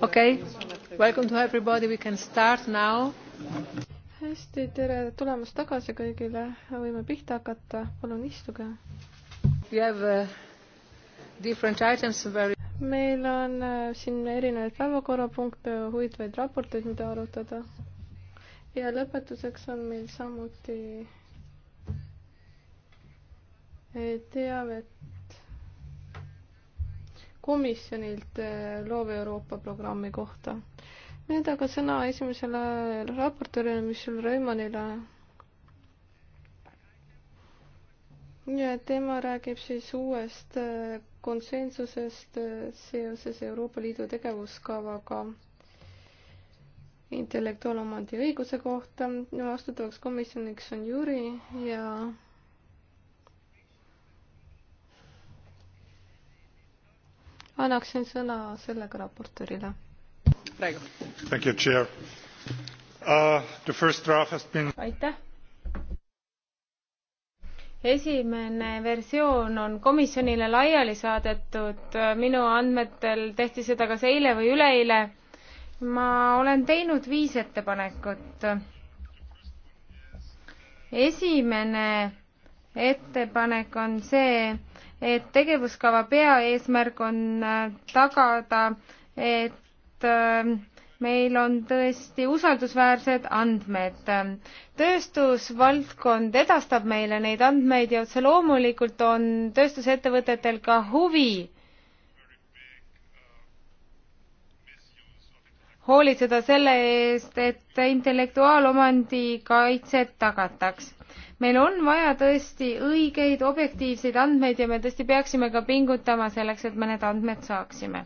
okei okay., welcome to everybody, we can start now. hästi, tere tulemast tagasi kõigile, võime pihta hakata, palun istuge. We have uh, different items very meil on uh, siin erinevaid päevakorrapunkte, huvitavaid raporteid, mida arutada. ja lõpetuseks on meil samuti eh, teavet komisjonilt eh, Loov Euroopa programmi kohta. nüüd aga sõna esimesele raportöörile Michel Reimannile. ja tema räägib siis uuest eh, konsensusest eh, seoses Euroopa Liidu tegevuskavaga intellektuaalomandi õiguse kohta. vastutavaks komisjoniks on Jüri ja annaksin sõna sellega raportöörile. praegu. Uh, been... aitäh. esimene versioon on komisjonile laiali saadetud, minu andmetel tehti seda kas eile või üleeile. ma olen teinud viis ettepanekut. esimene ettepanek on see, et tegevuskava peaeesmärk on äh, tagada, et äh, meil on tõesti usaldusväärsed andmed. tööstusvaldkond edastab meile neid andmeid ja otse loomulikult on tööstusettevõtetel ka huvi hoolitseda selle eest, et intellektuaalomandi kaitset tagataks meil on vaja tõesti õigeid objektiivseid andmeid ja me tõesti peaksime ka pingutama selleks, et me need andmed saaksime.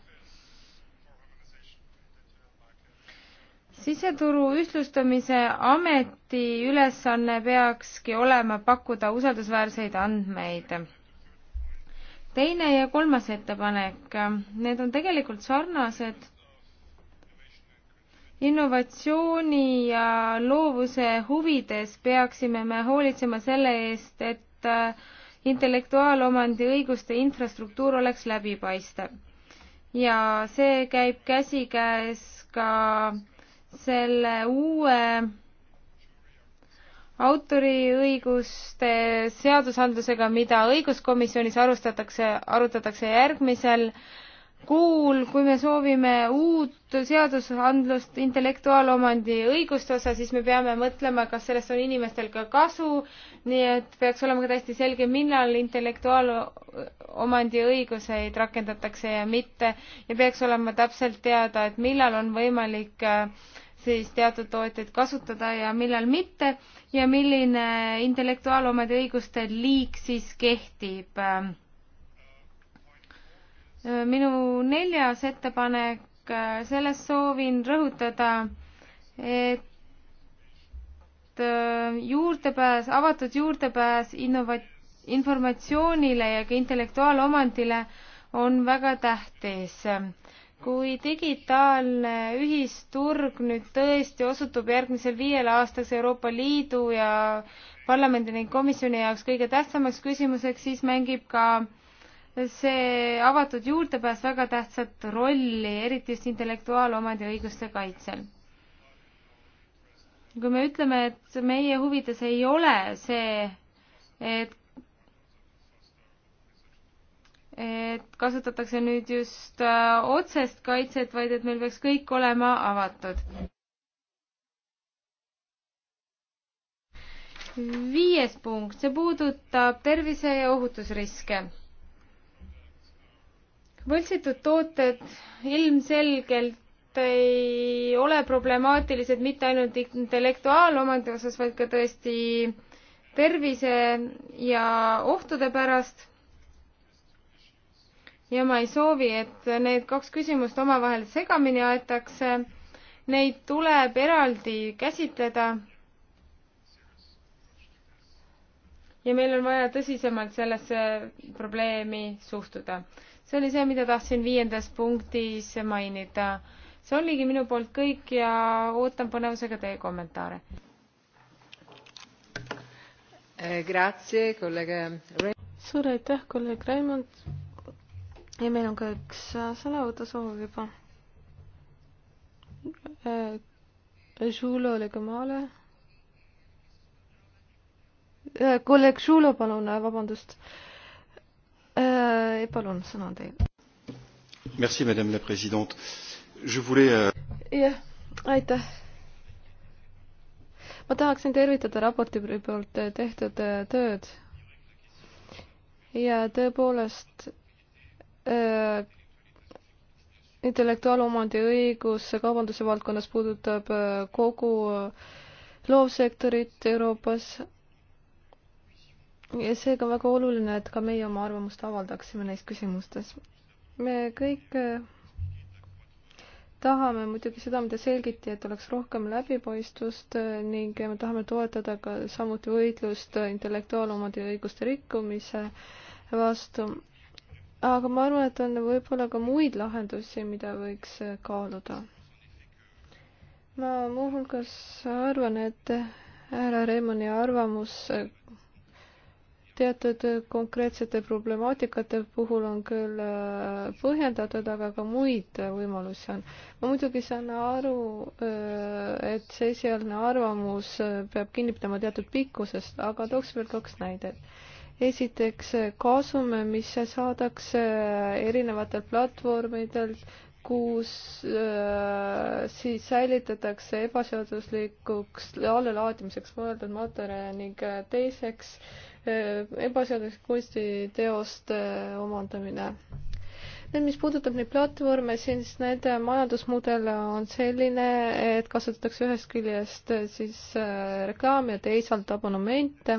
siseturu ühtlustamise ameti ülesanne peakski olema pakkuda usaldusväärseid andmeid. teine ja kolmas ettepanek, need on tegelikult sarnased innovatsiooni ja loovuse huvides peaksime me hoolitsema selle eest, et äh, intellektuaalomandi õiguste infrastruktuur oleks läbipaistev. ja see käib käsikäes ka selle uue autoriõiguste seadusandlusega, mida õiguskomisjonis arustatakse, arutatakse järgmisel äh, kuul, kui me soovime uut seadusandlust intellektuaalomandi õiguste osa, siis me peame mõtlema, kas sellest on inimestel ka kasu, nii et peaks olema ka täiesti selge, millal intellektuaalomandi õiguseid rakendatakse ja mitte ja peaks olema täpselt teada, et millal on võimalik äh, siis teatud tooteid kasutada ja millal mitte ja milline intellektuaalomandi õiguste liik siis kehtib äh, minu neljas ettepanek, äh, selles soovin rõhutada, et äh, juurdepääs, avatud juurdepääs innova-, informatsioonile ja ka intellektuaalomandile on väga tähtis. kui digitaalne ühisturg nüüd tõesti osutub järgmisel viiel aastaks Euroopa Liidu ja parlamendi ning komisjoni jaoks kõige tähtsamaks küsimuseks, siis mängib ka äh, see avatud juurdepääs väga tähtsat rolli, eriti just intellektuaalomandi õiguste kaitsel. kui me ütleme, et meie huvides ei ole see, et et kasutatakse nüüd just äh, otsest kaitset, vaid et meil peaks kõik olema avatud. viies punkt, see puudutab tervise ja ohutusriske võltsitud tooted ilmselgelt ei ole problemaatilised mitte ainult intellektuaalomandi osas, vaid ka tõesti tervise ja ohtude pärast. ja ma ei soovi, et need kaks küsimust omavahel segamini aetakse. Neid tuleb eraldi käsitleda. ja meil on vaja tõsisemalt sellesse probleemi suhtuda see oli see, mida tahtsin viiendas punktis mainida. see oligi minu poolt kõik ja ootan põnevusega teie kommentaare. Eh, suur aitäh, kolleeg Raimond. ja meil on ka üks äh, sõnavõtusoov juba. Žulo eh, Legamale. Eh, kolleeg Žulo, palun, äh, vabandust Euh, palun, sõna on teil. Euh, jah, aitäh ma tahaksin tervitada raporti poolt äh, tehtud äh, tööd. ja tõepoolest äh, intellektuaalomandi õigus kaubanduse valdkonnas puudutab äh, kogu loovsektorit Euroopas, ja seega on väga oluline, et ka meie oma arvamust avaldaksime neis küsimustes. me kõik äh, tahame muidugi seda, mida selgiti, et oleks rohkem läbipaistvust äh, ning me tahame toetada ka samuti võitlust intellektuaalomandi õiguste rikkumise vastu. aga ma arvan, et on võib-olla ka muid lahendusi, mida võiks äh, kaaluda. ma muuhulgas arvan, et härra Reimani arvamus teatud konkreetsete problemaatikate puhul on küll äh, põhjendatud, aga ka muid võimalusi on. ma muidugi saan aru, äh, et see esialgne arvamus äh, peab kinni pidama teatud pikkusest, aga tooks veel kaks näidet. esiteks kasum, mis saadakse erinevatelt platvormidelt, kus äh, siis säilitatakse ebaseaduslikuks allelaadimiseks mõeldud materjale ning teiseks äh, Äh, ebaseaduslik kunstiteoste äh, omandamine. Nüüd, mis puudutab neid platvorme, siis nende äh, majandusmudel on selline, et kasutatakse ühest küljest siis reklaami ja teisalt abonemente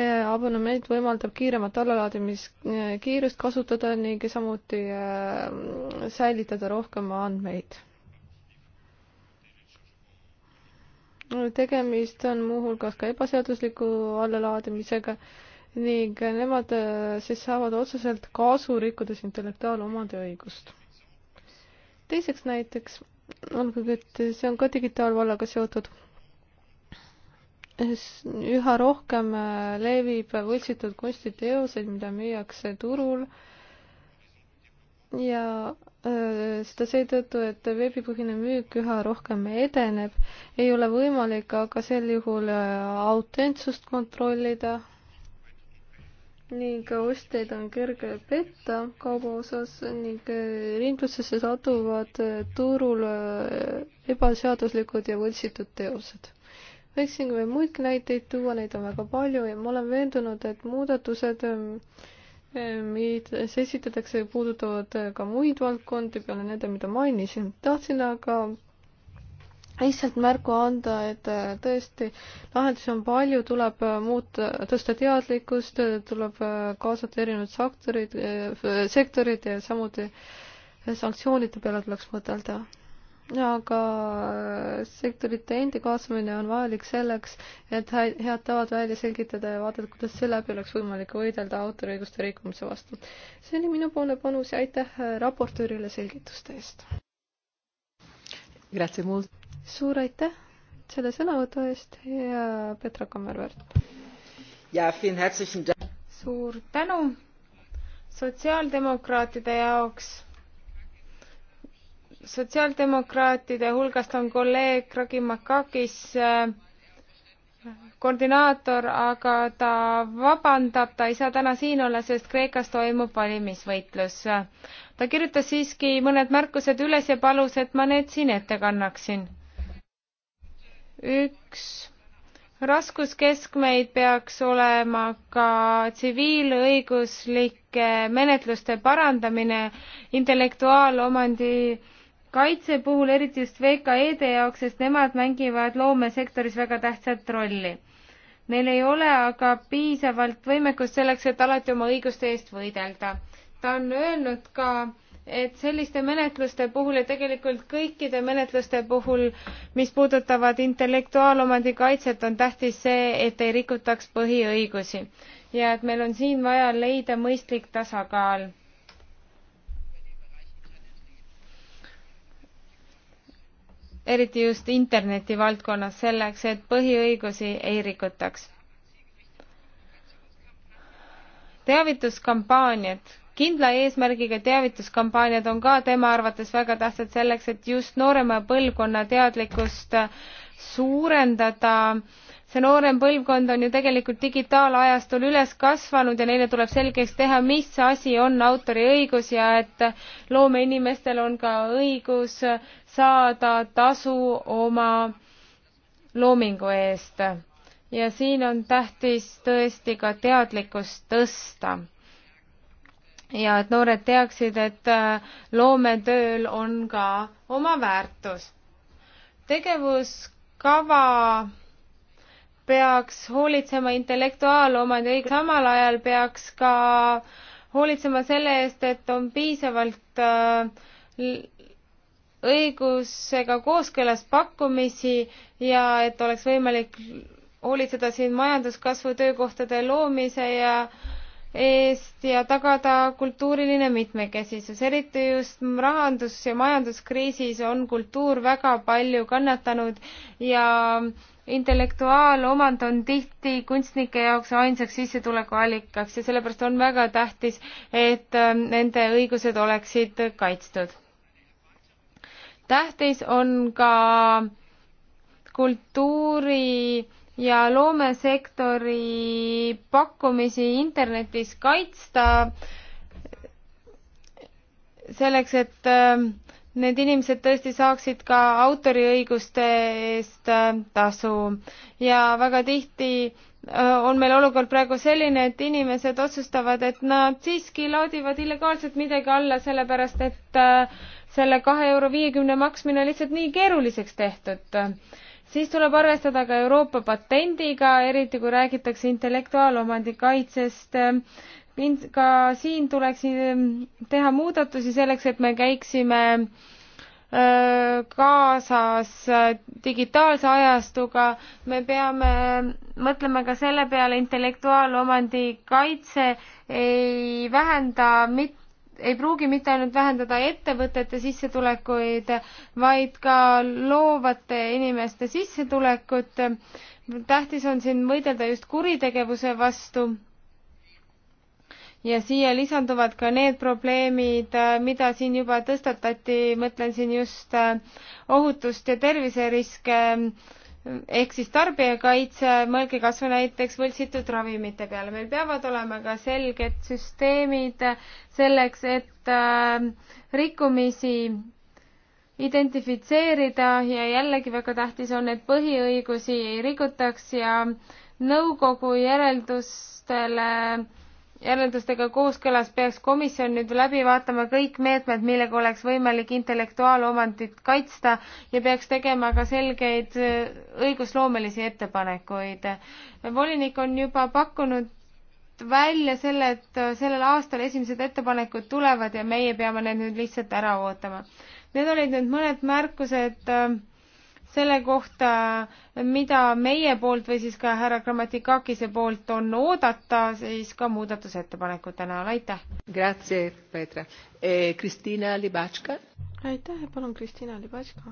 abonement võimaldab kiiremat allalaadimiskiirust kasutada ning samuti säilitada rohkem andmeid. tegemist on muuhulgas ka ebaseadusliku allalaadimisega ning nemad äh, siis saavad otseselt kasu, rikkudes intellektuaalomandi õigust. teiseks näiteks, olgugi et see on ka digitaalvallaga seotud, üha rohkem äh, levib võltsitud kunstiteoseid, mida müüakse turul äh, ja äh, seda seetõttu, et veebipõhine müük üha rohkem edeneb, ei ole võimalik aga sel juhul äh, autentsust kontrollida ning ostjaid on kerge petta kauba osas ning äh, ringlusesse satuvad turul ebaseaduslikud ja võltsitud teosed. võiksin veel muidki näiteid tuua, neid on väga palju ja ma olen veendunud, et muudatused ähm, mis esitatakse, puudutavad ka muid valdkondi peale nende, mida mainisin. tahtsin aga lihtsalt märku anda, et tõesti lahendusi on palju, tuleb muuta, tõsta teadlikkust, tuleb kaasata erinevad sektorid, sektorid ja samuti sanktsioonide peale tuleks mõtelda aga sektorite endi kaasamine on vajalik selleks, et head tavad välja selgitada ja vaadata, kuidas seeläbi oleks võimalik võidelda autoriõiguste rikkumise vastu. see oli minupoolne panus ja aitäh raportöörile selgituste eest. suur aitäh selle sõnavõtu eest ja Petra Kammerväärt. suur tänu sotsiaaldemokraatide jaoks sotsiaaldemokraatide hulgast on kolleeg Ragi Makakis äh, koordinaator, aga ta vabandab, ta ei saa täna siin olla, sest Kreekas toimub valimisvõitlus. ta kirjutas siiski mõned märkused üles ja palus, et ma need siin ette kannaksin. üks raskuskeskmeid peaks olema ka tsiviilõiguslike menetluste parandamine intellektuaalomandi kaitse puhul, eriti just VKE-de jaoks, sest nemad mängivad loomesektoris väga tähtsat rolli. Neil ei ole aga piisavalt võimekust selleks, et alati oma õiguste eest võidelda. ta on öelnud ka, et selliste menetluste puhul ja tegelikult kõikide menetluste puhul, mis puudutavad intellektuaalomandi kaitset, on tähtis see, et ei rikutaks põhiõigusi ja et meil on siin vaja leida mõistlik tasakaal eriti just interneti valdkonnas, selleks et põhiõigusi ei rikutaks. teavituskampaaniad, kindla eesmärgiga teavituskampaaniad on ka tema arvates väga tähtsad selleks, et just noorema põlvkonna teadlikkust suurendada see noorem põlvkond on ju tegelikult digitaalajastul üles kasvanud ja neile tuleb selgeks teha, mis asi on autoriõigus ja et loomeinimestel on ka õigus saada tasu oma loomingu eest. ja siin on tähtis tõesti ka teadlikkust tõsta ja et noored teaksid, et äh, loometööl on ka oma väärtus. tegevuskava peaks hoolitsema intellektuaalomandi õigus, samal ajal peaks ka hoolitsema selle eest, et on piisavalt äh, õigusega kooskõlas pakkumisi ja et oleks võimalik hoolitseda siin majanduskasvu, töökohtade loomise ja äh, eest ja tagada kultuuriline mitmekesisus, eriti just rahandus- ja majanduskriisis on kultuur väga palju kannatanud ja intellektuaalomand on tihti kunstnike jaoks ainsaks sissetulekuallikaks ja sellepärast on väga tähtis, et äh, nende õigused oleksid kaitstud. tähtis on ka kultuuri ja loomesektori pakkumisi internetis kaitsta selleks, et äh, need inimesed tõesti saaksid ka autoriõiguste eest äh, tasu ja väga tihti äh, on meil olukord praegu selline, et inimesed otsustavad, et nad siiski laadivad illegaalselt midagi alla, sellepärast et selle kahe euro viiekümne maksmine on lihtsalt nii keeruliseks tehtud siis tuleb arvestada ka Euroopa patendiga, eriti kui räägitakse intellektuaalomandi kaitsest. ka siin tuleks ähm, teha muudatusi selleks, et me käiksime äh, kaasas äh, digitaalse ajastuga, me peame mõtlema ka selle peale, intellektuaalomandi kaitse ei vähenda mitte ei pruugi mitte ainult vähendada ettevõtete sissetulekuid, vaid ka loovate inimeste sissetulekut. tähtis on siin võidelda just kuritegevuse vastu. ja siia lisanduvad ka need probleemid, mida siin juba tõstatati, mõtlen siin just ohutust ja terviseriske ehk siis tarbijakaitse, mõelge kas või näiteks võltsitud ravimite peale, meil peavad olema ka selged süsteemid selleks, et äh, rikkumisi identifitseerida ja jällegi väga tähtis on, et põhiõigusi ei rikutaks ja nõukogu järeldustele äh, järeldustega kooskõlas peaks komisjon nüüd läbi vaatama kõik meetmed, millega oleks võimalik intellektuaalomandit kaitsta ja peaks tegema ka selgeid äh, õigusloomelisi ettepanekuid. volinik on juba pakkunud välja selle, et äh, sellel aastal esimesed ettepanekud tulevad ja meie peame need nüüd lihtsalt ära ootama. Need olid nüüd mõned märkused äh, selle kohta, mida meie poolt või siis ka härra Grammatikakise poolt on oodata, siis ka muudatusettepanekute näol, aitäh! Grazie, Peeter e,. Kristina Libatška. aitäh ja palun Kristina Libatška.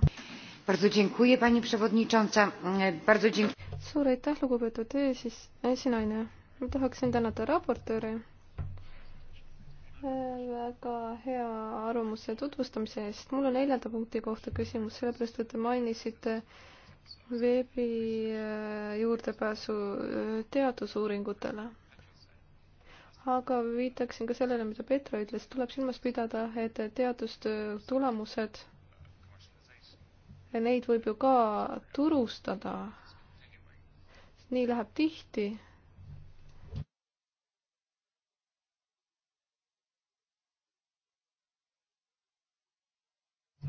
Bardzo dziękuję, pani przewodnicząca. Bardzo dziękuję. Suur aitäh, lugupeetud eesistujanaine. ma tahaksin tänada raportööri väga hea arvamuse tutvustamise eest. mul on neljanda punkti kohta küsimus, sellepärast et te mainisite veebi äh, juurdepääsu äh, teadusuuringutele. aga viitaksin ka sellele, mida Petra ütles, tuleb silmas pidada, et teadustöö äh, tulemused, neid võib ju ka turustada. nii läheb tihti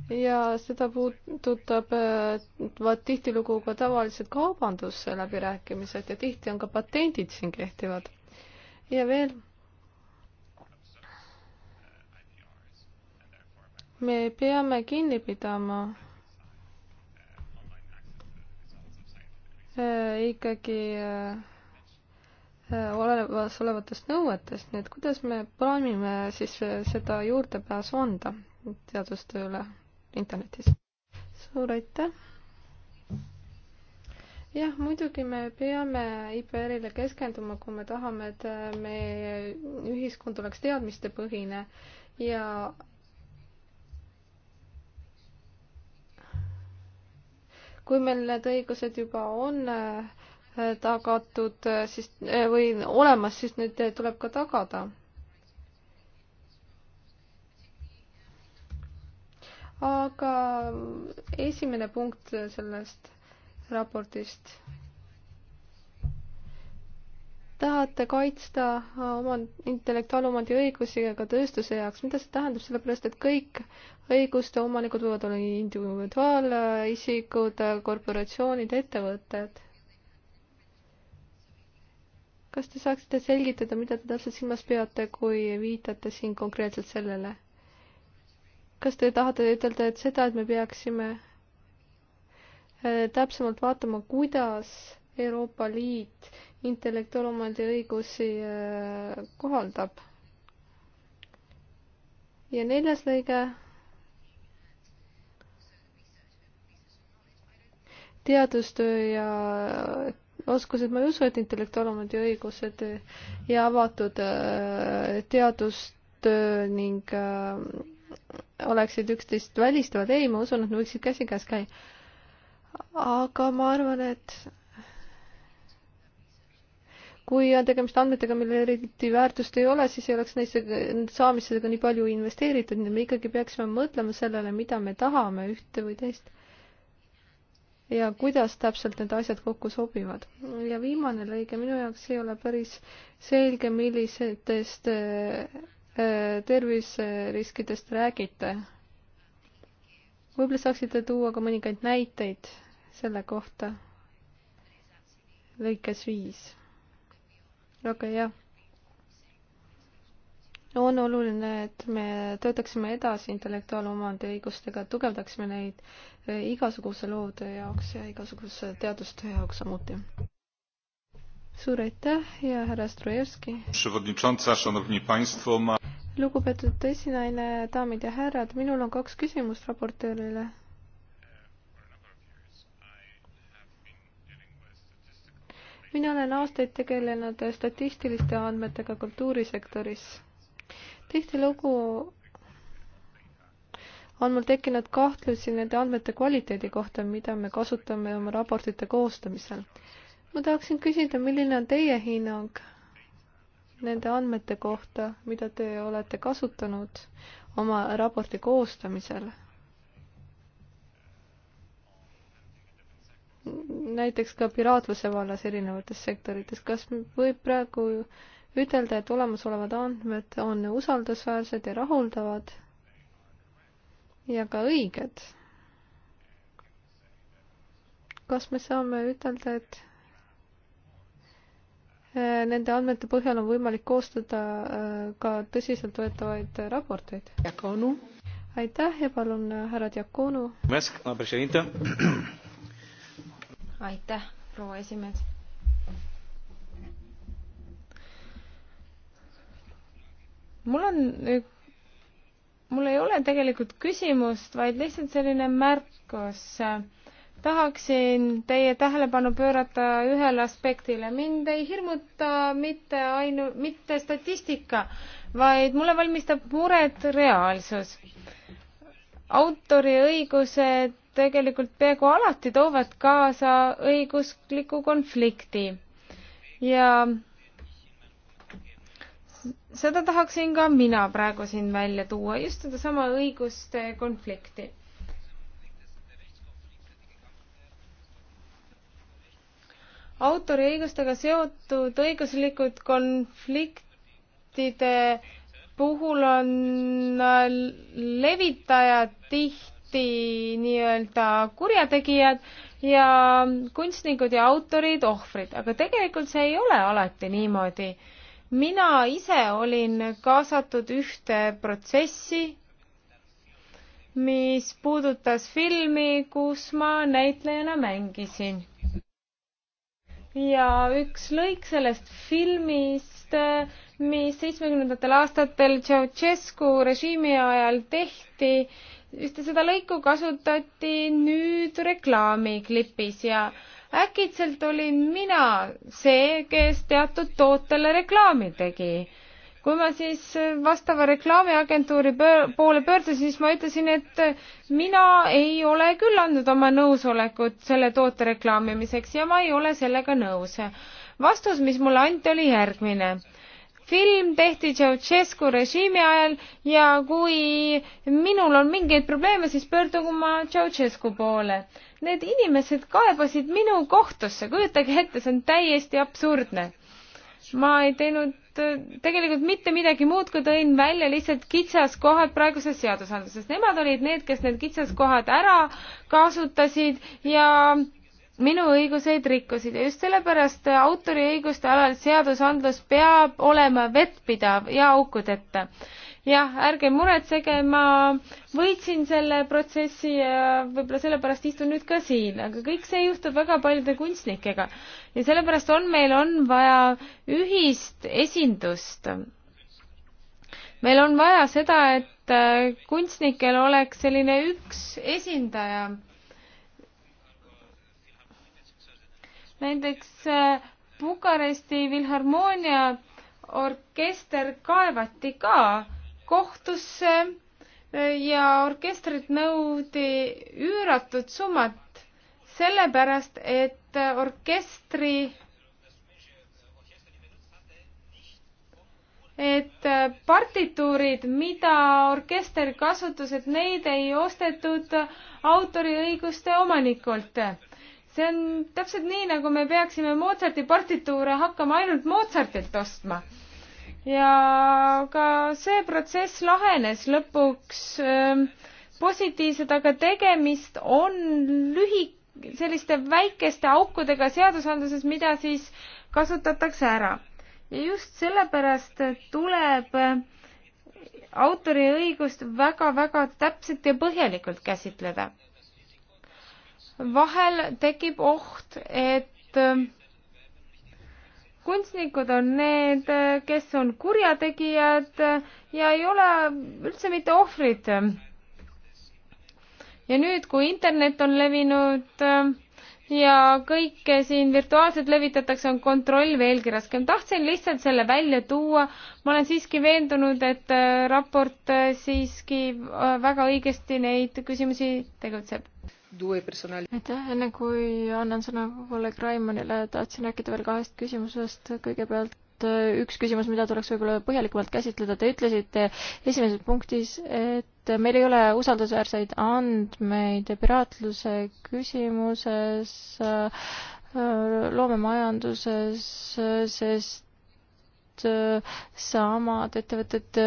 ja seda puudutab äh, vaat tihtilugu ka tavalised kaubandusläbirääkimised ja tihti on ka patendid siin kehtivad. ja veel. me peame kinni pidama äh, ikkagi äh, olemasolevatest nõuetest, nii et kuidas me plaanime siis seda juurdepääsu anda teadustööle internetis. suur aitäh! jah, muidugi me peame IPR-ile keskenduma, kui me tahame, et meie ühiskond oleks teadmistepõhine ja kui meil need õigused juba on äh, tagatud, äh, siis äh, või olemas, siis nüüd tuleb ka tagada aga esimene punkt sellest raportist. tahate kaitsta oma intellektuaalomandi õigusi ka tööstuse jaoks, mida see tähendab, sellepärast et kõik õiguste omanikud võivad olla individuaalisikud, korporatsioonid, ettevõtted. kas te saaksite selgitada, mida te täpselt silmas peate, kui viitate siin konkreetselt sellele? kas te tahate ütelda, et seda, et me peaksime äh, täpsemalt vaatama, kuidas Euroopa Liit intellektuaalomandi õigusi äh, kohaldab? ja neljas lõige. teadustöö ja äh, oskused, ma ei usu, et intellektuaalomandi õigused ja avatud teadustöö ning oleksid üksteist välistavad, ei, ma usun, et nad võiksid käsikäes käia. aga ma arvan, et kui on tegemist andmetega, millel eriti väärtust ei ole, siis ei oleks neisse saamistega nii palju investeeritud, nii et me ikkagi peaksime mõtlema sellele, mida me tahame, ühte või teist. ja kuidas täpselt need asjad kokku sobivad. ja viimane lõige minu jaoks ei ole päris selge, millised äh, Äh, terviseriskidest räägite. võib-olla saaksite tuua ka mõningaid näiteid selle kohta lõikes viis. aga jah, on oluline, et me töötaksime edasi intellektuaalomandi õigustega, tugevdaksime neid äh, igasuguse loovtöö jaoks ja igasuguse teadustöö jaoks samuti. suur aitäh ja härra Strojevski lugupeetud esinaine, daamid ja härrad, minul on kaks küsimust raportöörile. mina olen aastaid tegelenud statistiliste andmetega kultuurisektoris. tihtilugu on mul tekkinud kahtlusi nende andmete kvaliteedi kohta, mida me kasutame oma raportite koostamisel. ma tahaksin küsida, milline on teie hinnang nende andmete kohta, mida te olete kasutanud oma raporti koostamisel. näiteks ka piraatluse vallas erinevates sektorites, kas võib praegu ütelda, et olemasolevad andmed on usaldusväärsed ja rahuldavad ja ka õiged? kas me saame ütelda, et Äh, nende andmete põhjal on võimalik koostada äh, ka tõsiseltvõetavaid äh, raporteid. aitäh ja palun härra Diakonu. aitäh, proua esimees. mul on, mul ei ole tegelikult küsimust, vaid lihtsalt selline märkus tahaksin teie tähelepanu pöörata ühele aspektile. mind ei hirmuta mitte ainu-, mitte statistika, vaid mulle valmistab muret reaalsus. autoriõigused tegelikult peaaegu alati toovad kaasa õigusliku konflikti ja seda tahaksin ka mina praegu siin välja tuua, just sedasama õiguste konflikti autoriõigustega seotud õiguslikud konfliktide puhul on äh, levitajad tihti nii-öelda kurjategijad ja kunstnikud ja autorid ohvrid, aga tegelikult see ei ole alati niimoodi. mina ise olin kaasatud ühte protsessi, mis puudutas filmi, kus ma näitlejana mängisin ja üks lõik sellest filmist, mis seitsmekümnendatel aastatel Ceausescu režiimi ajal tehti, just seda lõiku kasutati nüüd reklaamiklipis ja äkitselt olin mina see, kes teatud tootele reklaami tegi kui ma siis äh, vastava reklaamiagentuuri poole pöördusin, siis ma ütlesin, et äh, mina ei ole küll andnud oma nõusolekut selle toote reklaamimiseks ja ma ei ole sellega nõus. vastus, mis mulle anti, oli järgmine film tehti Ceausescu režiimi ajal ja kui minul on mingeid probleeme, siis pöördugu ma Ceausescu poole. Need inimesed kaebasid minu kohtusse, kujutage ette, see on täiesti absurdne. ma ei teinud Äh, tegelikult mitte midagi muud, kui tõin välja lihtsalt kitsaskohad praeguses seadusandluses. Nemad olid need, kes need kitsaskohad ära kasutasid ja minu õiguseid rikkusid ja just sellepärast autoriõiguste alal seadusandlus peab olema vettpidav ja aukudeta jah, ärge muretsege, ma võitsin selle protsessi ja võib-olla sellepärast istun nüüd ka siin, aga kõik see juhtub väga paljude kunstnikega. ja sellepärast on, meil on vaja ühist esindust. meil on vaja seda, et äh, kunstnikel oleks selline üks esindaja. näiteks äh, Bukaresti Filharmoonia orkester kaevati ka kohtusse eh, ja orkestrilt nõudi üüratud summat, sellepärast et eh, orkestri, et eh, partituurid, mida orkester kasutas, et neid ei ostetud autoriõiguste omanikult see on täpselt nii, nagu me peaksime Mozarti partituure hakkama ainult Mozartilt ostma ja ka see protsess lahenes lõpuks ähm, positiivselt, aga tegemist on lühik-, selliste väikeste aukudega seadusandluses, mida siis kasutatakse ära. ja just sellepärast tuleb äh, autoriõigust väga-väga täpselt ja põhjalikult käsitleda. vahel tekib oht, et ähm, kunstnikud on need, kes on kurjategijad ja ei ole üldse mitte ohvrid. ja nüüd, kui internet on levinud ja kõike siin virtuaalselt levitatakse, on kontroll veelgi raskem. tahtsin lihtsalt selle välja tuua. ma olen siiski veendunud, et raport siiski väga õigesti neid küsimusi tegutseb aitäh, enne kui annan sõna kolleeg Raimonile, tahtsin rääkida veel kahest küsimusest. kõigepealt äh, üks küsimus, mida tuleks võib-olla põhjalikumalt käsitleda. Te ütlesite esimeses punktis, et meil ei ole usaldusväärseid andmeid piraatluse küsimuses, äh, loomemajanduses, sest äh, samad ettevõtted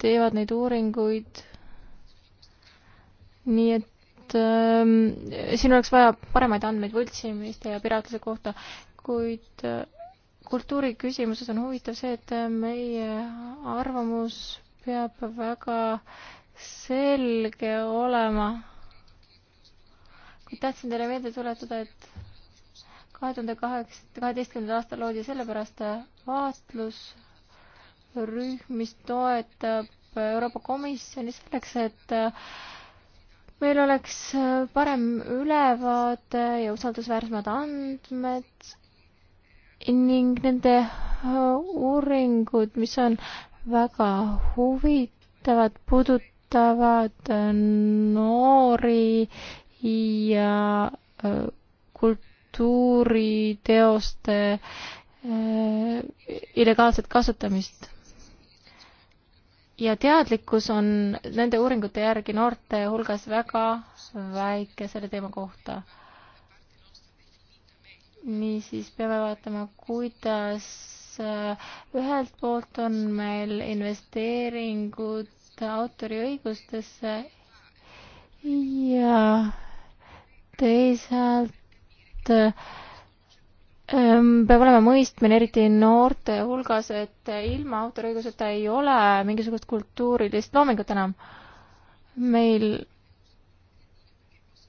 teevad neid uuringuid. nii et et ähm, siin oleks vaja paremaid andmeid võltsimiste ja piraatluse kohta, kuid äh, kultuuri küsimuses on huvitav see, et äh, meie arvamus peab väga selge olema. kuid tahtsin teile meelde tuletada, et kahe tuhande kaheksa, kaheteistkümnendal aastal loodi sellepärast vaatlusrühm, mis toetab Euroopa Komisjoni selleks, et äh, meil oleks äh, parem ülevaade ja usaldusväärsemad andmed ning nende äh, uuringud, mis on väga huvitavad, puudutavad äh, noori ja kultuuriteoste illegaalset kasutamist ja teadlikkus on nende uuringute järgi noorte hulgas väga väike selle teema kohta. niisiis peame vaatama, kuidas äh, ühelt poolt on meil investeeringud autoriõigustesse ja teisalt äh, Ehm, peab olema mõistmine, eriti noorte hulgas, et ilma autoriõiguseta ei ole mingisugust kultuurilist loomingut enam. meil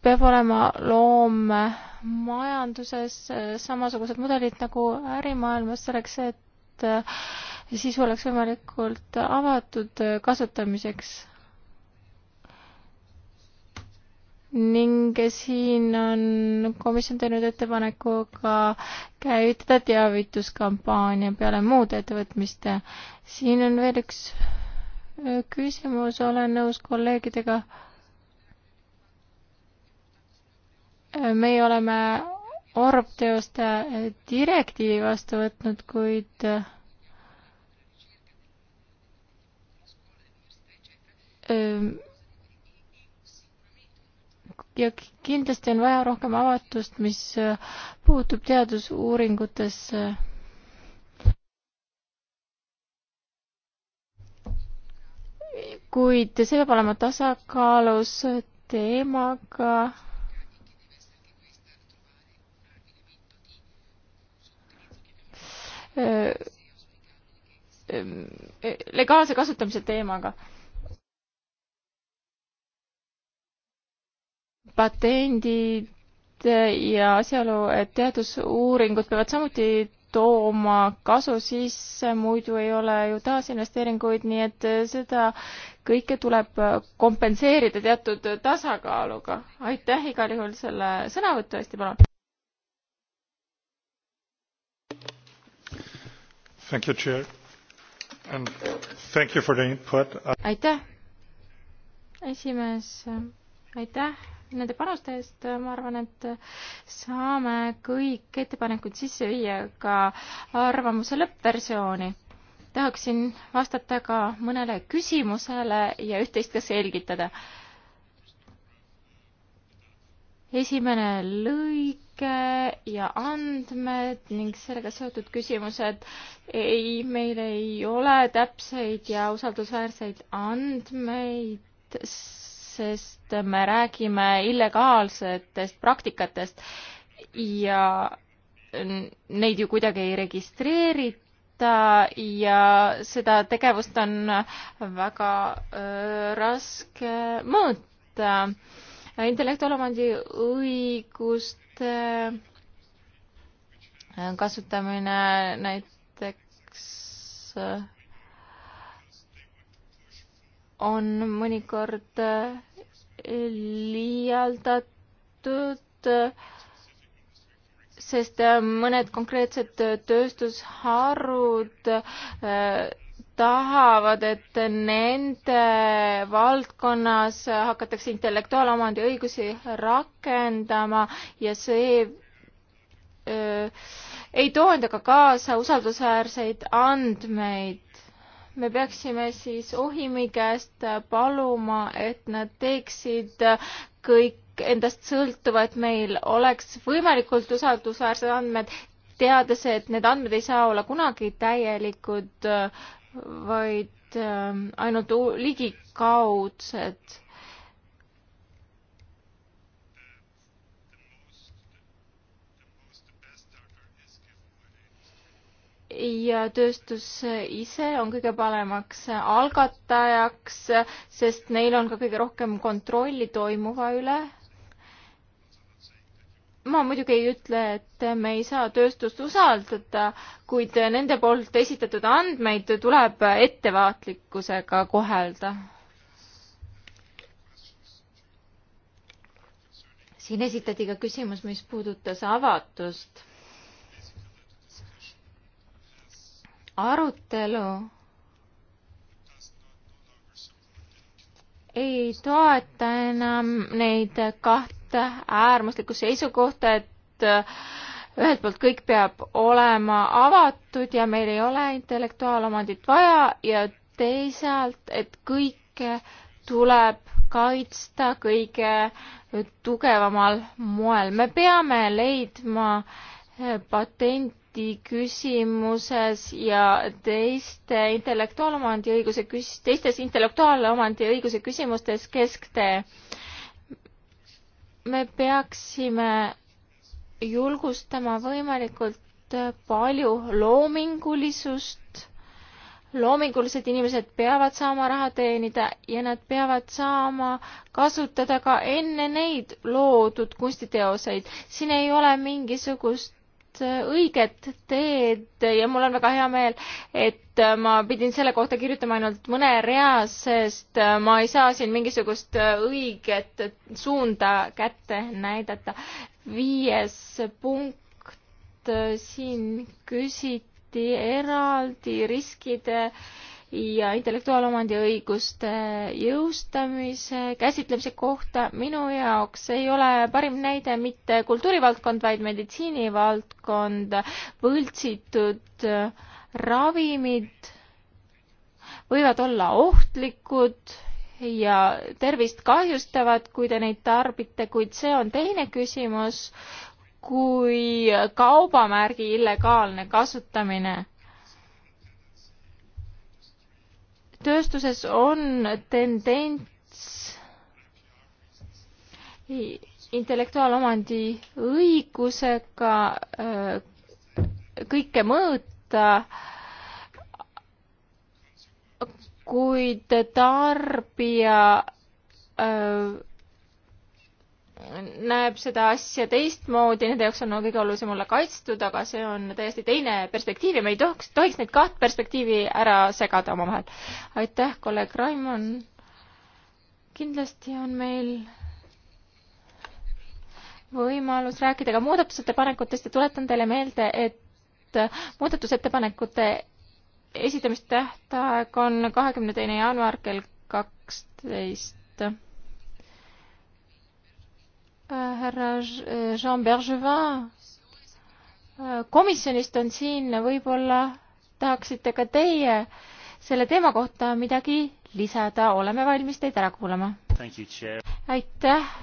peab olema loomemajanduses eh, samasugused mudelid nagu ärimaailmas selleks, et eh, sisu oleks võimalikult avatud eh, kasutamiseks ning siin on komisjon teinud ettepaneku ka käivitada teavituskampaania peale muude ettevõtmiste. siin on veel üks äh, küsimus, olen nõus kolleegidega. Äh, meie oleme orbteoste direktiivi vastu võtnud, kuid öö, äh, ja kindlasti on vaja rohkem avatust, mis äh, puutub teadusuuringutesse. Äh, kuid see peab olema tasakaalus teemaga äh, legaalse kasutamise teemaga patendid ja asjaolu, et teadusuuringud peavad samuti tooma kasu sisse, muidu ei ole ju taasinvesteeringuid, nii et seda kõike tuleb kompenseerida teatud tasakaaluga. aitäh igal juhul selle sõnavõtu eest ja palun. Thank you, Chair. And thank you for the input. aitäh, esimees, aitäh nende panuste eest, ma arvan, et saame kõik ettepanekud sisse viia ka arvamuse lõppversiooni. tahaksin vastata ka mõnele küsimusele ja üht-teist ka selgitada. esimene lõige ja andmed ning sellega seotud küsimused. ei, meil ei ole täpseid ja usaldusväärseid andmeid sest me räägime illegaalsetest praktikatest ja neid ju kuidagi ei registreerita ja seda tegevust on väga raske mõõta. intellektuaalomandi õiguste äh, kasutamine näiteks äh, on mõnikord äh, liialdatud, sest äh, mõned konkreetsed äh, tööstusharud äh, tahavad, et nende valdkonnas hakatakse intellektuaalomandi õigusi rakendama ja see öö, ei too endaga kaasa usaldusväärseid andmeid me peaksime siis Ohimi käest paluma, et nad teeksid kõik endast sõltuva, et meil oleks võimalikult usaldusväärsed andmed, teades, et need andmed ei saa olla kunagi täielikud, vaid ähm, ainult ligikaudsed ja tööstus ise on kõige paremaks algatajaks, sest neil on ka kõige rohkem kontrolli toimuva üle. ma muidugi ei ütle, et me ei saa tööstust usaldada, kuid nende poolt esitatud andmeid tuleb ettevaatlikkusega kohelda. siin esitati ka küsimus, mis puudutas avatust arutelu ei toeta enam neid kahte äärmuslikku seisukohta, et äh, ühelt poolt kõik peab olema avatud ja meil ei ole intellektuaalomandit vaja ja teisalt, et kõike tuleb kaitsta kõige tugevamal moel. me peame leidma äh, patent intellekti küsimuses ja teiste intellektuaalomandi õiguse küs-, teistes intellektuaalomandi õiguse küsimustes kesktee. me peaksime julgustama võimalikult palju loomingulisust. loomingulised inimesed peavad saama raha teenida ja nad peavad saama kasutada ka enne neid loodud kunstiteoseid. siin ei ole mingisugust Äh, õiget teed ja mul on väga hea meel, et äh, ma pidin selle kohta kirjutama ainult mõne rea, sest äh, ma ei saa siin mingisugust õiget suunda kätte näidata. viies punkt, siin küsiti eraldi riskide äh, ja intellektuaalomandi õiguste jõustamise käsitlemise kohta minu jaoks ei ole parim näide mitte kultuurivaldkond, vaid meditsiinivaldkond, võltsitud äh, ravimid võivad olla ohtlikud ja tervist kahjustavad, kui te neid tarbite, kuid see on teine küsimus kui kaubamärgi illegaalne kasutamine tööstuses on tendents intellektuaalomandi õigusega äh, kõike mõõta, kuid tarbija äh, näeb seda asja teistmoodi, nende jaoks on kõige olulisem olla kaitstud, aga see on täiesti teine perspektiiv ja me ei tohiks, tohiks neid kaht perspektiivi ära segada omavahel. aitäh, kolleeg Raimond. kindlasti on meil võimalus rääkida ka muudatusettepanekutest ja tuletan teile meelde, et muudatusettepanekute esitamistähtaeg on kahekümne teine jaanuar kell kaksteist Äh, härra äh, Jean Bergevin äh, komisjonist on siin, võib-olla tahaksite ka teie selle teema kohta midagi lisada, oleme valmis teid ära kuulama. aitäh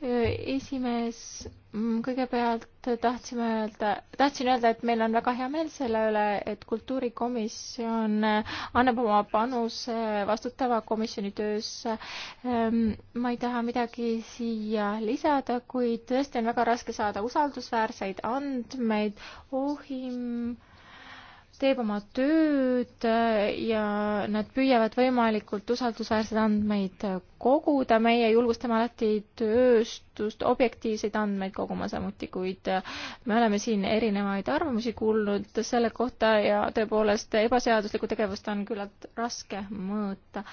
esimees, mm, kõigepealt tahtsime öelda, tahtsin öelda, et meil on väga hea meel selle üle, et kultuurikomisjon annab oma panuse vastutava komisjoni töösse. Ehm, ma ei taha midagi siia lisada, kuid tõesti on väga raske saada usaldusväärseid andmeid. Ohim teeb oma tööd äh, ja nad püüavad võimalikult usaldusväärseid andmeid äh, koguda, meie julgustame alati tööstust objektiivseid andmeid koguma samuti, kuid äh, me oleme siin erinevaid arvamusi kuulnud selle kohta ja tõepoolest ebaseaduslikku tegevust on küllalt raske mõõta.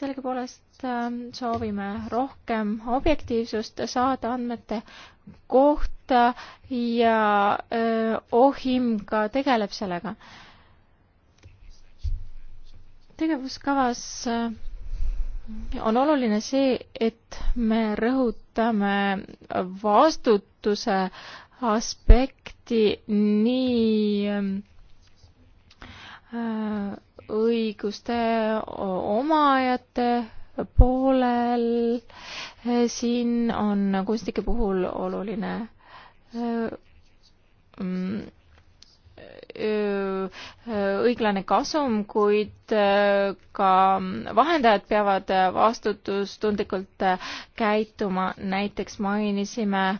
sellegipoolest sellepärast ähm, soovime rohkem objektiivsust saada andmete kohta ja äh, OHIM ka tegeleb sellega. tegevuskavas äh, on oluline see, et me rõhutame vastutuse aspekti nii ähm, äh, õiguste omajate poolel. siin on kunstnike puhul oluline äh, äh, õiglane kasum, kuid äh, ka vahendajad peavad vastutustundlikult käituma, näiteks mainisime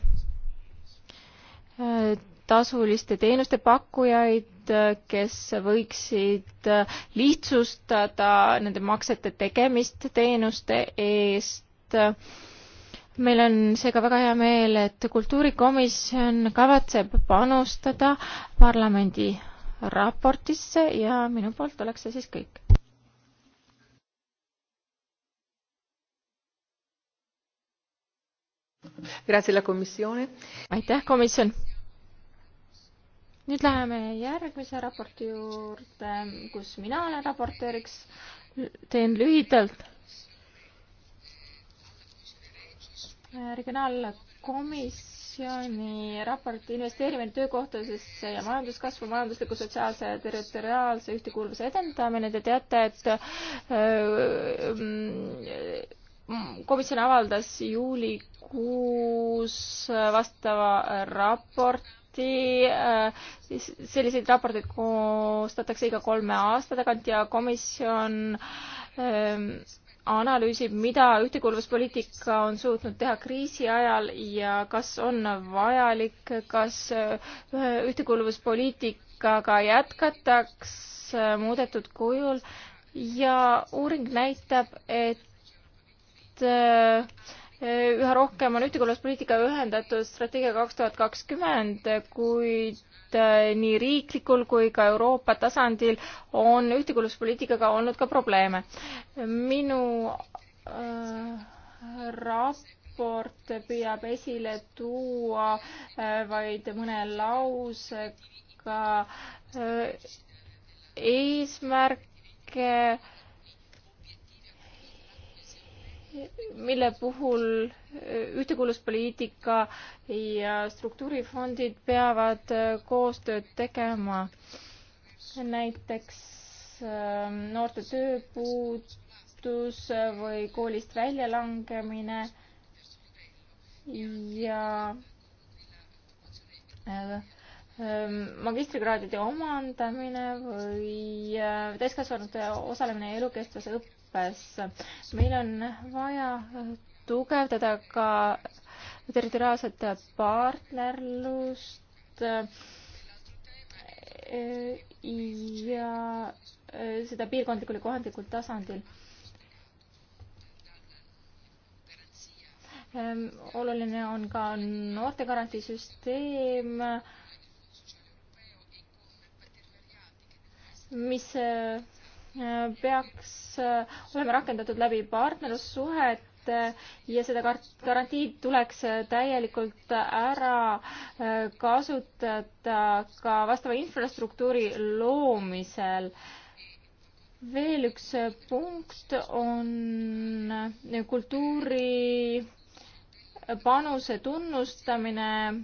tasuliste teenuste pakkujaid, meetmeid, kes võiksid lihtsustada nende maksete tegemist teenuste eest meil on seega väga hea meel, et kultuurikomisjon kavatseb panustada parlamendi raportisse ja minu poolt oleks see siis kõik. aitäh, komisjon! nüüd läheme järgmise raporti juurde, kus mina olen raportööriks. teen lühidalt. regionaalkomisjoni raport investeerimine töökohtadesse ja majanduskasvu, majandusliku, sotsiaalse ja territoriaalse ühtekuuluvuse edendamine. Te teate, et öö, äh, komisjon avaldas juulikuus vastava raporti samuti äh, selliseid raporteid koostatakse iga kolme aasta tagant ja komisjon ähm, analüüsib, mida ühtekuuluvuspoliitika on suutnud teha kriisi ajal ja kas on vajalik, kas äh, ühtekuuluvuspoliitikaga jätkataks muudetud kujul ja uuring näitab, et äh, üha rohkem on ühtekuuluvuspoliitika ühendatud strateegia kaks tuhat kakskümmend, kuid äh, nii riiklikul kui ka Euroopa tasandil on ühtekuuluvuspoliitikaga olnud ka probleeme. minu äh, raport püüab esile tuua äh, vaid mõne lausega äh, eesmärke äh, mille puhul eh, ühtekuuluvuspoliitika ja struktuurifondid peavad eh, koostööd tegema. näiteks eh, noorte tööpuutus või koolist väljalangemine ja magistrikraadide omandamine või täiskasvanute osalemine elukestvas õppes õppes. meil on vaja tugevdada ka territoriaalset partnerlust ja seda piirkondlikul ja kohandlikul tasandil oluline on ka noortegarantiisüsteem, mis peaks äh, olema rakendatud läbi partnerlussuhet ja seda garantiid tuleks äh, täielikult ära äh, kasutada ka vastava infrastruktuuri loomisel. veel üks punkt on kultuuri panuse tunnustamine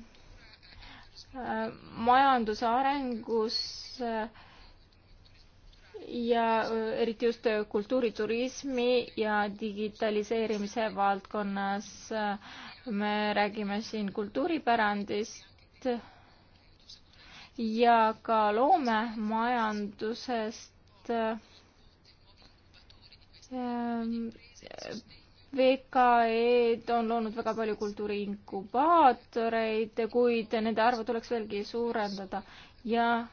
majanduse arengus äh, ja äh, eriti just äh, kultuuriturismi ja digitaliseerimise valdkonnas. Äh, me räägime siin kultuuripärandist ja ka loomemajandusest. VKE-d on loonud väga palju kultuuriinkubaatoreid, kuid nende arvu tuleks veelgi suurendada ja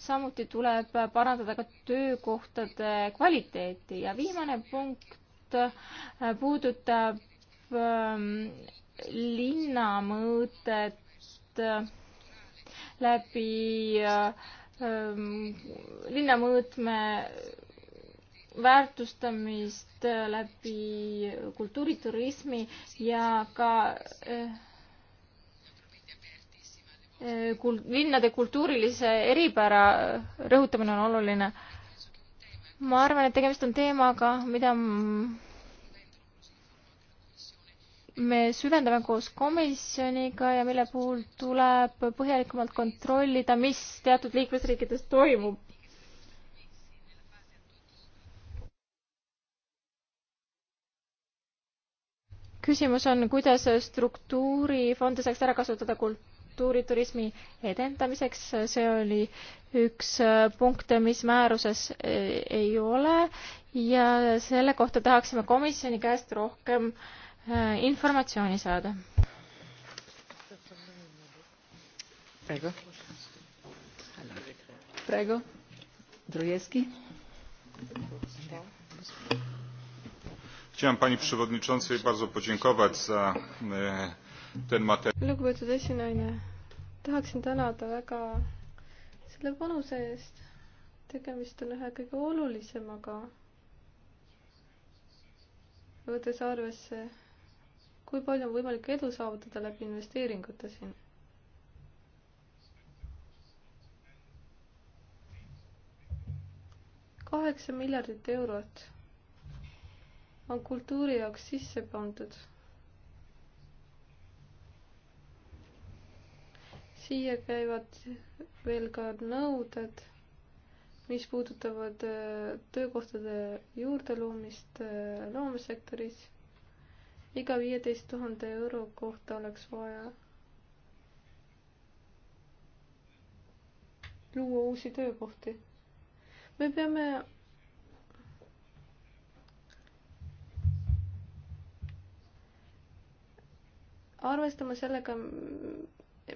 samuti tuleb parandada ka töökohtade kvaliteeti ja viimane punkt äh, puudutab ähm, linnamõõtet äh, läbi äh, ähm, linnamõõtme väärtustamist läbi kultuuriturismi ja ka äh, kul-, linnade kultuurilise eripära rõhutamine on oluline. ma arvan, et tegemist on teemaga, mida me süvendame koos komisjoniga ja mille puhul tuleb põhjalikumalt kontrollida, mis teatud liikmesriikides toimub. küsimus on, kuidas struktuurifonde saaks ära kasutada kult-, kultuuriturismi edendamiseks, see oli üks punkt, mis määruses ei ole ja selle kohta tahaksime komisjoni käest rohkem äh, informatsiooni saada. praegu? praegu? Drujewski? chciałem pani przewodniczącej bardzo podziękować za e, lugupeetud esinaine, tahaksin tänada väga selle panuse eest. tegemist on ühe kõige olulisemaga. võttes arvesse, kui palju on võimalik edu saavutada läbi investeeringute siin kaheksa miljardit eurot on kultuuri jaoks sisse pandud siia käivad veel ka nõuded, mis puudutavad äh, töökohtade juurdeloomist äh, loomesektoris. iga viieteist tuhande euro kohta oleks vaja luua uusi töökohti. me peame arvestama sellega,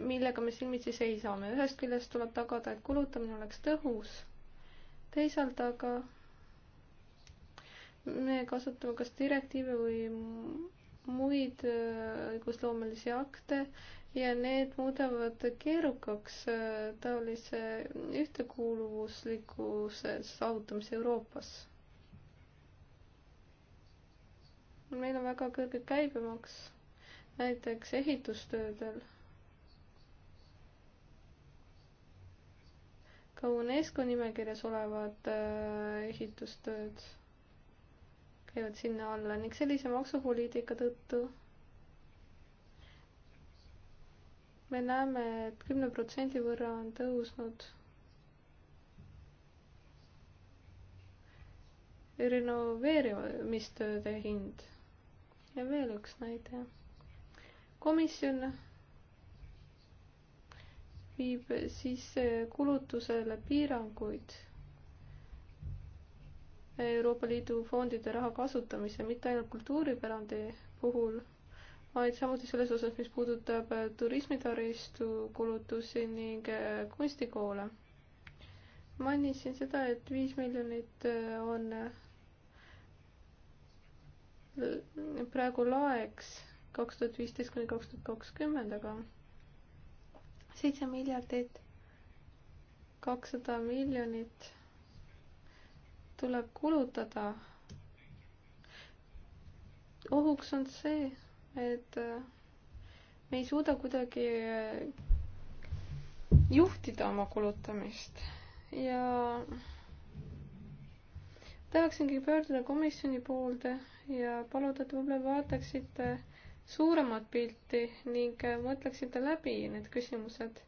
millega me silmitsi seisame. ühest küljest tuleb tagada, et kulutamine oleks tõhus, teisalt aga me kasutame kas direktiive või muid äh, õigusloomelisi akte ja need muudavad keerukaks äh, taolise ühtekuuluvuslikkuse saavutamise Euroopas. meil on väga kõrge käibemaks näiteks ehitustöödel ka UNESCO nimekirjas olevad äh, ehitustööd käivad sinna alla ning sellise maksupoliitika tõttu me näeme et, et kümne protsendi võrra on tõusnud renoveerimistööde hind. ja veel üks näide. komisjon viib sisse kulutusele piiranguid Euroopa Liidu fondide raha kasutamise, mitte ainult kultuuripärandi puhul, vaid samuti selles osas, mis puudutab turismitaristu kulutusi ning kunstikoole. mainisin seda, et viis miljonit on praegu laeks kaks tuhat viisteist kuni kaks tuhat kakskümmend, aga seitse miljardit, kakssada miljonit tuleb kulutada. ohuks on see, et äh, me ei suuda kuidagi äh, juhtida oma kulutamist ja tahaksingi pöörduda komisjoni poolde ja paluda, et võib-olla vaataksite suuremat pilti ning mõtleksite läbi need küsimused.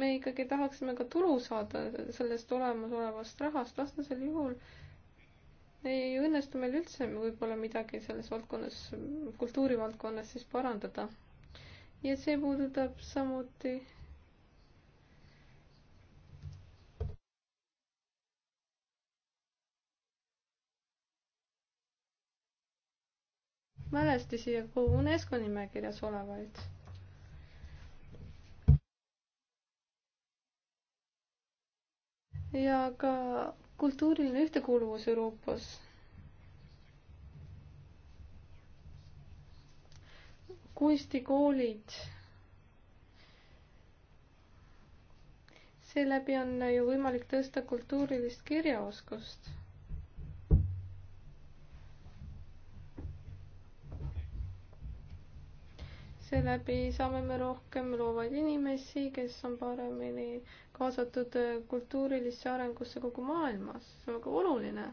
me ikkagi tahaksime ka tulu saada sellest olemasolevast rahast, vastasel juhul ei õnnestu meil üldse võib-olla midagi selles valdkonnas, kultuurivaldkonnas siis parandada. ja see puudutab samuti mälestisi ja kogu UNESCO nimekirjas olevaid. ja ka kultuuriline ühtekuuluvus Euroopas kunstikoolid. seeläbi on ju võimalik tõsta kultuurilist kirjaoskust. seeläbi saame me rohkem loovaid inimesi, kes on paremini kaasatud kultuurilisse arengusse kogu maailmas, see on väga oluline.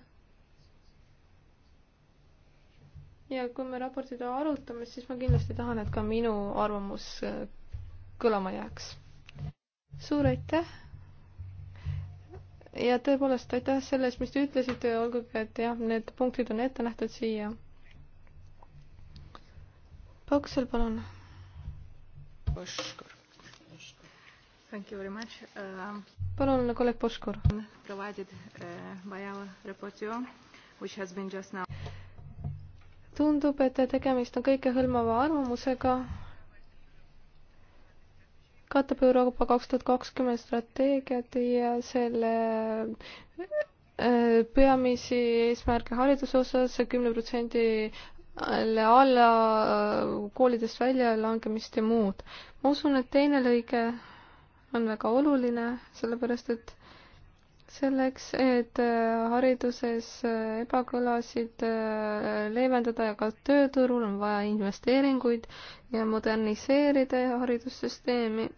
ja kui me raportit arutame, siis ma kindlasti tahan, et ka minu arvamus kõlama jääks. suur aitäh! ja tõepoolest aitäh selle eest, mis te ütlesite, olgugi et jah, need punktid on ette nähtud siia. Paksel, palun Poškor. Thank you very much um,. palun, kolleeg Poškor. Provided uh, by our reporter which has been just now. tundub, et tegemist on kõikehõlmava arvamusega. katab Euroopa kaks tuhat kakskümmend strateegiat ja selle äh, peamisi eesmärke hariduse osas, kümne protsendi alla äh, koolidest väljalangemist ja muud. ma usun, et teine lõige on väga oluline, sellepärast et selleks, et äh, hariduses äh, ebakõlasid leevendada ja ka tööturul on vaja investeeringuid ja moderniseerida haridussüsteemi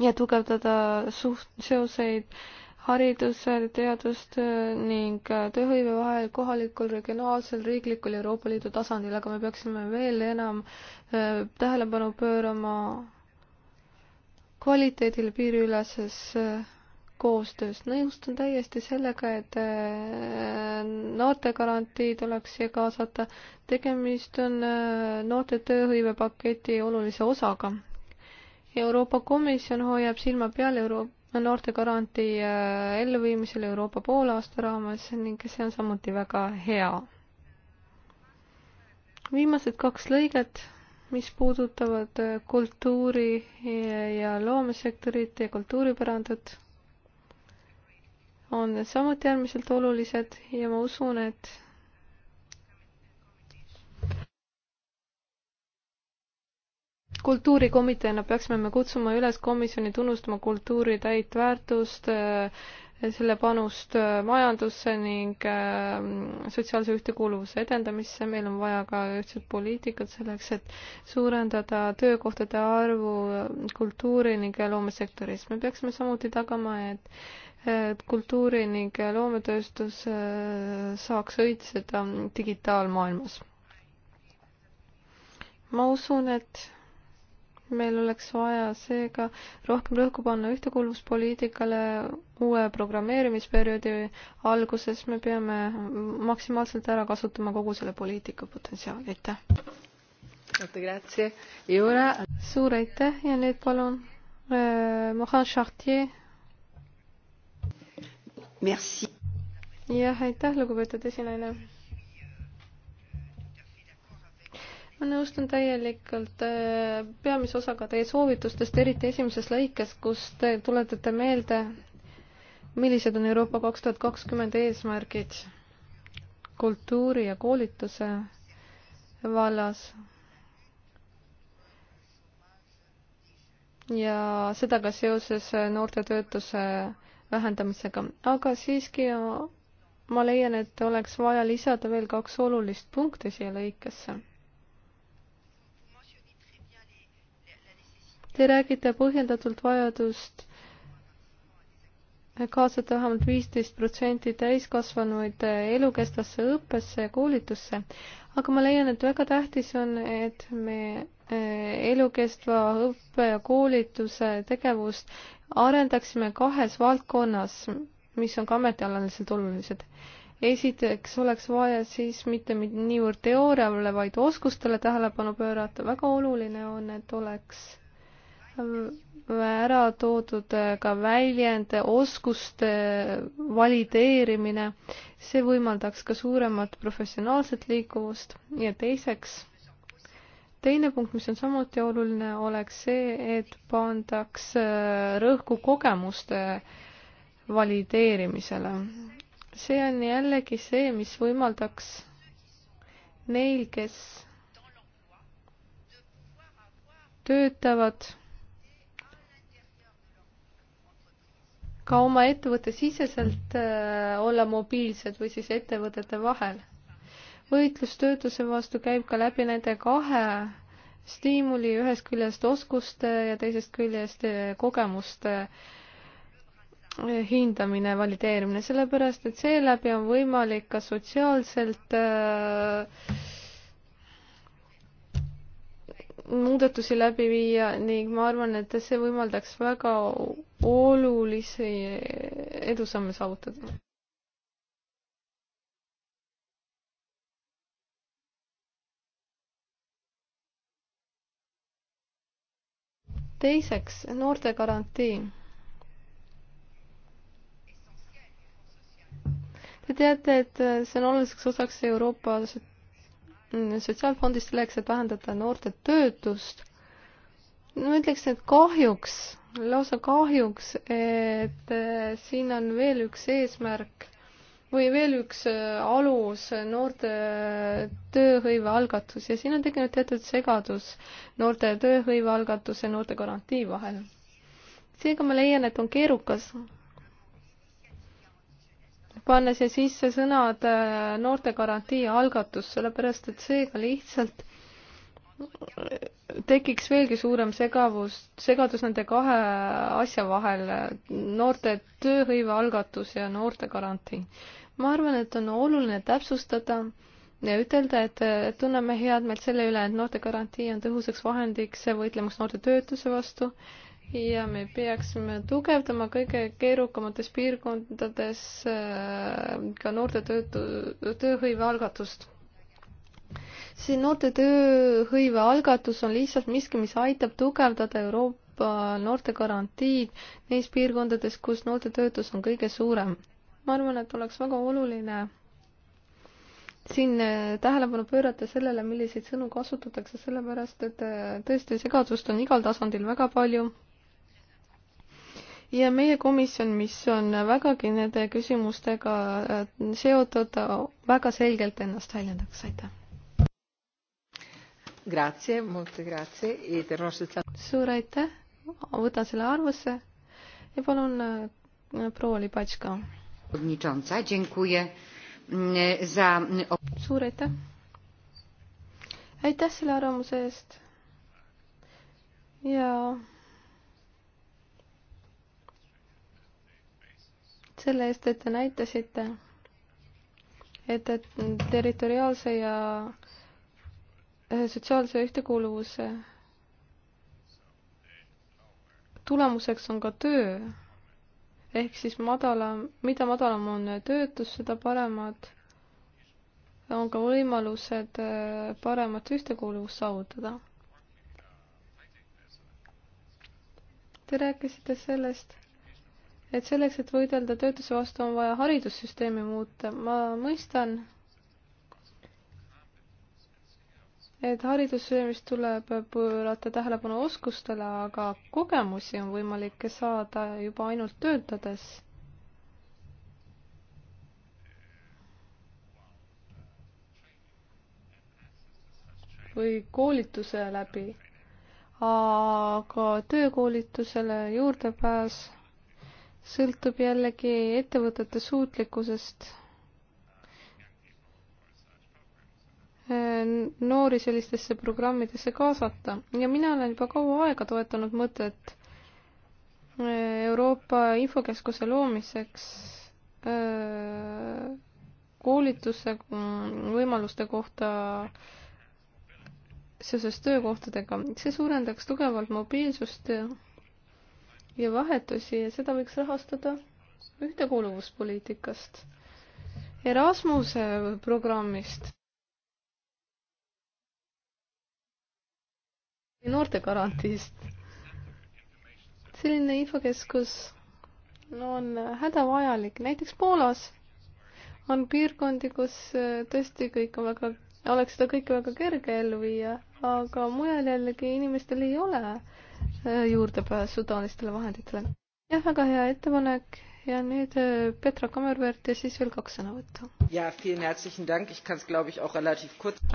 ja tugevdada suht-, seoseid äh, hariduse, teadustöö äh, ning äh, tööhõive vahel kohalikul, regionaalsel, riiklikul ja Euroopa Liidu tasandil, aga me peaksime veel enam äh, tähelepanu pöörama kvaliteedile piiriüleses koostöös. nõustun täiesti sellega, et noortegarantii tuleks siia kaasata. tegemist on noorte tööhõivepaketi olulise osaga. Euroopa Komisjon hoiab silma peal Euroopa noortegarantii äh, elluviimisel Euroopa poolaasta raames ning see on samuti väga hea. viimased kaks lõiget, mis puudutavad äh, kultuuri äh, ja loomesektorit ja kultuuripärandit, on samuti äärmiselt olulised ja ma usun, et kultuurikomiteena peaksime me kutsuma üles komisjoni tunnustama kultuuri täit väärtust, äh, selle panust äh, majandusse ning äh, sotsiaalse ühtekuuluvuse edendamisse, meil on vaja ka ühtset poliitikat selleks, et suurendada töökohtade arvu kultuuri ning loomesektoris. me peaksime samuti tagama, et kultuuri ning loometööstus saaks õitseda digitaalmaailmas. ma usun, et meil oleks vaja seega rohkem rõhku panna ühtekuuluvuspoliitikale uue programmeerimisperioodi alguses, me peame maksimaalselt ära kasutama kogu selle poliitika potentsiaali, aitäh. E suur aitäh ja nüüd palun äh, Mohan Chartier. jah, aitäh, lugupeetud esinaine nõustun täielikult äh, peamise osaga teie soovitustest, eriti esimeses lõikes, kus te tuletate meelde, millised on Euroopa kaks tuhat kakskümmend eesmärgid kultuuri ja koolituse vallas. ja seda ka seoses äh, noorte töötuse vähendamisega, aga siiski äh, ma leian, et oleks vaja lisada veel kaks olulist punkti siia lõikesse Te räägite põhjendatult vajadust kaasata vähemalt viisteist protsenti täiskasvanuid elukestvasse õppesse ja koolitusse, aga ma leian, et väga tähtis on, et me eh, elukestva õppe ja koolituse tegevust arendaksime kahes valdkonnas, mis on ka ametialaliselt olulised. esiteks oleks vaja siis mitte niivõrd teooriale, vaid oskustele tähelepanu pöörata, väga oluline on, et oleks ära toodud eh, ka väljend, eh, oskuste eh, valideerimine, see võimaldaks ka suuremat professionaalset liikuvust ja teiseks, teine punkt, mis on samuti oluline, oleks see, et pandaks rõhku kogemuste valideerimisele. see on jällegi see, mis võimaldaks neil, kes töötavad ka oma ettevõtte siseselt äh, olla mobiilsed või siis ettevõtete vahel. võitlus töötuse vastu käib ka läbi nende kahe stiimuli, ühest küljest oskuste ja teisest küljest äh, kogemuste äh, hindamine, valideerimine, sellepärast et seeläbi on võimalik ka sotsiaalselt äh, muudatusi läbi viia ning ma arvan, et see võimaldaks väga olulisi edusamme saavutada. teiseks, noorte garantii. Te teate, et see on oluliseks osaks Euroopa Mm, sotsiaalfondist selleks, et vähendada noorte töötust. ma ütleks, et kahjuks, lausa kahjuks, et äh, siin on veel üks eesmärk või veel üks äh, alus noorte äh, tööhõive algatus ja siin on tekkinud teatud segadus noorte tööhõive algatuse, noorte garantii vahel. seega ma leian, et on keerukas panna siia sisse sõnad äh, noortegarantii algatus, sellepärast et seega lihtsalt tekiks veelgi suurem segavus, segadus nende kahe asja vahel, noorte tööhõive algatus ja noortegarantii. ma arvan, et on oluline täpsustada ja ütelda, et tunneme head meelt selle üle, et noortegarantii on tõhusaks vahendiks võitlemaks noorte töötuse vastu ja me peaksime tugevdama kõige keerukamates piirkondades äh, ka noorte töötu, tööhõive algatust. see noorte tööhõive algatus on lihtsalt miski, mis aitab tugevdada Euroopa noorte garantiid neis piirkondades, kus noorte töötus on kõige suurem. ma arvan, et oleks väga oluline siin äh, tähelepanu pöörata sellele, milliseid sõnu kasutatakse, sellepärast et äh, tõesti segadust on igal tasandil väga palju ja meie komisjon, mis on vägagi nende küsimustega äh, seotud, väga selgelt ennast väljendaks, aitäh. Grazie, molto grazie e terrò suur aitäh, võtan selle arvesse ja palun äh, proua Libatška. Mm, suur aitäh. aitäh selle arvamuse eest ja selle eest, et te näitasite, et, et territoriaalse ja äh, sotsiaalse ühtekuuluvuse tulemuseks on ka töö. ehk siis madalam, mida madalam on töötus, seda paremad on ka võimalused äh, paremat ühtekuuluvust saavutada. Te rääkisite sellest, et selleks, et võidelda töötuse vastu, on vaja haridussüsteemi muuta. ma mõistan, et haridussüsteemis tuleb pöörata tähelepanu oskustele, aga kogemusi on võimalik saada juba ainult töötades. või koolituse läbi. aga töökoolitusele juurdepääs sõltub jällegi ettevõtete suutlikkusest noori sellistesse programmidesse kaasata ja mina olen juba kaua aega toetanud mõtet e, Euroopa infokeskuse loomiseks e, koolituse mm, võimaluste kohta seoses töökohtadega. see suurendaks tugevalt mobiilsust ja vahetusi ja seda võiks rahastada ühtekuuluvuspoliitikast, Erasmuse programmist. noortegarantiist. selline infokeskus on hädavajalik, näiteks Poolas on piirkondi, kus tõesti kõik on väga, oleks seda kõike väga kerge ellu viia aga mujal jällegi inimestel ei ole äh, juurdepääsu taolistele vahenditele. jah, väga hea ettepanek ja nüüd äh, Petra Kammerwert ja siis veel kaks sõnavõttu.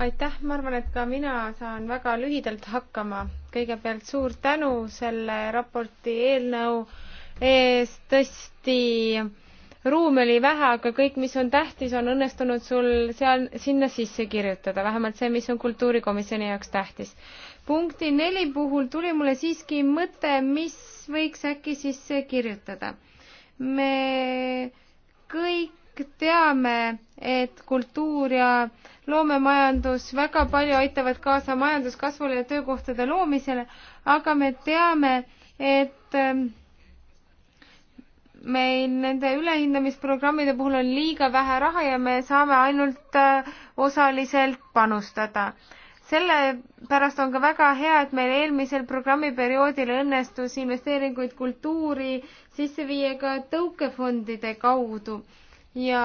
aitäh, ma arvan, et ka mina saan väga lühidalt hakkama. kõigepealt suur tänu selle raporti eelnõu eest, tõesti ruumi oli vähe, aga kõik, mis on tähtis, on õnnestunud sul seal, sinna sisse kirjutada, vähemalt see, mis on kultuurikomisjoni jaoks tähtis. punkti neli puhul tuli mulle siiski mõte, mis võiks äkki sisse kirjutada. me kõik teame, et kultuur ja loomemajandus väga palju aitavad kaasa majanduskasvule ja töökohtade loomisele, aga me teame, et ähm, meil nende ülehindamisprogrammide puhul on liiga vähe raha ja me saame ainult äh, osaliselt panustada. sellepärast on ka väga hea, et meil eelmisel programmiperioodil õnnestus investeeringuid kultuuri sisse viia ka tõukefondide kaudu ja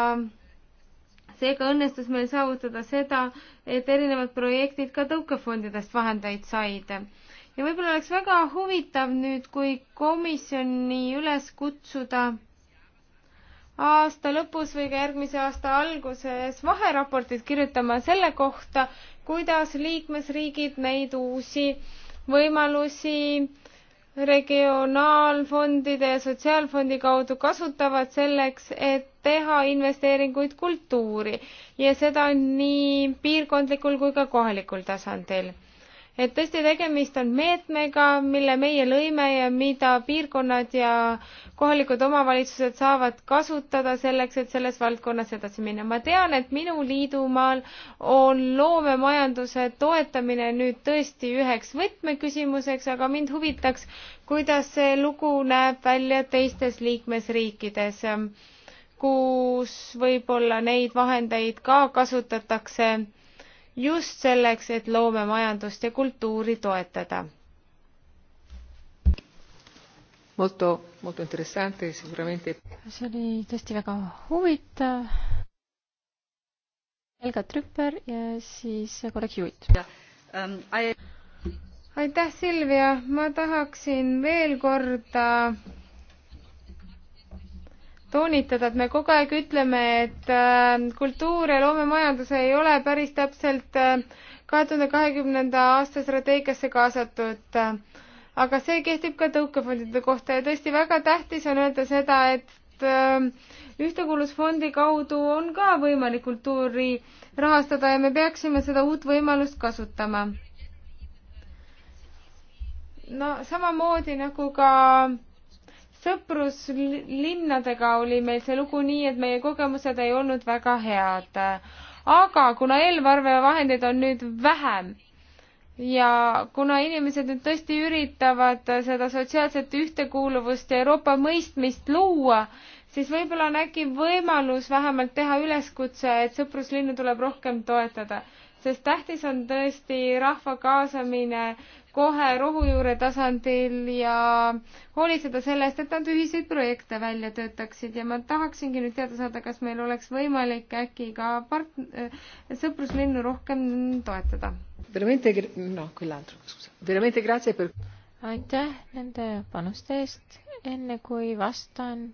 seega õnnestus meil saavutada seda, et erinevad projektid ka tõukefondidest vahendeid said ja võib-olla oleks väga huvitav nüüd, kui komisjoni üles kutsuda aasta lõpus või ka järgmise aasta alguses vaheraportid kirjutama selle kohta, kuidas liikmesriigid neid uusi võimalusi regionaalfondide ja sotsiaalfondi kaudu kasutavad selleks, et teha investeeringuid kultuuri ja seda nii piirkondlikul kui ka kohalikul tasandil et tõesti tegemist on meetmega, mille meie lõime ja mida piirkonnad ja kohalikud omavalitsused saavad kasutada selleks, et selles valdkonnas edasi minna. ma tean, et minu liidumaal on loomemajanduse toetamine nüüd tõesti üheks võtmeküsimuseks, aga mind huvitaks, kuidas see lugu näeb välja teistes liikmesriikides, kus võib-olla neid vahendeid ka kasutatakse just selleks, et loomemajandust ja kultuuri toetada. Molto, molto interessante, sicuramente. see oli tõesti väga huvitav. Helga Trüpper ja siis kolleeg Juit. Ähm, aitäh, Silvia, ma tahaksin veel korda toonitada, et me kogu aeg ütleme, et äh, kultuur ja loomemajandus ei ole päris täpselt äh, kahe tuhande kahekümnenda aasta strateegiasse kaasatud. aga see kehtib ka tõukefondide kohta ja tõesti väga tähtis on öelda seda, et äh, ühtekuuluvusfondi kaudu on ka võimalik kultuuri rahastada ja me peaksime seda uut võimalust kasutama. no samamoodi nagu ka sõpruslinnadega oli meil see lugu nii, et meie kogemused ei olnud väga head. aga kuna eelarvevahendeid on nüüd vähem ja kuna inimesed nüüd tõesti üritavad seda sotsiaalset ühtekuuluvust ja Euroopa mõistmist luua, siis võib-olla on äkki võimalus vähemalt teha üleskutse, et sõpruslinnu tuleb rohkem toetada, sest tähtis on tõesti rahva kaasamine kohe rohujuure tasandil ja hoolitseda selle eest, et nad ühiseid projekte välja töötaksid ja ma tahaksingi nüüd teada saada, kas meil oleks võimalik äkki ka part-, äh, sõpruslinnu rohkem toetada. aitäh nende panuste eest, enne kui vastan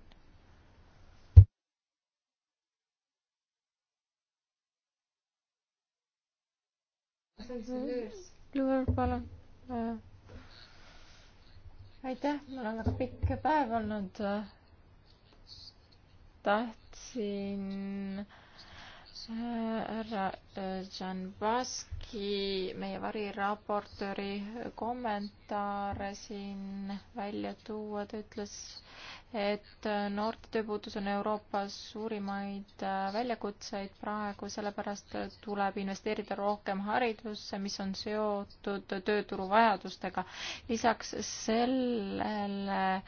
Lure, palun Äh, aitäh, mul on väga pikk päev olnud. tahtsin äh, härra äh, Džanbaski, meie variraportööri kommentaare siin välja tuua, ta ütles, et noorte tööpuudus on Euroopas suurimaid äh, väljakutseid praegu, sellepärast tuleb investeerida rohkem haridusse, mis on seotud tööturu vajadustega. lisaks sellele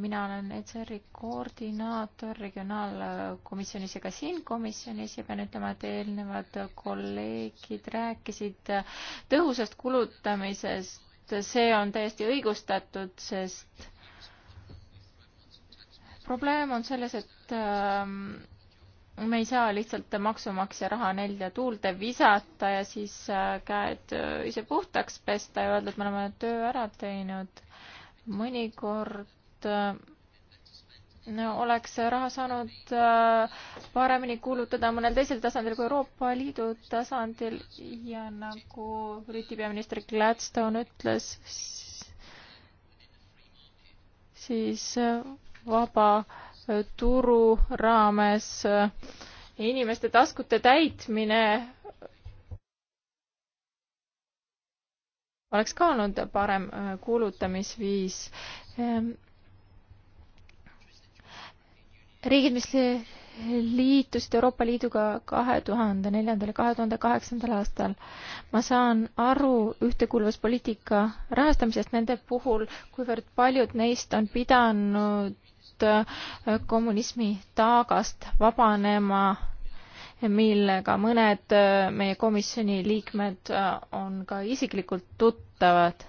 mina olen ECR-i koordinaator regionaalkomisjonis ja ka siin komisjonis ja pean ütlema, et eelnevad kolleegid rääkisid tõhusast kulutamisest. see on täiesti õigustatud, sest probleem on selles, et ähm, me ei saa lihtsalt maksumaksja raha nelja tuulde visata ja siis äh, käed äh, ise puhtaks pesta ja öelda, et me oleme töö ära teinud. mõnikord äh, no, oleks raha saanud paremini kulutada mõnel teisel tasandil kui Euroopa Liidu tasandil ja nagu Briti peaminister Gladstone ütles, siis vaba äh, turu raames äh, inimeste taskute täitmine oleks ka olnud parem äh, kuulutamisviis. Ähm, riigid, mis liitusid Euroopa Liiduga kahe tuhande neljandal ja kahe tuhande kaheksandal aastal. ma saan aru ühtekuuluvuspoliitika rahastamisest nende puhul, kuivõrd paljud neist on pidanud äh, kommunismi taagast vabanema, millega mõned äh, meie komisjoni liikmed äh, on ka isiklikult tuttavad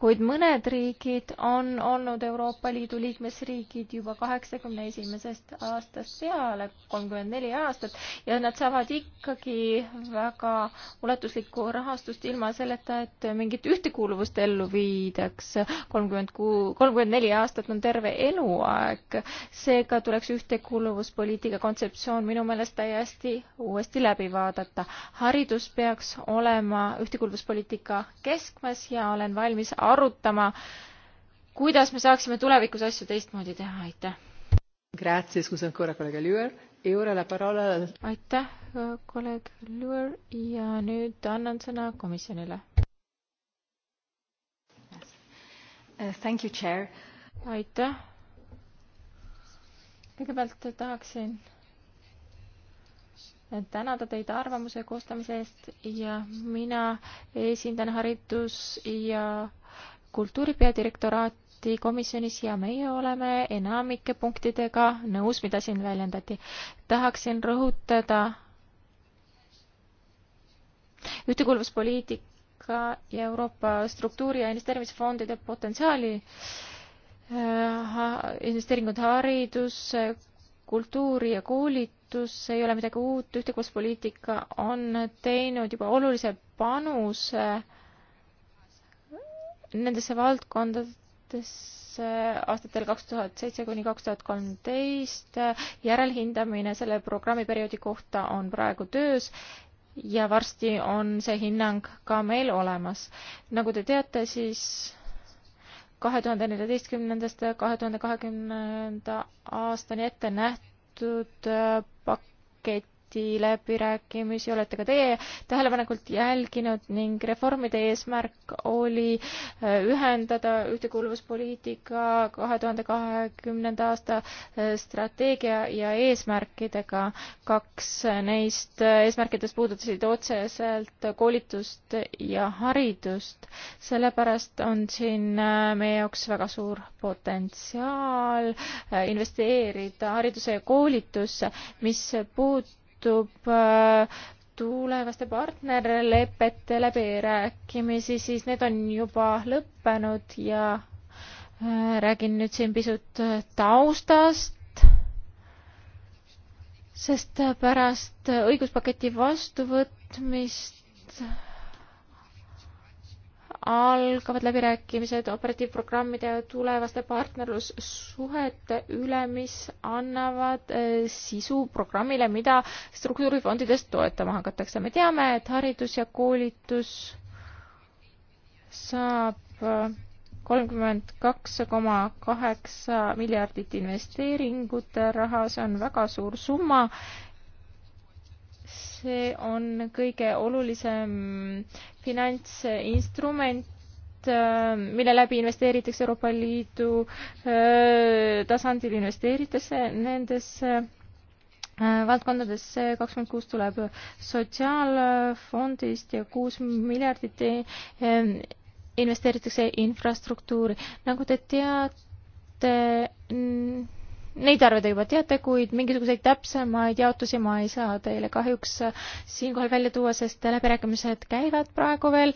kuid mõned riigid on olnud Euroopa Liidu liikmesriigid juba kaheksakümne esimesest aastast peale, kolmkümmend neli aastat, ja nad saavad ikkagi väga ulatuslikku rahastust ilma selleta, et mingit ühtekuuluvust ellu viidaks. kolmkümmend kuu, kolmkümmend neli aastat on terve eluaeg, seega tuleks ühtekuuluvuspoliitika kontseptsioon minu meelest täiesti uuesti läbi vaadata. haridus peaks olema ühtekuuluvuspoliitika keskmes ja olen valmis valmis arutama, kuidas me saaksime tulevikus asju teistmoodi teha, aitäh. E aitäh, kolleeg Lüür ja nüüd annan sõna komisjonile. Uh, aitäh. kõigepealt tahaksin tänada teid arvamuse koostamise eest ja mina esindan haridus- ja kultuuripeadirektoraati komisjonis ja meie oleme enamike punktidega nõus, mida siin väljendati. tahaksin rõhutada ühtekuuluvuspoliitika ja Euroopa struktuuri- ja investeerimisfondide potentsiaali äh, investeeringud haridusse, kultuuri ja koolid algatus ei ole midagi uut, ühtekuuluvuspoliitika on teinud juba olulise panuse nendesse valdkondadesse aastatel kaks tuhat seitse kuni kaks tuhat kolmteist. järelhindamine selle programmiperioodi kohta on praegu töös ja varsti on see hinnang ka meil olemas. nagu te teate, siis kahe tuhande neljateistkümnendast kahe tuhande kahekümnenda aastani ette nähtud teatud äh, pakett Brexiti läbirääkimisi olete ka teie tähelepanelikult jälginud ning reformide eesmärk oli äh, ühendada ühtekuuluvuspoliitika kahe tuhande kahekümnenda aasta äh, strateegia ja eesmärkidega. kaks neist äh, eesmärkidest puudutasid otseselt koolitust ja haridust. sellepärast on siin meie jaoks väga suur potentsiaal investeerida haridusse ja koolitusse, mis puudutab puudutab äh, tulevaste partnerlepete läbirääkimisi, siis need on juba lõppenud ja äh, räägin nüüd siin pisut äh, taustast, sest pärast õiguspaketi vastuvõtmist algavad läbirääkimised operatiivprogrammide ja tulevaste partnerlussuhete üle, mis annavad eh, sisu programmile, mida struktuurifondidest toetama hakatakse. me teame, et haridus ja koolitus saab eh, kolmkümmend kaks koma kaheksa miljardit investeeringute raha, see on väga suur summa see on kõige olulisem finantsinstrument, äh, mille läbi investeeritakse Euroopa Liidu äh, tasandil, investeeritakse nendesse äh, valdkondades kakskümmend kuus tuleb sotsiaalfondist ja kuus miljardit investeeritakse infrastruktuuri. nagu te teate, Neid arve te juba teate, kuid mingisuguseid täpsemaid jaotusi ma ei saa teile kahjuks siinkohal välja tuua, sest läbirääkimised käivad praegu veel.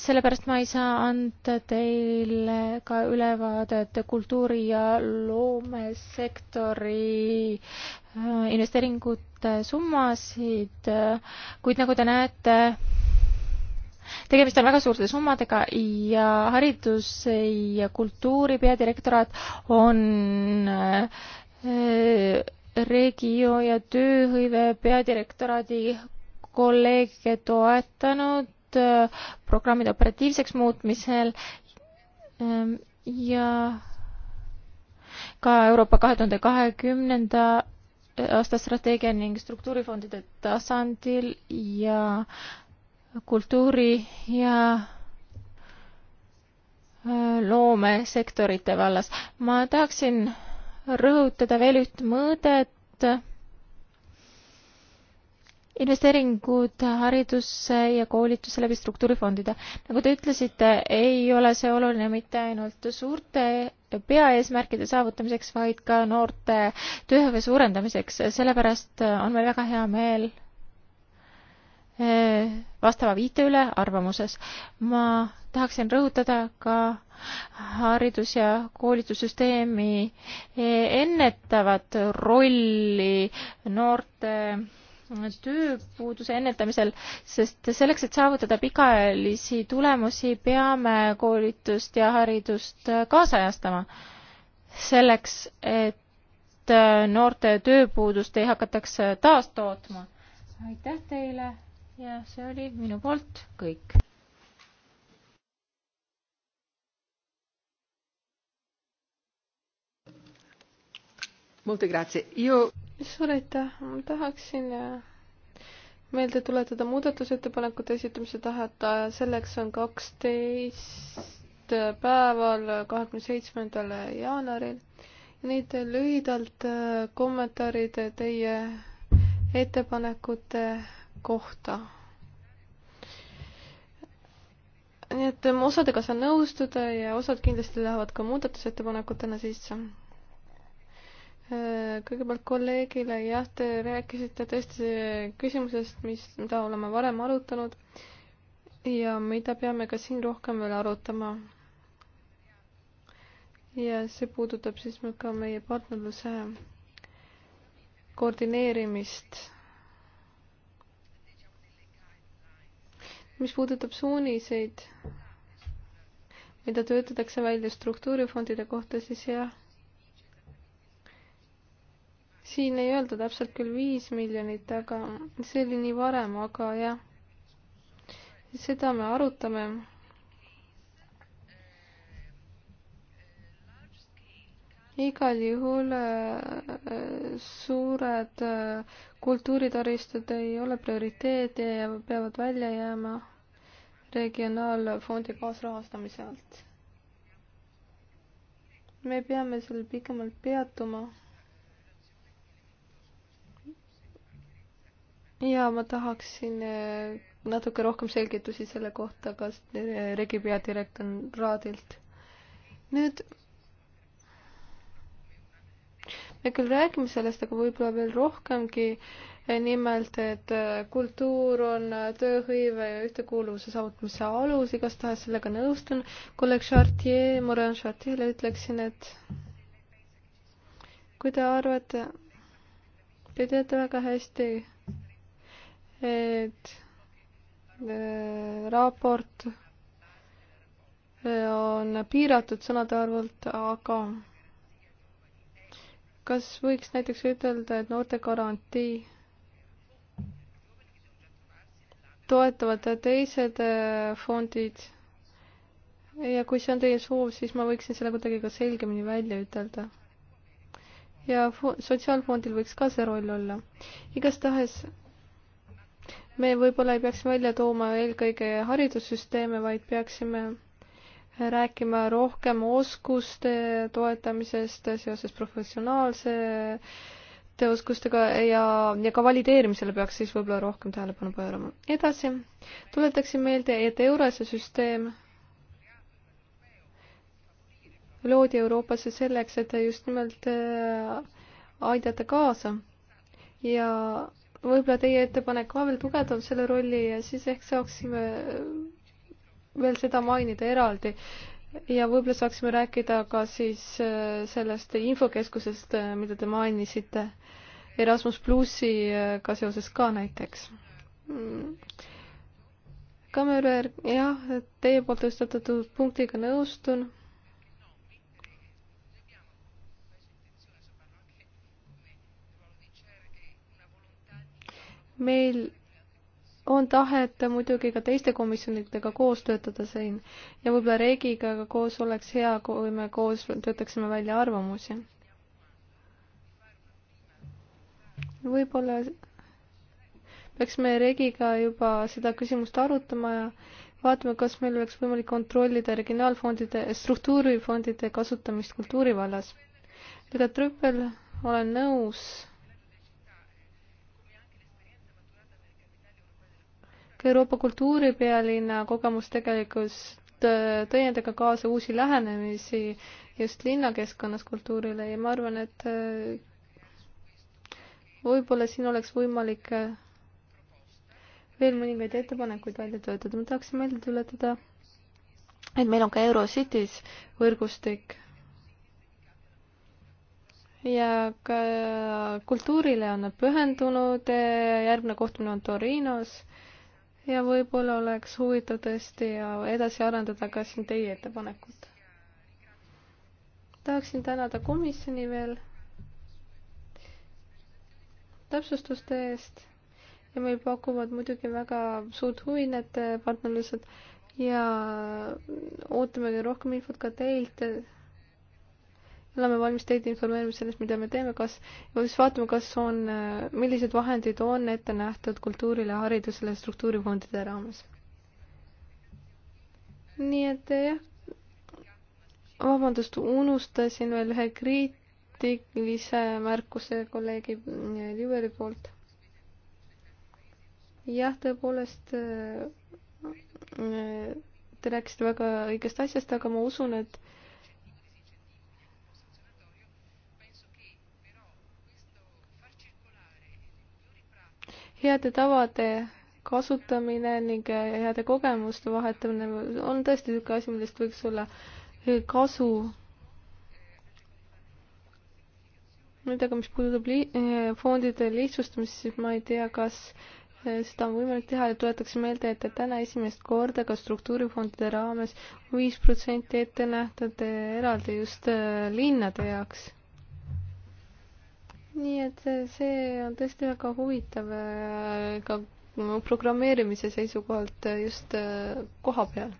sellepärast ma ei saa anda teile ka ülevaadet kultuuri ja loomesektori äh, investeeringute summasid, äh, kuid nagu te näete, tegemist on väga suurte summadega ja haridus- ja kultuuri peadirektoraat on äh, regio- ja tööhõive peadirektoraadi kolleege toetanud äh, programmide operatiivseks muutmisel ähm, ja ka Euroopa kahe tuhande kahekümnenda äh, aasta strateegia ning struktuurifondide tasandil ja kultuuri ja äh, loomesektorite vallas. ma tahaksin rõhutada veel üht mõõdet. investeeringud haridusse ja koolitusse läbi struktuurifondide. nagu te ütlesite, ei ole see oluline mitte ainult suurte peaeesmärkide saavutamiseks, vaid ka noorte tööhõive suurendamiseks. sellepärast on meil väga hea meel Äh, vastava viite üle arvamuses. ma tahaksin rõhutada ka haridus- ja koolitussüsteemi ennetavat rolli noorte tööpuuduse ennetamisel, sest selleks, et saavutada pikaajalisi tulemusi, peame koolitust ja haridust kaasajastama. selleks, et noorte tööpuudust ei hakataks taastootma. aitäh teile ja see oli minu poolt kõik. suur aitäh, ma tahaksin äh, meelde tuletada muudatusettepanekute esitamise tahet, äh, selleks on kaksteist päeval, äh, kahekümne seitsmendal jaanuaril. nüüd lühidalt kommentaarid teie ettepanekute kohta. nii et ähm, osadega saan nõustuda ja osad kindlasti lähevad ka muudatusettepanekutena sisse. Äh, kõigepealt kolleegile, jah, te rääkisite tõesti äh, küsimusest, mis, mida oleme varem arutanud ja mida peame ka siin rohkem veel arutama. ja see puudutab siis ka meie partnerluse koordineerimist mis puudutab suuniseid, mida töötatakse välja struktuurifondide kohta, siis jah, siin ei öelda täpselt küll viis miljonit, aga see oli nii varem, aga jah, seda me arutame igal juhul äh, äh, suured äh, kultuuritaristud ei ole prioriteet ja peavad välja jääma regionaalfondi kaasrahastamise alt. me peame sellel pikemalt peatuma. ja ma tahaksin natuke rohkem selgitusi selle kohta, kas regi peadirektoraadilt. nüüd me küll räägime sellest, aga võib-olla veel rohkemgi, eh, nimelt, et eh, kultuur on eh, tööhõive ja ühtekuuluvuse saavutamise alus, igastahes sellega nõustun. kolleeg Chartier, Morin Chartierile ütleksin, et kui te arvate, te teate väga hästi, et raport on piiratud sõnade arvult, aga kas võiks näiteks ütelda, et noortegarantii toetavad teised äh, fondid ja kui see on teie soov, siis ma võiksin selle kuidagi ka selgemini välja ütelda. ja sotsiaalfondil võiks ka see roll olla. igastahes me võib-olla ei peaks välja tooma eelkõige haridussüsteeme, vaid peaksime rääkima rohkem oskuste toetamisest seoses professionaalse oskustega ja, ja ka valideerimisele peaks siis võib-olla rohkem tähelepanu pöörama. edasi, tuletaksin meelde, et Eurose süsteem loodi Euroopasse selleks, et just nimelt äh, aidata kaasa ja võib-olla teie ettepanek ka veel tugevdab selle rolli ja siis ehk saaksime veel seda mainida eraldi ja võib-olla saaksime rääkida ka siis äh, sellest infokeskusest, äh, mida te mainisite, Erasmus plussiga äh, seoses ka näiteks. Mm. Kammerer, jah, teie poolt tõstatatud punktiga nõustun meil on tahet muidugi ka teiste komisjonidega koos töötada siin ja võib-olla Regiga koos oleks hea, kui me koos töötaksime välja arvamusi. võib-olla peaksime Regiga juba seda küsimust arutama ja vaatame, kas meil oleks võimalik kontrollida regionaalfondide, struktuurifondide kasutamist kultuuri vallas. Lüda Trüppel, olen nõus ka Euroopa kultuuripealinna kogemus tegelikult äh, tõi endaga kaasa uusi lähenemisi just linnakeskkonnas kultuurile ja ma arvan, et äh, võib-olla siin oleks võimalik äh, veel mõningaid ettepanekuid välja töötada. ma tahaksin meelde tuletada, et meil on ka Eurocities võrgustik ja ka kultuurile on nad pühendunud, järgmine kohtumine on Torinos ja võib-olla oleks huvitav tõesti edasi arendada ka siin teie ettepanekut. tahaksin tänada komisjoni veel täpsustuste eest ja meil pakuvad muidugi väga suurt huvi need partnerlused ja ootamegi rohkem infot ka teilt oleme valmis teid informeerima sellest, mida me teeme, kas, siis vaatame, kas on, äh, millised vahendid on ette nähtud kultuurile, haridusele, struktuurifondide raames. nii et jah, vabandust, unustasin veel ühe kriitilise märkuse kolleegi Liveri äh, poolt. jah, tõepoolest äh, te rääkisite väga õigest asjast, aga ma usun, et heade tavade kasutamine ning eh, heade kogemuste vahetamine on tõesti niisugune asi, millest võiks olla eh, kasu. nüüd aga, mis puudutab li-, eh, fondide lihtsustamist, siis ma ei tea, kas seda on võimalik teha ja tuletaks meelde, et täna esimest korda ka struktuurifondide raames viis protsenti ette nähtud eraldi just linnade jaoks nii et see on tõesti väga huvitav äh, ka programmeerimise seisukohalt äh, just äh, koha peal.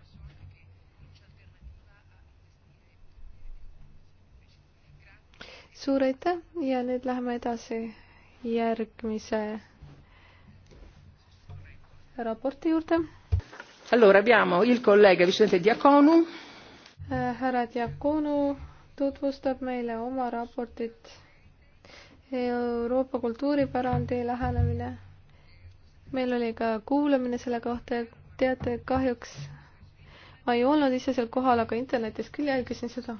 suur aitäh ja nüüd läheme edasi järgmise raporti juurde. Allora abbiamo il collega Vicente Diaconu. härra Diaconu tutvustab meile oma raportit Euroopa kultuuripärandi lähenemine. meil oli ka kuulamine selle kohta ja teate, et kahjuks ma ei olnud ise seal kohal, aga internetis küll jälgisin seda.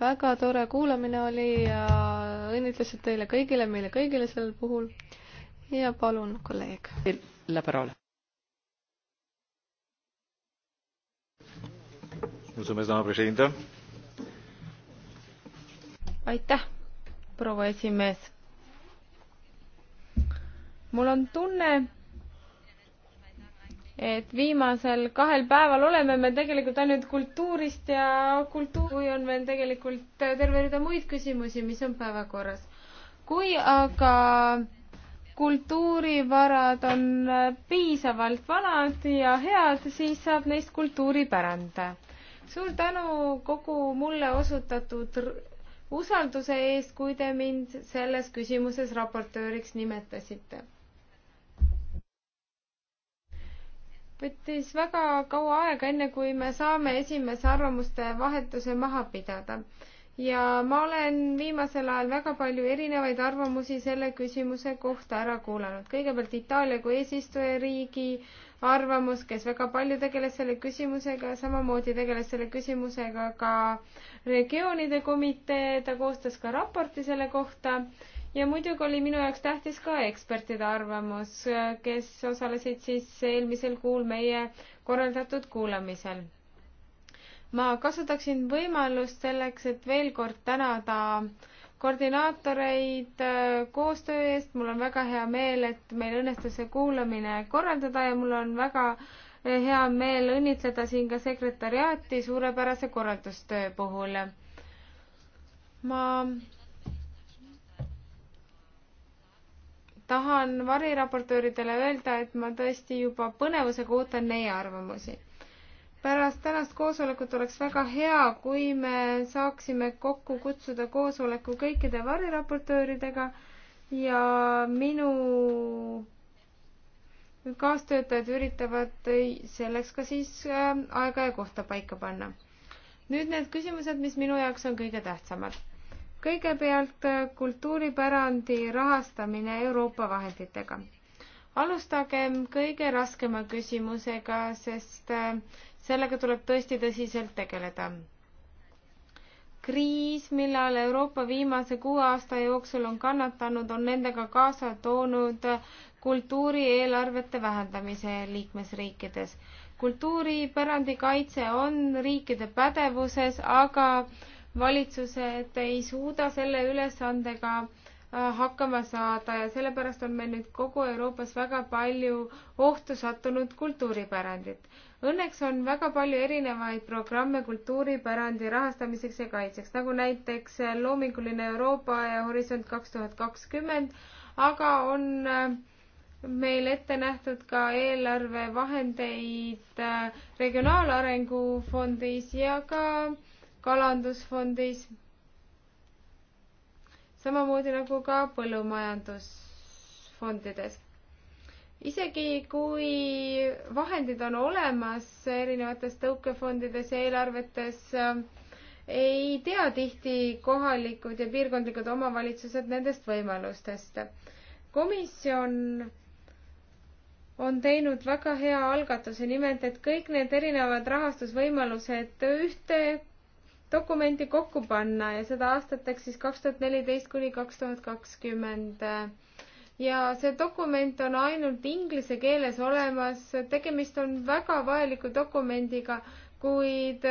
väga tore kuulamine oli ja õnnitlused teile kõigile, meile kõigile sel puhul. ja palun, kolleeg. La parola. mulțumesc, doamna președintă aitäh, proua esimees. mul on tunne, et viimasel kahel päeval oleme me tegelikult ainult kultuurist ja kultuur, kui on veel tegelikult terve rida muid küsimusi, mis on päevakorras. kui aga kultuurivarad on piisavalt vanad ja head, siis saab neist kultuuripärand. suur tänu kogu mulle osutatud usalduse eest, kui te mind selles küsimuses raportööriks nimetasite. võttis väga kaua aega, enne kui me saame esimese arvamuste vahetuse maha pidada ja ma olen viimasel ajal väga palju erinevaid arvamusi selle küsimuse kohta ära kuulanud. kõigepealt Itaalia kui eesistujariigi äh, arvamus, kes väga palju tegeles selle küsimusega, samamoodi tegeles selle küsimusega ka regioonide komitee, ta koostas ka raporti selle kohta ja muidugi oli minu jaoks tähtis ka ekspertide arvamus, kes osalesid siis eelmisel kuul meie korraldatud kuulamisel. ma kasutaksin võimalust selleks, et veel kord tänada ta koordinaatoreid äh, koostöö eest, mul on väga hea meel, et meil õnnestus see kuulamine korraldada ja mul on väga äh, hea meel õnnitleda siin ka sekretäriaati suurepärase korraldustöö puhul. ma tahan variraportööridele öelda, et ma tõesti juba põnevusega ootan neie arvamusi pärast tänast koosolekut oleks väga hea, kui me saaksime kokku kutsuda koosoleku kõikide variraportööridega ja minu kaastöötajad üritavad selleks ka siis äh, aega ja kohta paika panna. nüüd need küsimused, mis minu jaoks on kõige tähtsamad. kõigepealt äh, kultuuripärandi rahastamine Euroopa vahenditega alustagem kõige raskema küsimusega, sest äh, sellega tuleb tõesti tõsiselt tegeleda. kriis, millal Euroopa viimase kuue aasta jooksul on kannatanud, on nendega kaasa toonud kultuurieelarvete vähendamise liikmesriikides. kultuuripärandi kaitse on riikide pädevuses, aga valitsused ei suuda selle ülesandega äh, Äh, hakkama saada ja sellepärast on meil nüüd kogu Euroopas väga palju ohtu sattunud kultuuripärandit. Õnneks on väga palju erinevaid programme kultuuripärandi rahastamiseks ja kaitseks, nagu näiteks äh, Loominguline Euroopa ja Horisont kaks tuhat kakskümmend, aga on äh, meil ette nähtud ka eelarvevahendeid Regionaalarengu fondis ja ka kalandusfondis samamoodi nagu ka põllumajandusfondides. isegi kui vahendid on olemas erinevates tõukefondides ja eelarvetes, ei tea tihti kohalikud ja piirkondlikud omavalitsused nendest võimalustest. komisjon on teinud väga hea algatuse, nimelt et kõik need erinevad rahastusvõimalused ühte dokumenti kokku panna ja seda aastateks siis kaks tuhat neliteist kuni kaks tuhat kakskümmend. ja see dokument on ainult inglise keeles olemas, tegemist on väga vajaliku dokumendiga, kuid,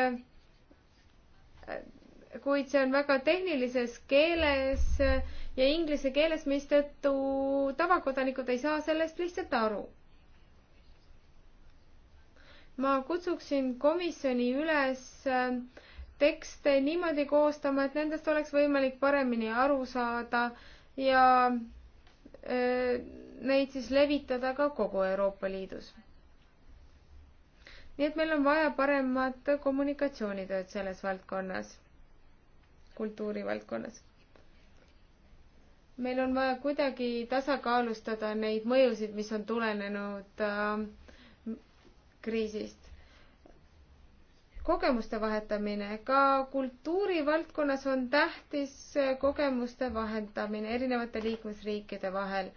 kuid see on väga tehnilises keeles ja inglise keeles, mistõttu tavakodanikud ei saa sellest lihtsalt aru ma kutsuksin komisjoni üles äh, tekste niimoodi koostama, et nendest oleks võimalik paremini aru saada ja öö, äh, neid siis levitada ka kogu Euroopa Liidus. nii et meil on vaja paremat kommunikatsioonitööd selles valdkonnas, kultuurivaldkonnas. meil on vaja kuidagi tasakaalustada neid mõjusid, mis on tulenenud äh, kriisist kogemuste vahetamine, ka kultuurivaldkonnas on tähtis kogemuste vahendamine erinevate liikmesriikide vahel.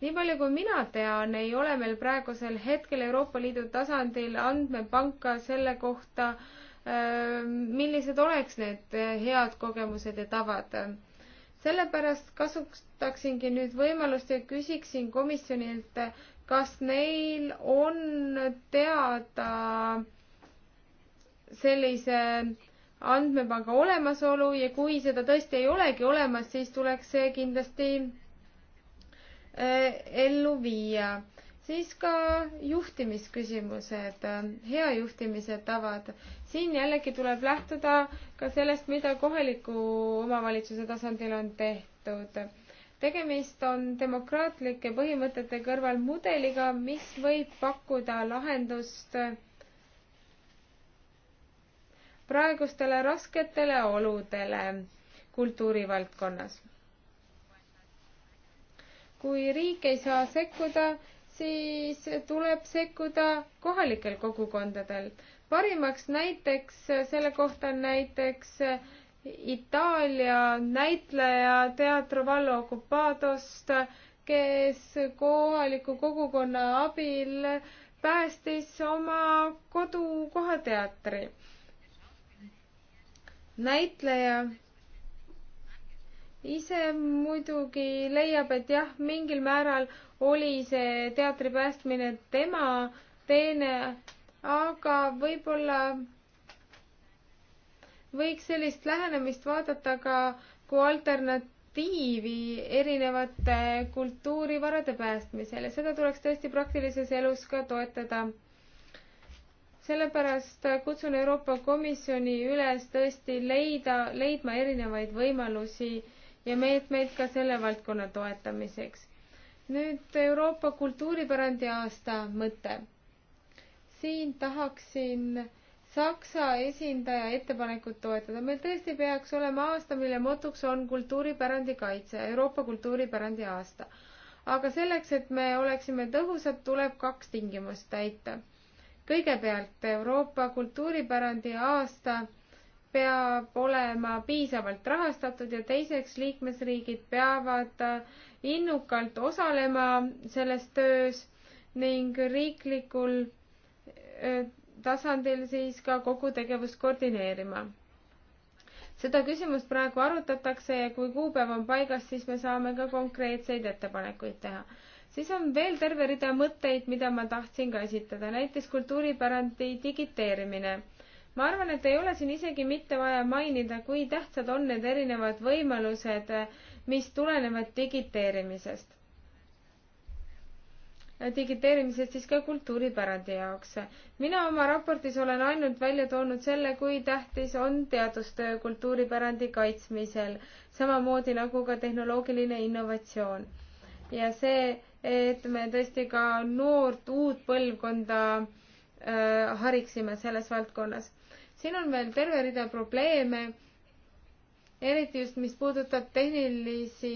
nii palju kui mina tean, ei ole meil praegusel hetkel Euroopa Liidu tasandil andmepanka selle kohta, ähm, millised oleks need head kogemused ja tavad. sellepärast kasutaksingi nüüd võimalust ja küsiksin komisjonilt, kas neil on teada sellise andmepanga olemasolu ja kui seda tõesti ei olegi olemas, siis tuleks see kindlasti äh, ellu viia. siis ka juhtimisküsimused, äh, hea juhtimise tavad. siin jällegi tuleb lähtuda ka sellest, mida kohaliku omavalitsuse tasandil on tehtud. tegemist on demokraatlike põhimõtete kõrval mudeliga, mis võib pakkuda lahendust äh, praegustele rasketele oludele kultuurivaldkonnas. kui riik ei saa sekkuda, siis tuleb sekkuda kohalikel kogukondadel. parimaks näiteks selle kohta on näiteks Itaalia näitleja Teatro Vallo Occupadost, kes kohaliku kogukonna abil päästis oma kodukoha teatri näitleja ise muidugi leiab, et jah, mingil määral oli see teatri päästmine tema teene, aga võib-olla võiks sellist lähenemist vaadata ka kui alternatiivi erinevate kultuurivarade päästmisele, seda tuleks tõesti praktilises elus ka toetada sellepärast kutsun Euroopa Komisjoni üles tõesti leida, leidma erinevaid võimalusi ja meetmeid ka selle valdkonna toetamiseks. nüüd Euroopa kultuuripärandi aasta mõte. siin tahaksin Saksa esindaja ettepanekut toetada. meil tõesti peaks olema aasta, mille motoks on kultuuripärandi kaitse, Euroopa kultuuripärandi aasta. aga selleks, et me oleksime tõhusad, tuleb kaks tingimust täita kõigepealt Euroopa kultuuripärandi aasta peab olema piisavalt rahastatud ja teiseks liikmesriigid peavad innukalt osalema selles töös ning riiklikul tasandil siis ka kogu tegevust koordineerima. seda küsimust praegu arutatakse ja kui kuupäev on paigas, siis me saame ka konkreetseid ettepanekuid teha siis on veel terve rida mõtteid, mida ma tahtsin ka esitada, näiteks kultuuripärandi digiteerimine. ma arvan, et ei ole siin isegi mitte vaja mainida, kui tähtsad on need erinevad võimalused, mis tulenevad digiteerimisest. digiteerimisest siis ka kultuuripärandi jaoks. mina oma raportis olen ainult välja toonud selle, kui tähtis on teadustöö kultuuripärandi kaitsmisel, samamoodi nagu ka tehnoloogiline innovatsioon ja see et me tõesti ka noort, uut põlvkonda äh, hariksime selles valdkonnas. siin on veel terve rida probleeme, eriti just, mis puudutab tehnilisi,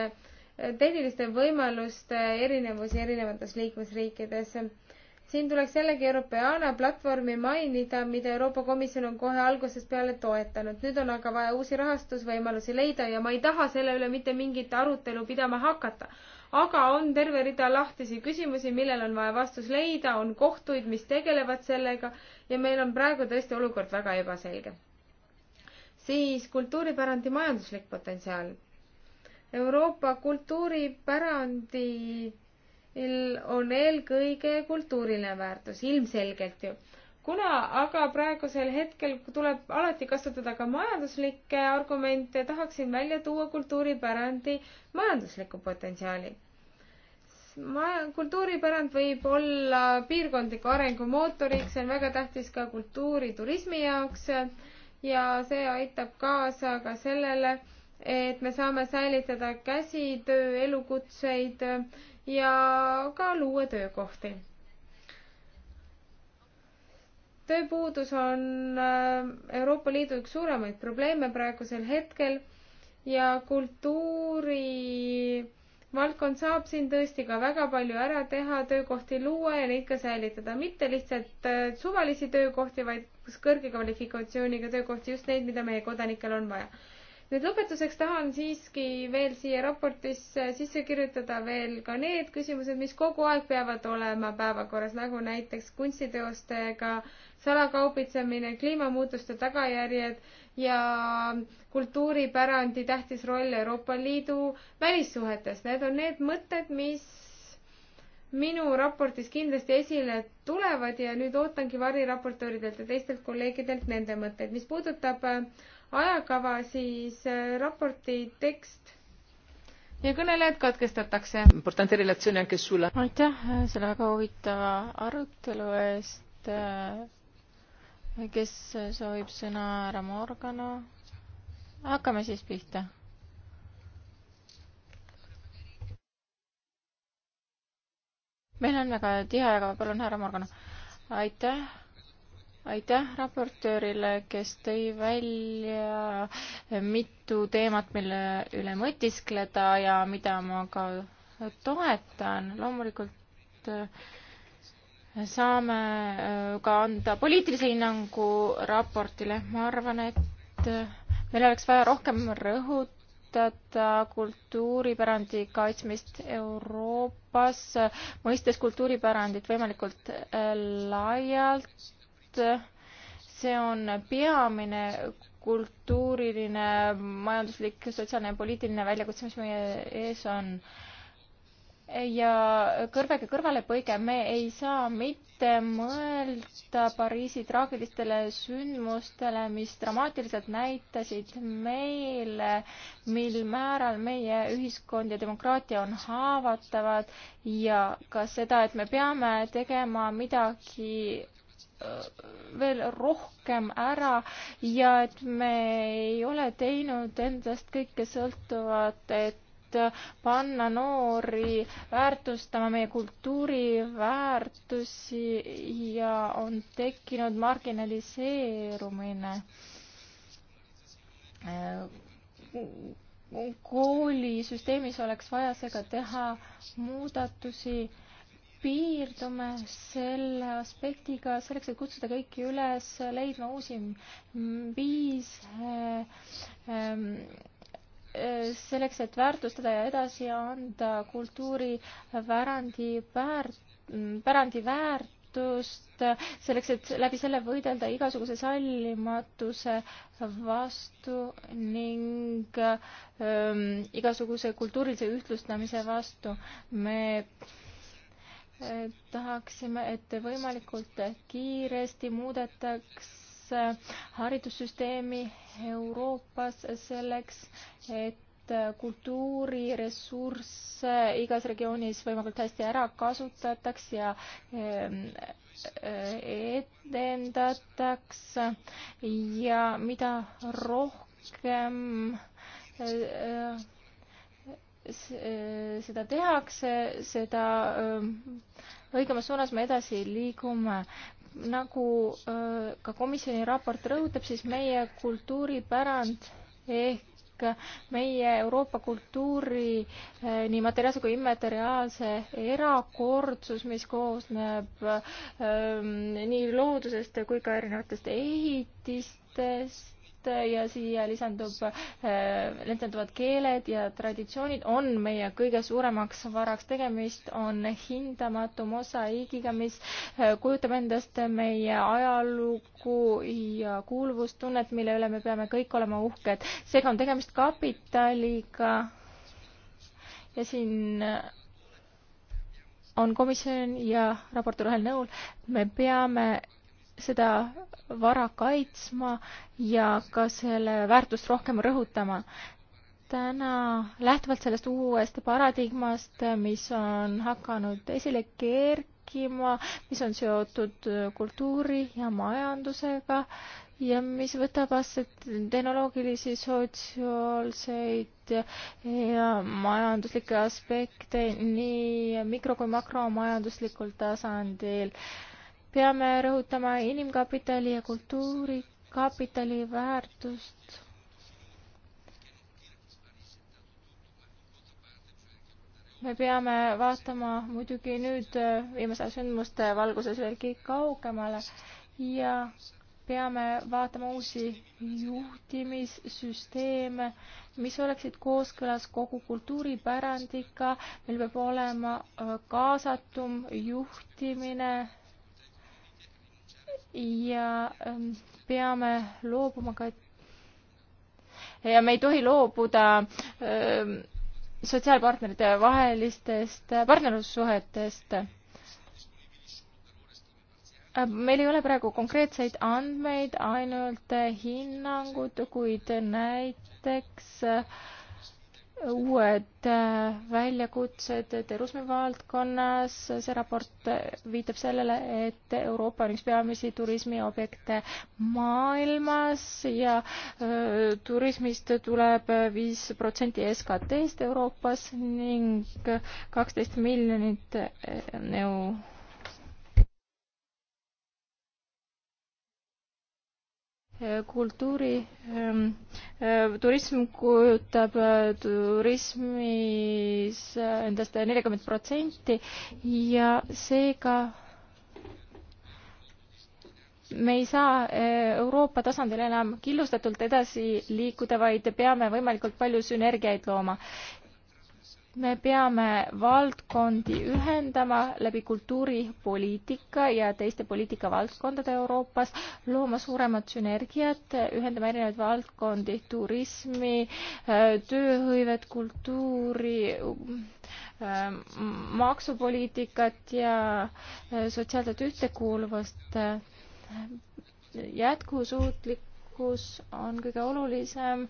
äh, tehniliste võimaluste erinevusi erinevates liikmesriikides siin tuleks jällegi Europeana platvormi mainida, mida Euroopa Komisjon on kohe algusest peale toetanud. nüüd on aga vaja uusi rahastusvõimalusi leida ja ma ei taha selle üle mitte mingit arutelu pidama hakata aga on terve rida lahtisi küsimusi, millel on vaja vastus leida, on kohtuid, mis tegelevad sellega ja meil on praegu tõesti olukord väga ebaselge. siis kultuuripärandi majanduslik potentsiaal. Euroopa kultuuripärandil on eelkõige kultuuriline väärtus, ilmselgelt ju kuna aga praegusel hetkel tuleb alati kasutada ka majanduslikke argumente, tahaksin välja tuua kultuuripärandi majandusliku potentsiaali. ma, kultuuripärand võib olla piirkondliku arengu mootoriks, see on väga tähtis ka kultuuriturismi jaoks ja see aitab kaasa ka sellele, et me saame säilitada käsitöö, elukutseid ja ka luua töökohti tööpuudus on äh, Euroopa Liidu üks suuremaid probleeme praegusel hetkel ja kultuuri valdkond saab siin tõesti ka väga palju ära teha, töökohti luua ja neid ka säilitada, mitte lihtsalt äh, suvalisi töökohti, vaid kõrge kvalifikatsiooniga töökohti, just neid, mida meie kodanikel on vaja nüüd lõpetuseks tahan siiski veel siia raportisse sisse kirjutada veel ka need küsimused, mis kogu aeg peavad olema päevakorras, nagu näiteks kunstiteostega salakaubitsemine, kliimamuutuste tagajärjed ja kultuuripärandi tähtis roll Euroopa Liidu välissuhetes. Need on need mõtted, mis minu raportis kindlasti esile tulevad ja nüüd ootangi variraportööridelt ja teistelt kolleegidelt nende mõtteid. mis puudutab äh, ajakava, siis äh, raporti tekst ja kõnelejad katkestatakse. aitäh äh, selle väga huvitava arutelu eest. Äh, kes soovib sõna, härra Morgana? hakkame siis pihta meil on väga tihe, aga palun, härra Morgana. aitäh aitäh raportöörile, kes tõi välja mitu teemat, mille üle mõtiskleda ja mida ma ka toetan. loomulikult äh, saame äh, ka anda poliitilise hinnangu raportile. ma arvan, et äh, meil oleks vaja rohkem rõhutada kultuuripärandi kaitsmist Euroopas, mõistes kultuuripärandit võimalikult laialt see on peamine kultuuriline, majanduslik, sotsiaalne ja poliitiline väljakutse, mis meie ees on. ja kõrvega kõrvalepõige, me ei saa mitte mõelda Pariisi traagilistele sündmustele, mis dramaatiliselt näitasid meile, mil määral meie ühiskond ja demokraatia on haavatavad ja ka seda, et me peame tegema midagi veel rohkem ära ja et me ei ole teinud endast kõike sõltuvat, et panna noori väärtustama meie kultuuriväärtusi ja on tekkinud marginaliseerumine koolisüsteemis oleks vaja seega teha muudatusi piirdume selle aspektiga selleks, et kutsuda kõiki üles leidma uusi viise ehm, ehm, selleks, et väärtustada ja edasi anda kultuuripärandi väärt-, pärandi väärtust, selleks, et läbi selle võidelda igasuguse sallimatuse vastu ning ähm, igasuguse kultuurilise ühtlustamise vastu. me tahaksime, et võimalikult kiiresti muudetaks haridussüsteemi Euroopas selleks, et kultuuriressursse igas regioonis võimalikult hästi ära kasutataks ja ehm, edendataks ja mida rohkem ehm, Eh, seda tehakse, seda eh, õigemas suunas me edasi liigume. nagu eh, ka komisjoni raport rõhutab, siis meie kultuuripärand ehk meie Euroopa kultuuri nii materiaalse kui immateriaalse erakordsus, mis koosneb nii loodusest kui ka erinevatest ehitistest, keelest äh, ja siia lisandub, äh, lisanduvad keeled ja traditsioonid on meie kõige suuremaks varaks. tegemist on hindamatu mosaiigiga, mis äh, kujutab endast meie ajalugu ja kuuluvustunnet, mille üle me peame kõik olema uhked. seega on tegemist kapitaliga ja siin on komisjon ja raportöör ühel nõul, me peame seda vara kaitsma ja ka selle väärtust rohkem rõhutama. täna lähtuvalt sellest uuest paradigmast, mis on hakanud esile kerkima, mis on seotud kultuuri ja majandusega ja mis võtab astet tehnoloogilisi, sotsiaalseid ja majanduslikke aspekte nii mikro- kui makromajanduslikul tasandil peame rõhutama inimkapitali ja kultuurikapitali väärtust. me peame vaatama muidugi nüüd viimase sündmuste valguses veelgi kaugemale ja peame vaatama uusi juhtimissüsteeme, mis oleksid kooskõlas kogu kultuuripärandiga, meil peab olema kaasatum juhtimine ja ähm, peame loobuma ka ja me ei tohi loobuda ähm, sotsiaalpartnerite vahelistest partnerlussuhetest. Ähm, meil ei ole praegu konkreetseid andmeid, ainult hinnangud, kuid näiteks äh, uued äh, väljakutsed terrorismi valdkonnas. see raport viitab sellele, et Euroopa on üks peamisi turismiobjekte maailmas ja öö, äh, turismist tuleb viis protsenti SKT-st Euroopas ning kaksteist miljonit öö, äh, kultuuri, ehm, ehm, turism kujutab äh, turismis äh, endast nelikümmend protsenti ja seega me ei saa äh, Euroopa tasandil enam killustatult edasi liikuda, vaid peame võimalikult palju sünergiaid looma me peame valdkondi ühendama läbi kultuuripoliitika ja teiste poliitikavaldkondade Euroopas, looma suuremat sünergiat, ühendama erinevaid valdkondi, turismi, tööhõivet, kultuuri, maksupoliitikat ja sotsiaalset ühtekuuluvust. jätkusuutlikkus on kõige olulisem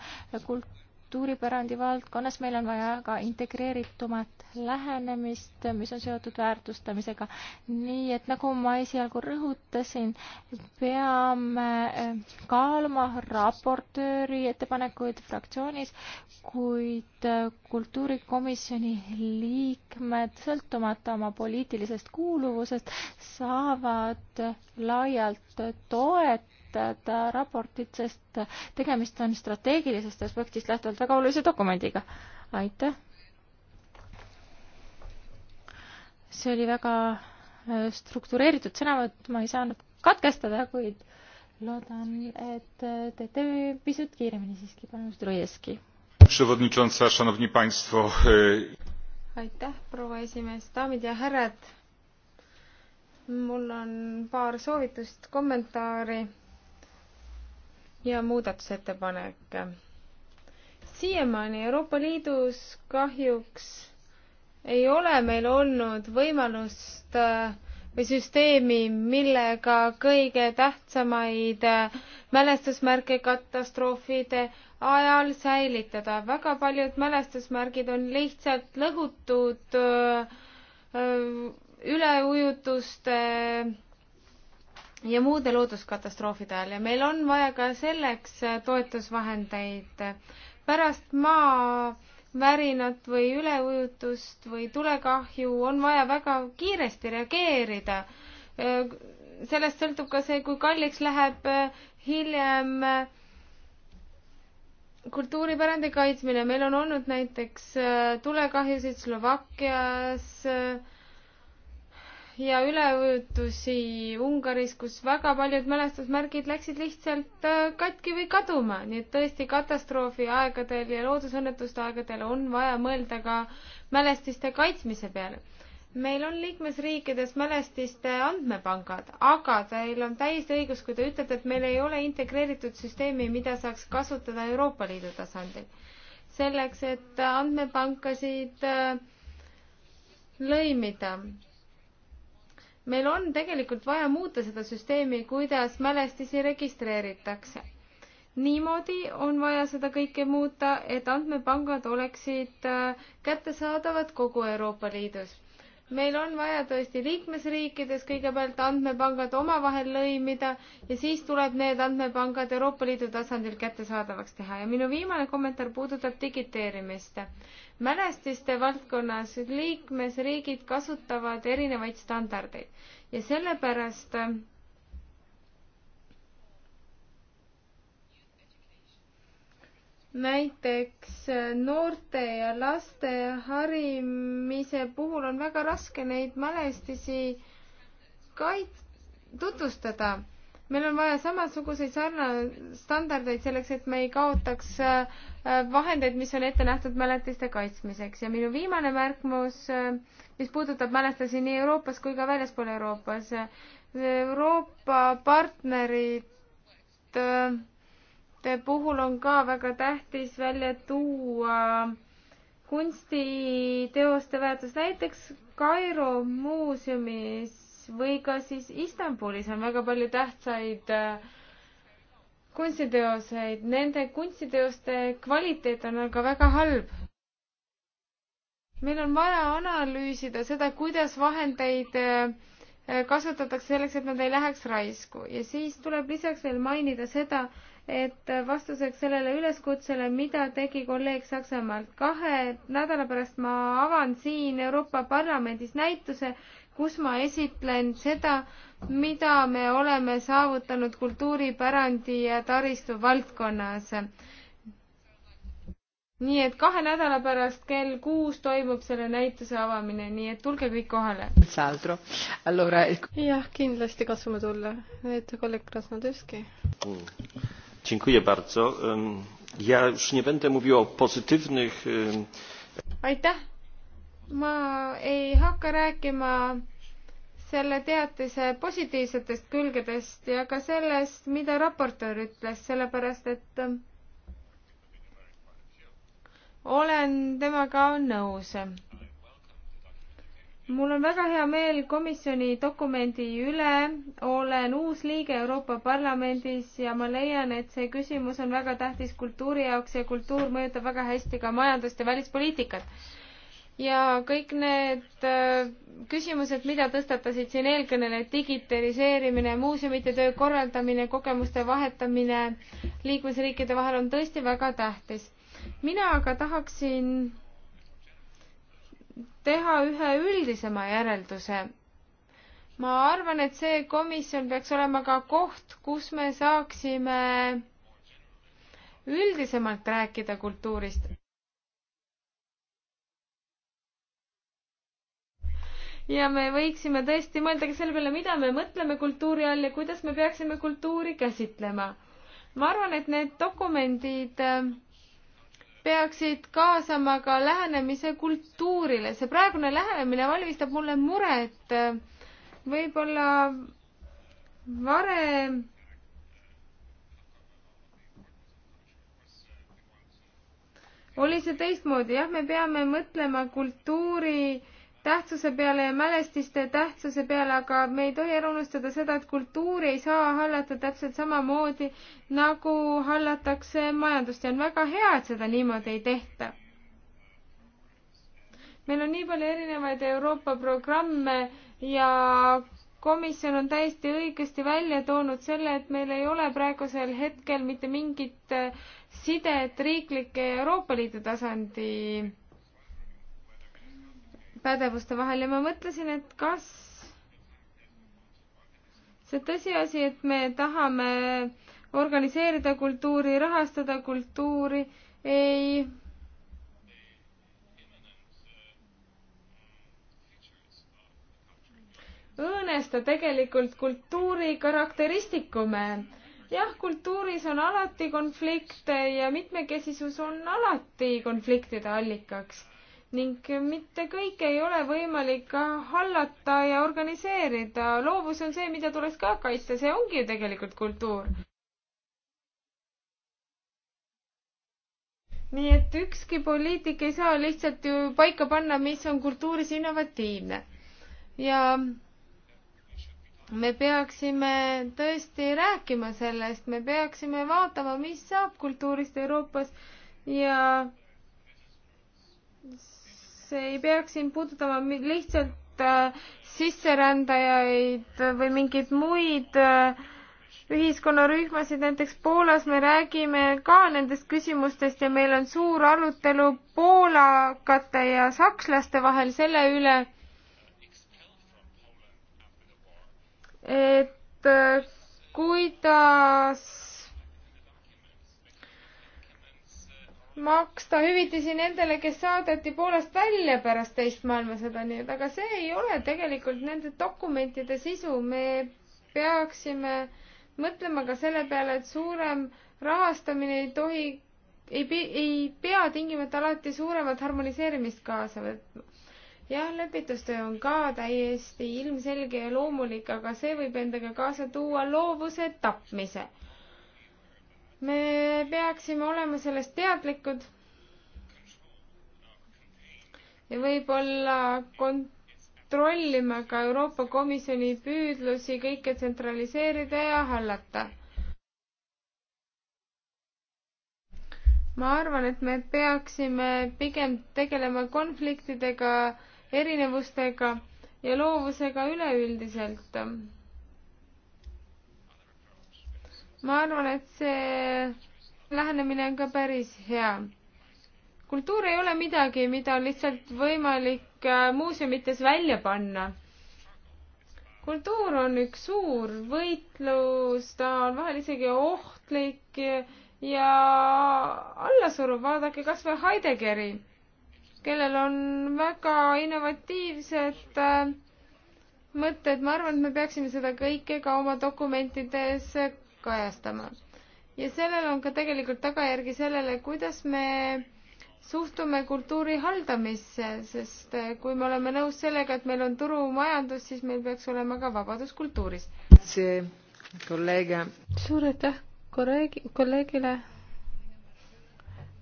kult-, kultuuripärandi valdkonnas meil on vaja ka integreeritumat lähenemist, mis on seotud väärtustamisega. nii et nagu ma esialgu rõhutasin, peame eh, kaaluma raportööri ettepanekuid fraktsioonis, kuid eh, kultuurikomisjoni liikmed, sõltumata oma poliitilisest kuuluvusest, saavad eh, laialt toetust toetada raportit, sest tegemist on strateegilisest aspektist lähtuvalt väga olulise dokumendiga. aitäh! see oli väga äh, struktureeritud sõnavõtt, ma ei saanud katkestada, kuid loodan, et äh, teete pisut kiiremini siiski, palun, Strojevski. E, aitäh, proua esimees, daamid ja härrad. mul on paar soovitust, kommentaari ja muudatusettepanek. siiamaani Euroopa Liidus kahjuks ei ole meil olnud võimalust äh, või süsteemi, millega kõige tähtsamaid äh, mälestusmärke katastroofide ajal säilitada. väga paljud mälestusmärgid on lihtsalt lõhutud äh, üleujutuste äh, ja muude looduskatastroofide ajal ja meil on vaja ka selleks toetusvahendeid. pärast maavärinat või üleujutust või tulekahju on vaja väga kiiresti reageerida. sellest sõltub ka see, kui kalliks läheb hiljem kultuuripärandi kaitsmine. meil on olnud näiteks tulekahjusid Slovakkias ja üleujutusi Ungaris, kus väga paljud mälestusmärgid läksid lihtsalt äh, katki või kaduma, nii et tõesti katastroofi aegadel ja loodusõnnetuste aegadel on vaja mõelda ka mälestiste kaitsmise peale. meil on liikmesriikides mälestiste andmepangad, aga teil on täiesti õigus, kui te ütlete, et meil ei ole integreeritud süsteemi, mida saaks kasutada Euroopa Liidu tasandil. selleks, et andmepankasid äh, lõimida meil on tegelikult vaja muuta seda süsteemi, kuidas mälestisi registreeritakse. niimoodi on vaja seda kõike muuta, et andmepangad oleksid äh, kättesaadavad kogu Euroopa Liidus meil on vaja tõesti liikmesriikides kõigepealt andmepangad omavahel lõimida ja siis tuleb need andmepangad Euroopa Liidu tasandil kättesaadavaks teha ja minu viimane kommentaar puudutab digiteerimist. mälestiste valdkonnas liikmesriigid kasutavad erinevaid standardeid ja sellepärast äh, näiteks äh, noorte ja laste harimise puhul on väga raske neid mälestisi kait-, tutvustada. meil on vaja samasuguseid sarna-, standardeid selleks, et me ei kaotaks äh, äh, vahendeid, mis on ette nähtud mälestiste kaitsmiseks ja minu viimane märkmus, mis puudutab mälestusi nii Euroopas kui ka väljaspool Euroopas, Euroopa partnerid puhul on ka väga tähtis välja tuua kunstiteoste väärtus, näiteks Kairo muuseumis või ka siis Istanbulis on väga palju tähtsaid äh, kunstiteoseid, nende kunstiteoste kvaliteet on aga väga halb. meil on vaja analüüsida seda, kuidas vahendeid äh, kasutatakse selleks, et nad ei läheks raisku ja siis tuleb lisaks veel mainida seda, et vastuseks sellele üleskutsele, mida tegi kolleeg Saksamaalt, kahe nädala pärast ma avan siin Euroopa Parlamendis näituse, kus ma esitlen seda, mida me oleme saavutanud kultuuripärandi ja taristu valdkonnas. nii et kahe nädala pärast kell kuus toimub selle näituse avamine, nii et tulge kõik kohale. jah, kindlasti katsume tulla, et kolleeg Krasnodevski mm Dziękuję bardzo. Ja już nie będę mówił o pozytywnych. Aitäh. Ma ei hakka rääkima selle teatise positiivsetest külgedest ja ka sellest, mida raportöör ütles, sellepärast et olen temaga nõus mul on väga hea meel komisjoni dokumendi üle, olen uus liige Euroopa Parlamendis ja ma leian, et see küsimus on väga tähtis kultuuri jaoks ja kultuur mõjutab väga hästi ka majandust ja välispoliitikat. ja kõik need äh, küsimused, mida tõstatasid siin eelkõnelejad, digitaliseerimine, muuseumite töö korraldamine, kogemuste vahetamine liikmesriikide vahel on tõesti väga tähtis. mina aga tahaksin teha ühe üldisema järelduse. ma arvan, et see komisjon peaks olema ka koht, kus me saaksime üldisemalt rääkida kultuurist. ja me võiksime tõesti mõelda ka selle peale, mida me mõtleme kultuuri all ja kuidas me peaksime kultuuri käsitlema. ma arvan, et need dokumendid äh, peaksid kaasama ka lähenemise kultuurile. see praegune lähenemine valmistab mulle muret. võib-olla varem oli see teistmoodi, jah, me peame mõtlema kultuuri äh, tähtsuse peale ja mälestiste tähtsuse peale, aga me ei tohi ära unustada seda, et kultuuri ei saa hallata täpselt samamoodi nagu hallatakse majandust ja on väga hea, et seda niimoodi ei tehta. meil on nii palju erinevaid Euroopa programme ja komisjon on täiesti õigesti välja toonud selle, et meil ei ole praegusel hetkel mitte mingit sidet riiklike Euroopa Liidu tasandi pädevuste vahel ja ma mõtlesin, et kas see tõsiasi, et me tahame organiseerida kultuuri, rahastada kultuuri, ei õõnesta tegelikult kultuuri karakteristikume. jah, kultuuris on alati konflikte ja mitmekesisus on alati konfliktide allikaks ning mitte kõike ei ole võimalik hallata ja organiseerida. loovus on see, mida tuleks ka kaitsta, see ongi ju tegelikult kultuur. nii et ükski poliitik ei saa lihtsalt ju paika panna, mis on kultuuris innovatiivne. ja me peaksime tõesti rääkima sellest, me peaksime vaatama, mis saab kultuurist Euroopas ja see ei peaks siin puudutama lihtsalt äh, sisserändajaid või mingeid muid äh, ühiskonnarühmasid, näiteks Poolas me räägime ka nendest küsimustest ja meil on suur arutelu poolakate ja sakslaste vahel selle üle, et äh, kuidas maksta hüvitisi nendele, kes saadeti Poolast välja pärast teist maailmasõda, nii et aga see ei ole tegelikult nende dokumentide sisu, me peaksime mõtlema ka selle peale, et suurem rahastamine ei tohi, ei, ei pea tingimata alati suuremat harmoniseerimist kaasa võtma. jah, lepitustöö on ka täiesti ilmselge ja loomulik, aga see võib endaga kaasa tuua loovuse tapmise me peaksime olema sellest teadlikud ja võib-olla kontrollima ka Euroopa Komisjoni püüdlusi kõike tsentraliseerida ja hallata. ma arvan, et me peaksime pigem tegelema konfliktidega, erinevustega ja loovusega üleüldiselt ma arvan, et see lähenemine on ka päris hea. kultuur ei ole midagi, mida on lihtsalt võimalik äh, muuseumites välja panna kultuur on üks suur võitlus, ta on vahel isegi ohtlik ja allasuruv, vaadake kas või Heideggeri, kellel on väga innovatiivsed äh, mõtted, ma arvan, et me peaksime seda kõike ka oma dokumentides kajastama. ja sellel on ka tegelikult tagajärgi sellele, kuidas me suhtume kultuuri haldamisse, sest äh, kui me oleme nõus sellega, et meil on turumajandus, siis meil peaks olema ka vabadus kultuuris. see kolleeg. suur aitäh kolleegi, kolleegile.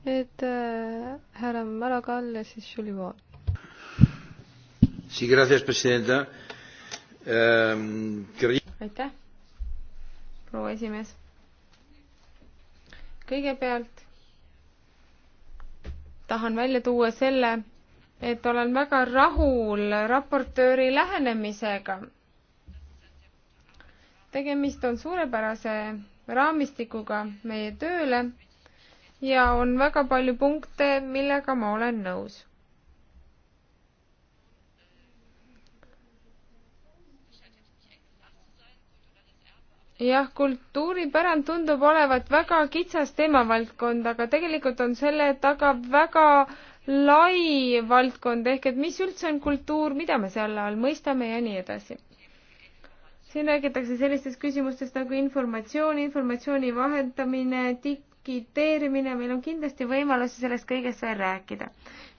et äh, härra Maragall ja siis Julie Vool. aitäh proua esimees. kõigepealt tahan välja tuua selle, et olen väga rahul raportööri lähenemisega. tegemist on suurepärase raamistikuga meie tööle ja on väga palju punkte, millega ma olen nõus jah, kultuuripärand tundub olevat väga kitsas teemavaldkond, aga tegelikult on selle taga väga lai valdkond ehk et mis üldse on kultuur, mida me selle all mõistame ja nii edasi. siin räägitakse sellistest küsimustest nagu informatsioon, informatsiooni vahendamine, digiteerimine, meil on kindlasti võimalusi sellest kõigest veel rääkida.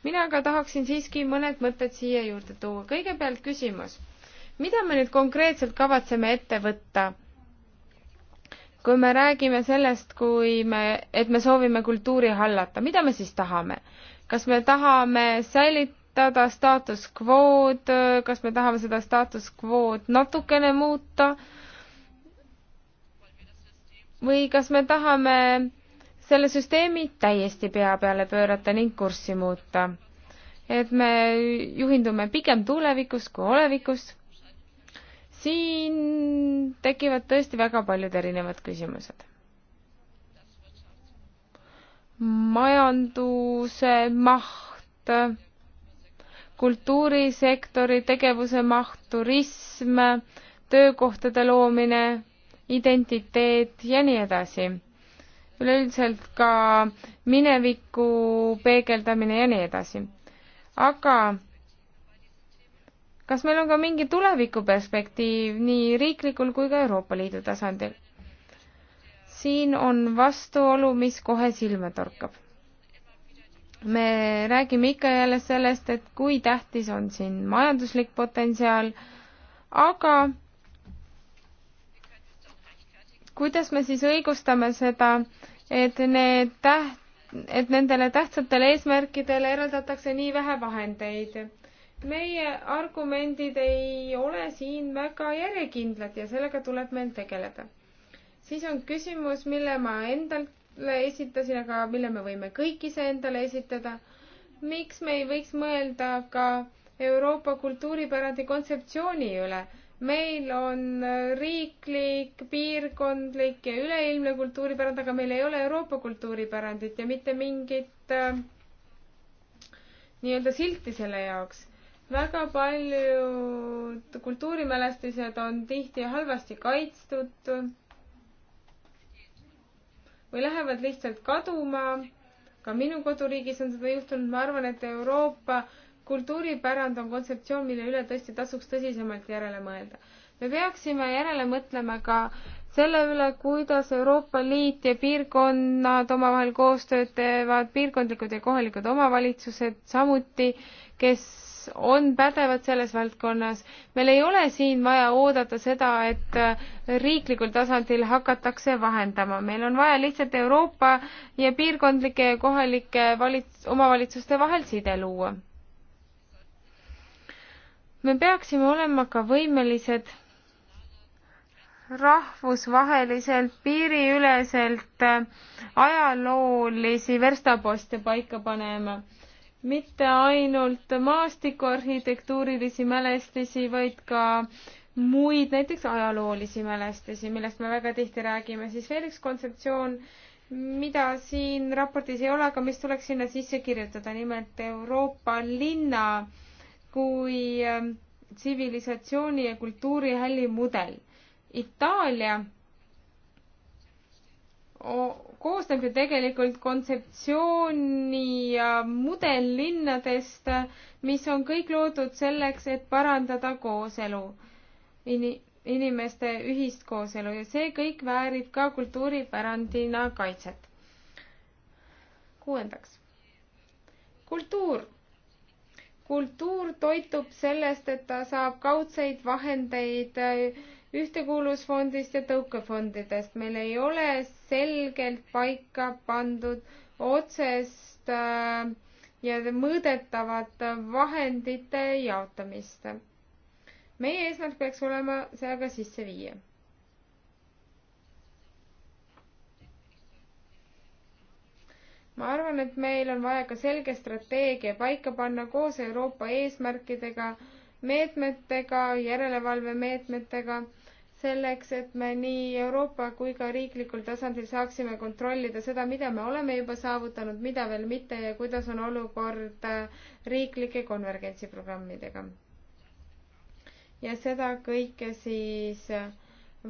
mina aga tahaksin siiski mõned mõtted siia juurde tuua. kõigepealt küsimus, mida me nüüd konkreetselt kavatseme ette võtta kui me räägime sellest, kui me, et me soovime kultuuri hallata, mida me siis tahame? kas me tahame säilitada staatus quo'd, kas me tahame seda staatus quo'd natukene muuta? või kas me tahame selle süsteemi täiesti pea peale pöörata ning kurssi muuta? et me juhindume pigem tulevikust kui olevikust siin tekivad tõesti väga paljud erinevad küsimused. majanduse maht, kultuurisektori tegevuse maht, turism, töökohtade loomine, identiteet ja nii edasi. üleüldiselt ka mineviku peegeldamine ja nii edasi. aga kas meil on ka mingi tulevikuperspektiiv nii riiklikul kui ka Euroopa Liidu tasandil? siin on vastuolu, mis kohe silma torkab. me räägime ikka jälle sellest, et kui tähtis on siin majanduslik potentsiaal, aga kuidas me siis õigustame seda, et need täht-, et nendele tähtsatele eesmärkidele eraldatakse nii vähe vahendeid? meie argumendid ei ole siin väga järjekindlad ja sellega tuleb meil tegeleda. siis on küsimus, mille ma endale esitasin, aga mille me võime kõik iseendale esitada. miks me ei võiks mõelda ka Euroopa kultuuripärandi kontseptsiooni üle? meil on riiklik, piirkondlik ja üleilmne kultuuripärand, aga meil ei ole Euroopa kultuuripärandit ja mitte mingit äh, nii-öelda silti selle jaoks väga paljud kultuurimälestised on tihti halvasti kaitstud või lähevad lihtsalt kaduma. ka minu koduriigis on seda juhtunud, ma arvan, et Euroopa kultuuripärand on kontseptsioon, mille üle tõesti tasuks tõsisemalt järele mõelda. me peaksime järele mõtlema ka selle üle, kuidas Euroopa Liit ja piirkonnad omavahel koostööd teevad, piirkondlikud ja kohalikud omavalitsused samuti, kes on pädevad selles valdkonnas. meil ei ole siin vaja oodata seda, et riiklikul tasandil hakatakse vahendama, meil on vaja lihtsalt Euroopa ja piirkondlike ja kohalike valits-, omavalitsuste vahel side luua. me peaksime olema ka võimelised rahvusvaheliselt piiriüleselt äh, ajaloolisi verstaposte paika panema. mitte ainult maastikuarhitektuurilisi mälestisi, vaid ka muid, näiteks ajaloolisi mälestisi, millest me väga tihti räägime, siis veel üks kontseptsioon, mida siin raportis ei ole, aga mis tuleks sinna sisse kirjutada, nimelt Euroopa linna kui äh, tsivilisatsiooni ja kultuuri hällimudel Itaalia koosneb ju tegelikult kontseptsiooni ja mudellinnadest, mis on kõik loodud selleks, et parandada kooselu in-, inimeste ühist kooselu ja see kõik väärib ka kultuuripärandina kaitset. kuuendaks, kultuur. kultuur toitub sellest, et ta saab kaudseid vahendeid äh, ühtekuuluvusfondist ja tõukefondidest. meil ei ole selgelt paika pandud otsest äh, ja mõõdetavat vahendite jaotamist. meie eesmärk peaks olema see aga sisse viia. ma arvan, et meil on vaja ka selge strateegia paika panna koos Euroopa eesmärkidega meetmetega, järelevalvemeetmetega, selleks, et me nii Euroopa kui ka riiklikul tasandil saaksime kontrollida seda, mida me oleme juba saavutanud, mida veel mitte ja kuidas on olukord äh, riiklike konvergentsiprogrammidega. ja seda kõike siis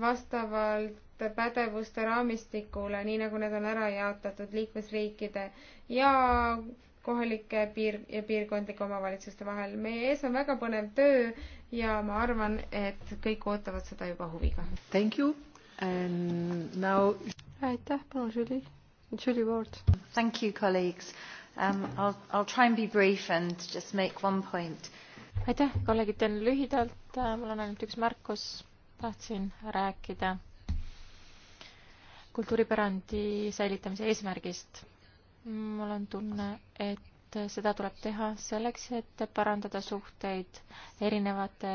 vastavalt pädevuste raamistikule, nii nagu need on ära jaotatud liikmesriikide ja kohalike piir- ja piirkondlike omavalitsuste vahel. meie ees on väga põnev töö ja ma arvan, et kõik ootavad seda juba huviga. Thank you and now aitäh, palun Julie, Julie Ward. Thank you, colleagues um,. I will, I will try and be brief and just make one point. aitäh, kolleegid, teen lühidalt, äh, mul on ainult üks märkus, tahtsin rääkida kultuuripärandi säilitamise eesmärgist mul on tunne, et seda tuleb teha selleks, et parandada suhteid erinevate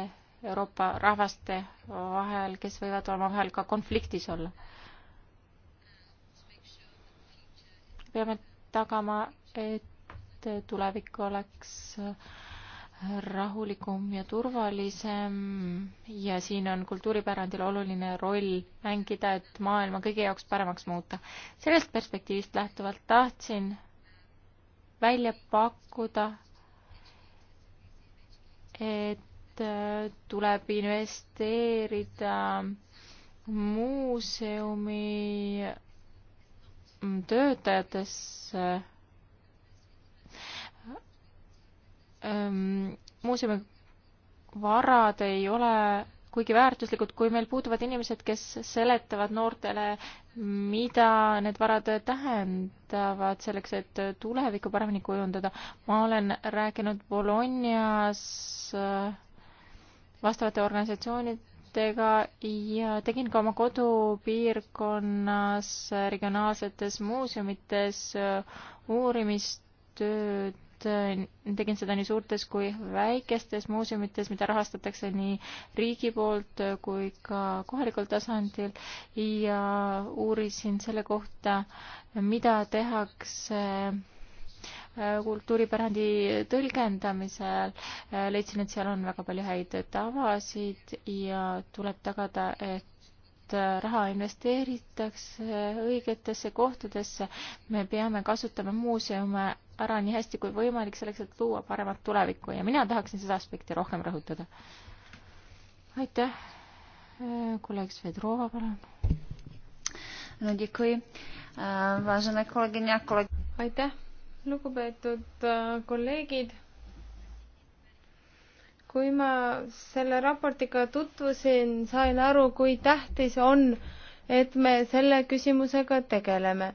Euroopa rahvaste vahel, kes võivad omavahel ka konfliktis olla. peame tagama, et tulevik oleks äh, rahulikum ja turvalisem ja siin on kultuuripärandil oluline roll mängida, et maailma kõigi jaoks paremaks muuta. sellest perspektiivist lähtuvalt tahtsin välja pakkuda, et äh, tuleb investeerida muuseumi mm, töötajatesse muuseumi varad ei ole kuigi väärtuslikud, kui meil puuduvad inimesed, kes seletavad noortele, mida need varad tähendavad selleks, et tulevikku paremini kujundada. ma olen rääkinud Bolognas äh, vastavate organisatsioonidega ja tegin ka oma kodupiirkonnas regionaalsetes muuseumites äh, uurimistööd Äh, tegin seda nii suurtes kui väikestes muuseumites, mida rahastatakse nii riigi poolt äh, kui ka kohalikul tasandil ja uurisin selle kohta, mida tehakse äh, kultuuripärandi tõlgendamisel leidsin, et seal on väga palju häid tavasid ja tuleb tagada, et et äh, raha investeeritakse õigetesse kohtadesse. me peame kasutama muuseume ära nii hästi kui võimalik, selleks et luua paremat tulevikku ja mina tahaksin seda aspekti rohkem rõhutada. aitäh, äh, kolleeg Svedrova, palun. no tšikui, äh, vaesena kolleegina kolleeg. aitäh, lugupeetud kolleegid kui ma selle raportiga tutvusin, sain aru, kui tähtis on, et me selle küsimusega tegeleme.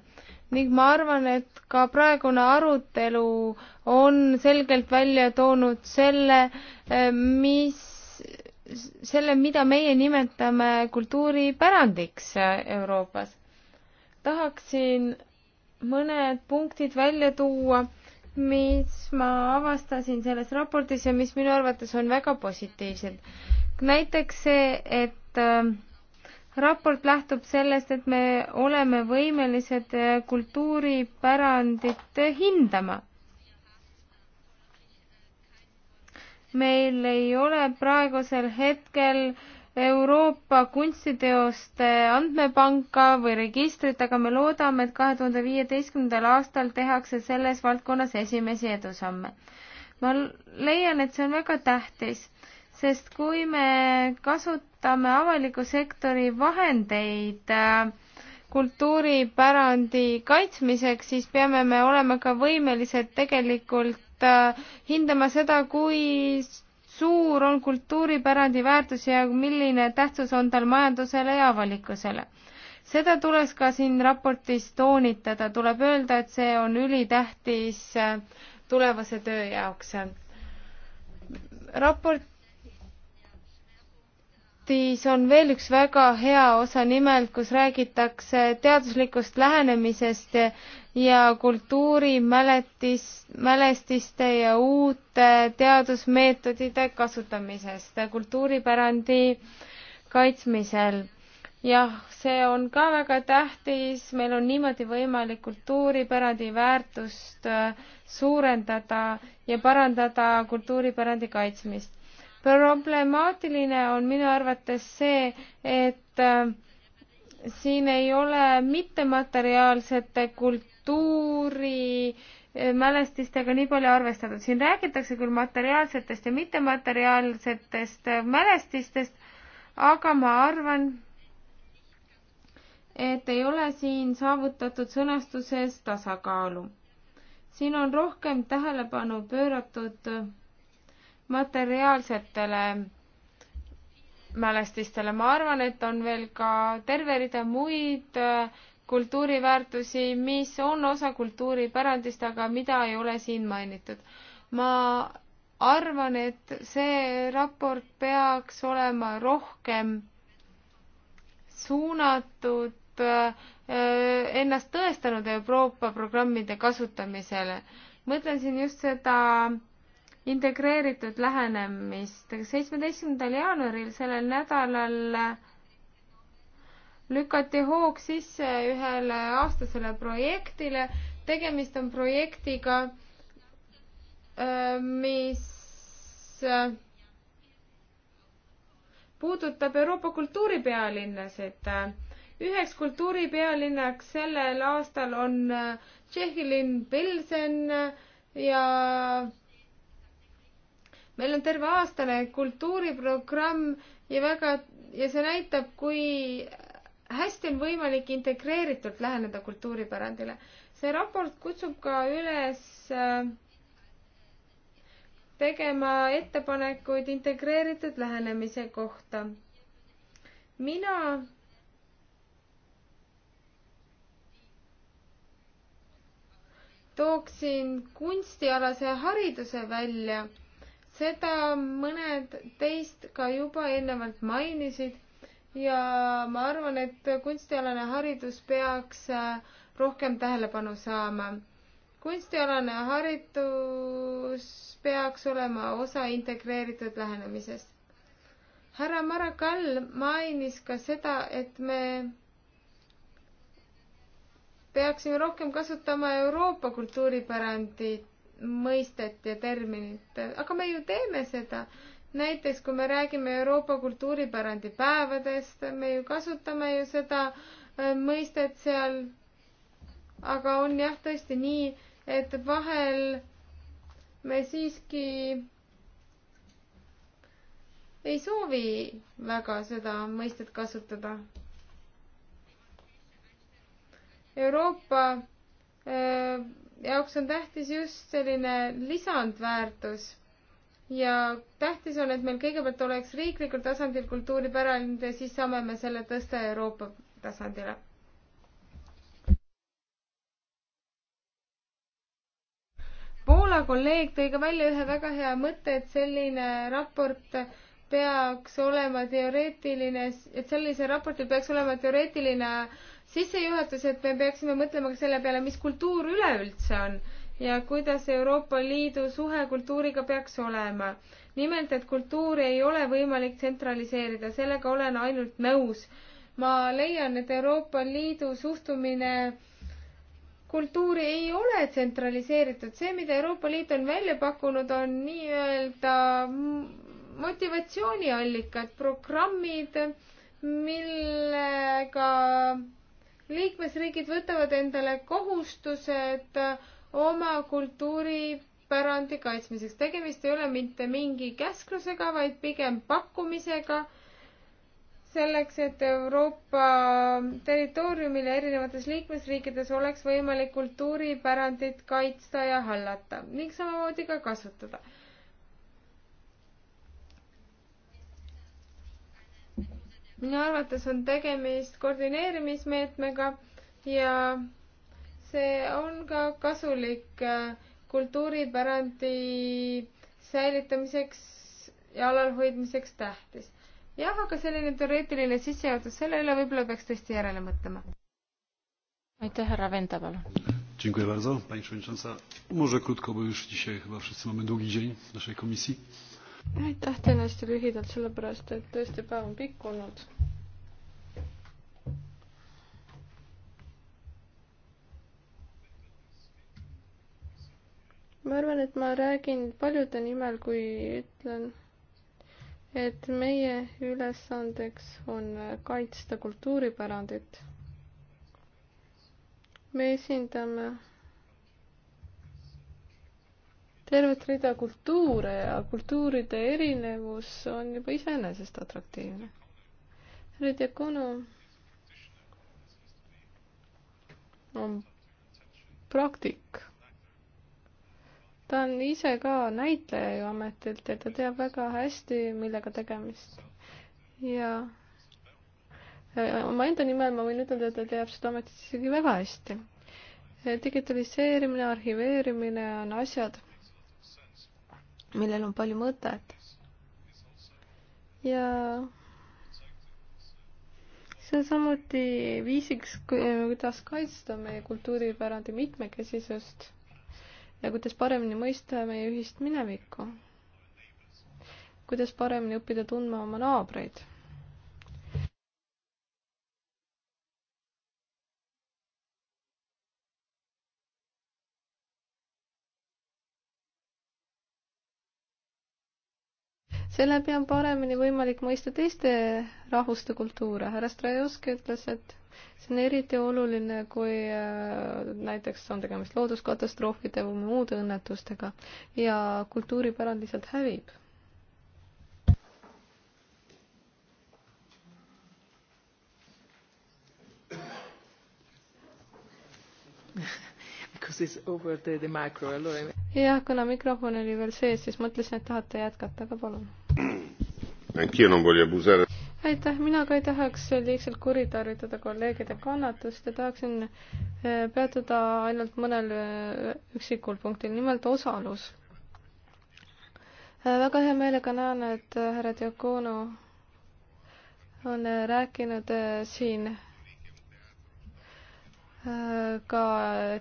ning ma arvan, et ka praegune arutelu on selgelt välja toonud selle, eh, mis, selle, mida meie nimetame kultuuripärandiks eh, Euroopas. tahaksin mõned punktid välja tuua mis ma avastasin selles raportis ja mis minu arvates on väga positiivsed. näiteks see, et äh, raport lähtub sellest, et me oleme võimelised äh, kultuuripärandit äh, hindama. meil ei ole praegusel hetkel äh, Euroopa kunstiteoste andmepanka või registrit, aga me loodame, et kahe tuhande viieteistkümnendal aastal tehakse selles valdkonnas esimesi edusamme. ma leian, et see on väga tähtis, sest kui me kasutame avaliku sektori vahendeid äh, kultuuripärandi kaitsmiseks, siis peame me olema ka võimelised tegelikult äh, hindama seda, kui suur on kultuuripärandi väärtus ja milline tähtsus on tal majandusele ja avalikkusele. seda tuleks ka siin raportis toonitada, tuleb öelda, et see on ülitähtis äh, tulevase töö jaoks. raport raportis on veel üks väga hea osa nimelt, kus räägitakse teaduslikust lähenemisest ja kultuurimäletis, mälestiste ja uute teadusmeetodite kasutamisest kultuuripärandi kaitsmisel. jah, see on ka väga tähtis, meil on niimoodi võimalik kultuuripärandi väärtust äh, suurendada ja parandada kultuuripärandi kaitsmist problemaatiline on minu arvates see, et äh, siin ei ole mittemateriaalsete kultuuri äh, mälestistega nii palju arvestatud. siin räägitakse küll materiaalsetest ja mittemateriaalsetest äh, mälestistest, aga ma arvan, et ei ole siin saavutatud sõnastuses tasakaalu. siin on rohkem tähelepanu pööratud materiaalsetele mälestistele. ma arvan, et on veel ka terve rida muid äh, kultuuriväärtusi, mis on osa kultuuripärandist, aga mida ei ole siin mainitud. ma arvan, et see raport peaks olema rohkem suunatud äh, ennast tõestanud Euroopa programmide kasutamisele. mõtlen siin just seda integreeritud lähenemist. seitsmeteistkümnendal jaanuaril sellel nädalal lükati hoog sisse ühele aastasele projektile. tegemist on projektiga, äh, mis äh, puudutab Euroopa kultuuripealinnasid. üheks kultuuripealinnaks sellel aastal on äh, Tšehhi linn Pilsen ja meil on terve aastane kultuuriprogramm ja väga, ja see näitab, kui hästi on võimalik integreeritult läheneda kultuuripärandile. see raport kutsub ka üles äh, tegema ettepanekuid integreeritud lähenemise kohta. mina tooksin kunstialase hariduse välja seda mõned teist ka juba eelnevalt mainisid ja ma arvan, et kunstialane haridus peaks äh, rohkem tähelepanu saama. kunstialane haridus peaks olema osa integreeritud lähenemisest. härra Marakall mainis ka seda, et me peaksime rohkem kasutama Euroopa kultuuripärandit mõistet ja terminit, aga me ju teeme seda. näiteks kui me räägime Euroopa kultuuripärandi päevadest, me ju kasutame ju seda äh, mõistet seal. aga on jah, tõesti nii, et vahel me siiski ei soovi väga seda mõistet kasutada. Euroopa öö, äh, jaoks on tähtis just selline lisandväärtus ja tähtis on, et meil kõigepealt oleks riiklikul tasandil kultuuripärand ja siis saame me selle tõsta Euroopa tasandile. Poola kolleeg tõi ka välja ühe väga hea mõtte, et selline raport peaks olema teoreetiline, et sellise raportil peaks olema teoreetiline äh, sissejuhatus, et me peaksime mõtlema ka selle peale, mis kultuur üleüldse on ja kuidas Euroopa Liidu suhe kultuuriga peaks olema. nimelt, et kultuuri ei ole võimalik tsentraliseerida, sellega olen ainult nõus. ma leian, et Euroopa Liidu suhtumine kultuuri ei ole tsentraliseeritud, see, mida Euroopa Liit on välja pakkunud, on nii-öelda motivatsiooniallikad, programmid, millega liikmesriigid võtavad endale kohustused oma kultuuripärandi kaitsmiseks. tegemist ei ole mitte mingi käsklusega, vaid pigem pakkumisega selleks, et Euroopa territooriumil ja erinevates liikmesriikides oleks võimalik kultuuripärandit kaitsta ja hallata ning samamoodi ka kasutada minu arvates on tegemist koordineerimismeetmega ja see on ka kasulik äh, kultuuripärandi säilitamiseks ja alalhoidmiseks tähtis. jah, aga selline teoreetiline sissejuhatus, selle üle võib-olla peaks tõesti järele mõtlema. aitäh, härra Venda, palun. Dziękuję bardzo, Pani Przewodnicząca. Może krótko, bo już dzisiaj chyba wszyscy mamy długi dzień w naszej komisji aitäh teile hästi lühidalt, sellepärast et tõesti päev on pikk olnud. ma arvan, et ma räägin paljude nimel, kui ütlen, et meie ülesandeks on kaitsta kultuuripärandit. me esindame tervet rida kultuure ja kultuuride erinevus on juba iseenesest atraktiivne. härra Diakonu on praktik. ta on ise ka näitleja ju ametilt ja ta teab väga hästi, millega tegemist. ja omaenda nimel ma võin ütelda, et ta teab seda ametit isegi väga hästi digitaliseerimine, arhiveerimine on asjad, millel on palju mõtet. ja see on samuti viisiks, kuidas kaitsta meie kultuuripärandi mitmekesisust ja kuidas paremini mõista meie ühist minevikku. kuidas paremini õppida tundma oma naabreid seeläbi on paremini võimalik mõista teiste rahvuste kultuure. härra Strajovski ütles, et see on eriti oluline, kui äh, näiteks on tegemist looduskatastroofide või muude õnnetustega ja kultuuripärand lihtsalt hävib jah, kuna mikrofon oli veel sees, siis mõtlesin, et tahate jätkata, aga palun aitäh, mina ka ei tahaks liigselt kuritarvitada kolleegide kannatust ja tahaksin eh, peatuda ainult mõnel eh, üksikul punktil, nimelt osalus. Eh, väga hea meelega näen, et härra Diakono on rääkinud siin ka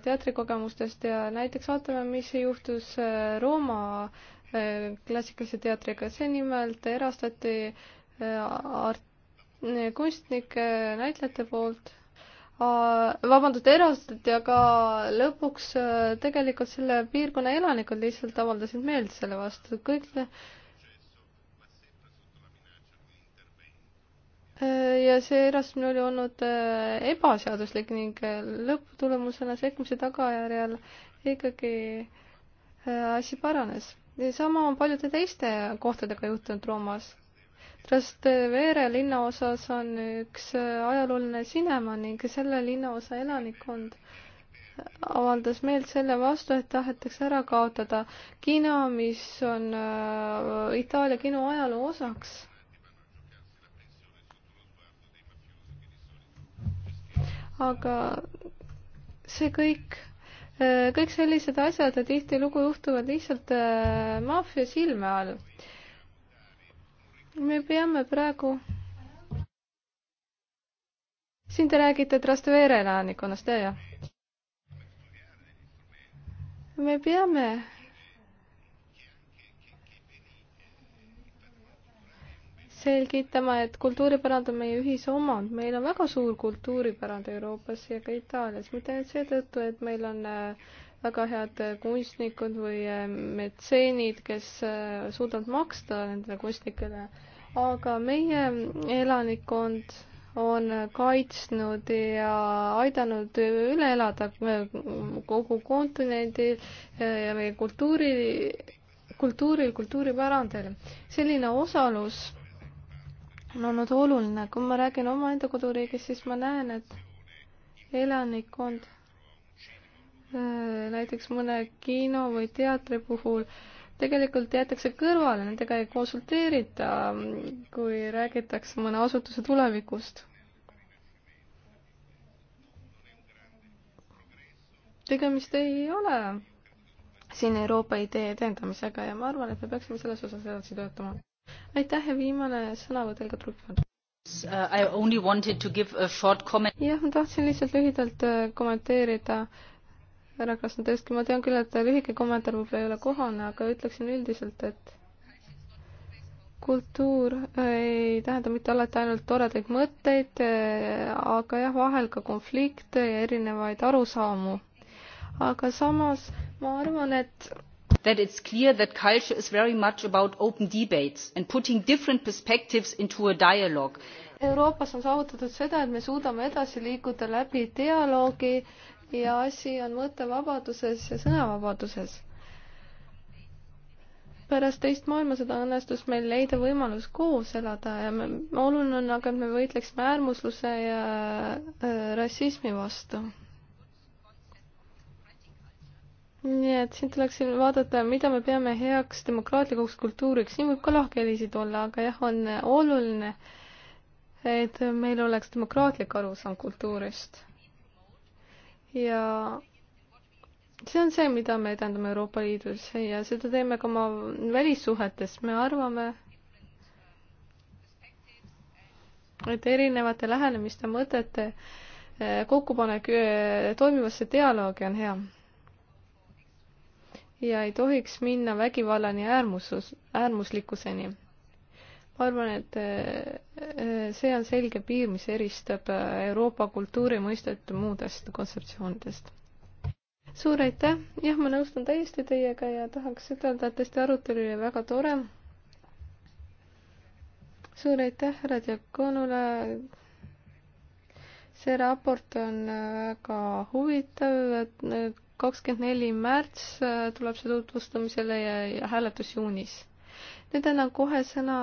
teatrikogemustest ja näiteks vaatame, mis juhtus Rooma klassikalise teatriga, see nimelt erastati äh, art-, kunstnike, näitlejate poolt vabandust, erastati, aga lõpuks äh, tegelikult selle piirkonna elanikud lihtsalt avaldasid meelt selle vastu, kõik ne... Äh, ja see erastamine oli olnud ebaseaduslik ning lõpptulemusena sekkumise tagajärjel ikkagi asi paranes sama on paljude teiste kohtadega juhtunud Roomas. Trastevere linnaosas on üks ajalooline sinema ning selle linnaosa elanikkond avaldas meelt selle vastu, et tahetakse ära kaotada kino, mis on äh, Itaalia kino ajaloo osaks. aga see kõik Äh, kõik sellised asjad tihtilugu juhtuvad lihtsalt äh, maffia silme all. me peame praegu siin te räägite Trastevere elanikkonnast, jah? me peame selgitama, et kultuuripärand on meie ühisomand, meil on väga suur kultuuripärand Euroopas ja ka Itaalias, mitte ainult seetõttu, et meil on äh, väga head äh, kunstnikud või äh, metseenid, kes suudavad maksta nendele kunstnikele, aga meie elanikkond on kaitsnud ja aidanud üle elada kogu kontinendi ja meie kultuuri kultuuril, kultuuripärandil. selline osalus on olnud oluline. kui ma räägin omaenda koduriigist, siis ma näen, et elanikkond näiteks mõne kino või teatri puhul tegelikult jäetakse kõrvale, nendega ei konsulteerita, kui räägitakse mõne asutuse tulevikust. tegemist ei ole siin Euroopa idee edendamisega ja ma arvan, et me peaksime selles osas edasi töötama aitäh ja viimane sõnavõtt Helga Trüppel. Uh, I only wanted to give a short comment. jah, ma tahtsin lihtsalt lühidalt uh, kommenteerida härra Krasnodevski, ma tean küll, et lühike kommentaar võib-olla ei ole kohane, aga ütleksin üldiselt, et kultuur äh, ei tähenda mitte alati ainult toredaid mõtteid, äh, aga jah, vahel ka konflikte ja erinevaid arusaamu. aga samas ma arvan, et that it is clear that culture is very much about open debates and putting different perspectives into a dialogue. Euroopas on saavutatud seda, et me suudame edasi liikuda läbi dialoogi ja asi on mõttevabaduses ja sõnavabaduses. pärast teist maailmasõda õnnestus meil leida võimalus koos elada ja me, oluline on aga, et me võitleksime äärmusluse ja äh, rassismi vastu nii et siin tuleks vaadata, mida me peame heaks demokraatlikuks kultuuriks, siin võib ka lahkhelisid olla, aga jah, on oluline, et meil oleks demokraatlik arusaam kultuurist. ja see on see, mida me edendame Euroopa Liidus ja seda teeme ka oma välissuhetes, me arvame, et erinevate lähenemiste, mõtete kokkupanek eh, toimivasse dialoogi on hea ja ei tohiks minna vägivallani äärmusus, äärmuslikkuseni. ma arvan, et äh, äh, see on selge piir, mis eristab äh, Euroopa kultuuri mõistet muudest kontseptsioonidest. suur aitäh, jah, ma nõustun täiesti teiega ja tahaks ütelda, et tõesti arutelu oli väga tore. suur aitäh härra Diakonule see raport on väga huvitav, kakskümmend neli märts äh, tuleb see tutvustamisele ja, ja hääletus juunis. nüüd annan kohe sõna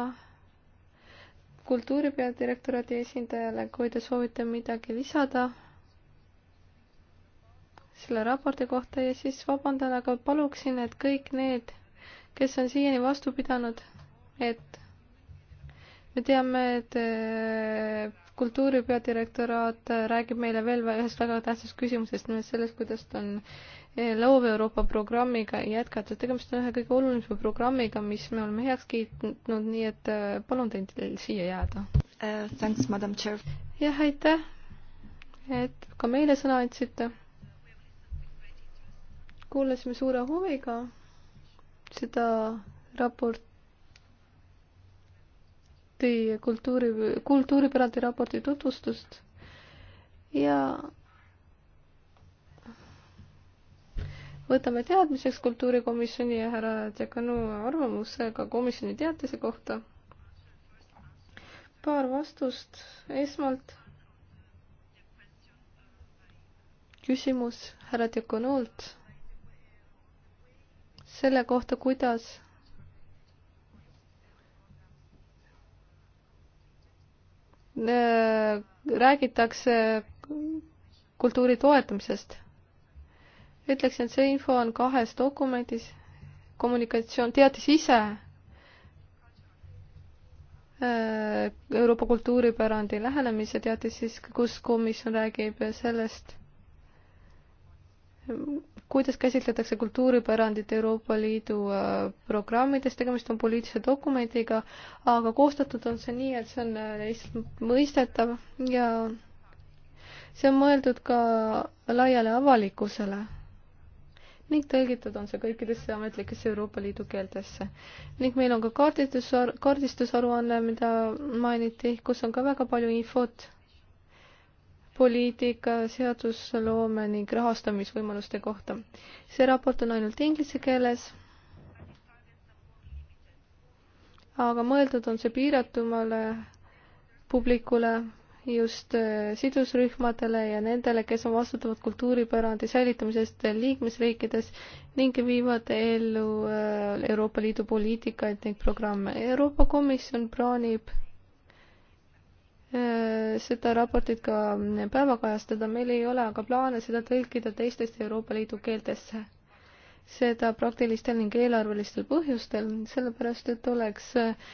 kultuuri peadirektoraadi esindajale, kui te soovite midagi lisada selle raporti kohta ja siis vabandan, aga paluksin, et kõik need, kes on siiani vastu pidanud, et me teame, et äh, kultuuri peadirektoraat räägib meile veel ühest väga tähtsast küsimusest, nimelt sellest, kuidas on eh, loov Euroopa programmiga jätkata. tegemist on ühe kõige olulisema programmiga, mis me oleme heaks kiitnud, nii et eh, palun teil siia jääda uh,. Thanks, madam chair. jah, aitäh, et ka meile sõna andsite. kuulasime suure huviga seda raportit teie kultuuri, kultuuripärandi raporti tutvustust ja võtame teadmiseks kultuurikomisjoni ja härra Tšekanu arvamuse ka komisjoni teatise kohta. paar vastust esmalt. küsimus härra Tšekanult selle kohta, kuidas Äh, räägitakse kultuuri toetamisest. ütleksin, et see info on kahes dokumendis, kommunikatsioon teadis ise äh, Euroopa kultuuripärandi lähenemise teadis siis, kus komisjon räägib sellest, kuidas käsitletakse kultuuripärandit Euroopa Liidu äh, programmides, tegemist on poliitilise dokumendiga, aga koostatud on see nii, et see on äh, lihtsalt mõistetav ja see on mõeldud ka laiale avalikkusele ning tõlgitud on see kõikidesse ametlikesse Euroopa Liidu keeltesse. ning meil on ka kaardistus, kaardistusaruanne, mida mainiti, kus on ka väga palju infot poliitika, seadusloome ning rahastamisvõimaluste kohta. see raport on ainult inglise keeles, aga mõeldud on see piiratumale publikule, just eh, sidusrühmadele ja nendele, kes on vastutavad kultuuripärandi säilitamisest liikmesriikides ning viivad ellu eh, Euroopa Liidu poliitikaid ning programme. Euroopa Komisjon plaanib Äh, seda raportit ka päevakajastada, meil ei ole aga plaane seda tõlkida teistest Euroopa Liidu keeltesse. seda praktilistel ning eelarvelistel põhjustel, sellepärast et oleks äh,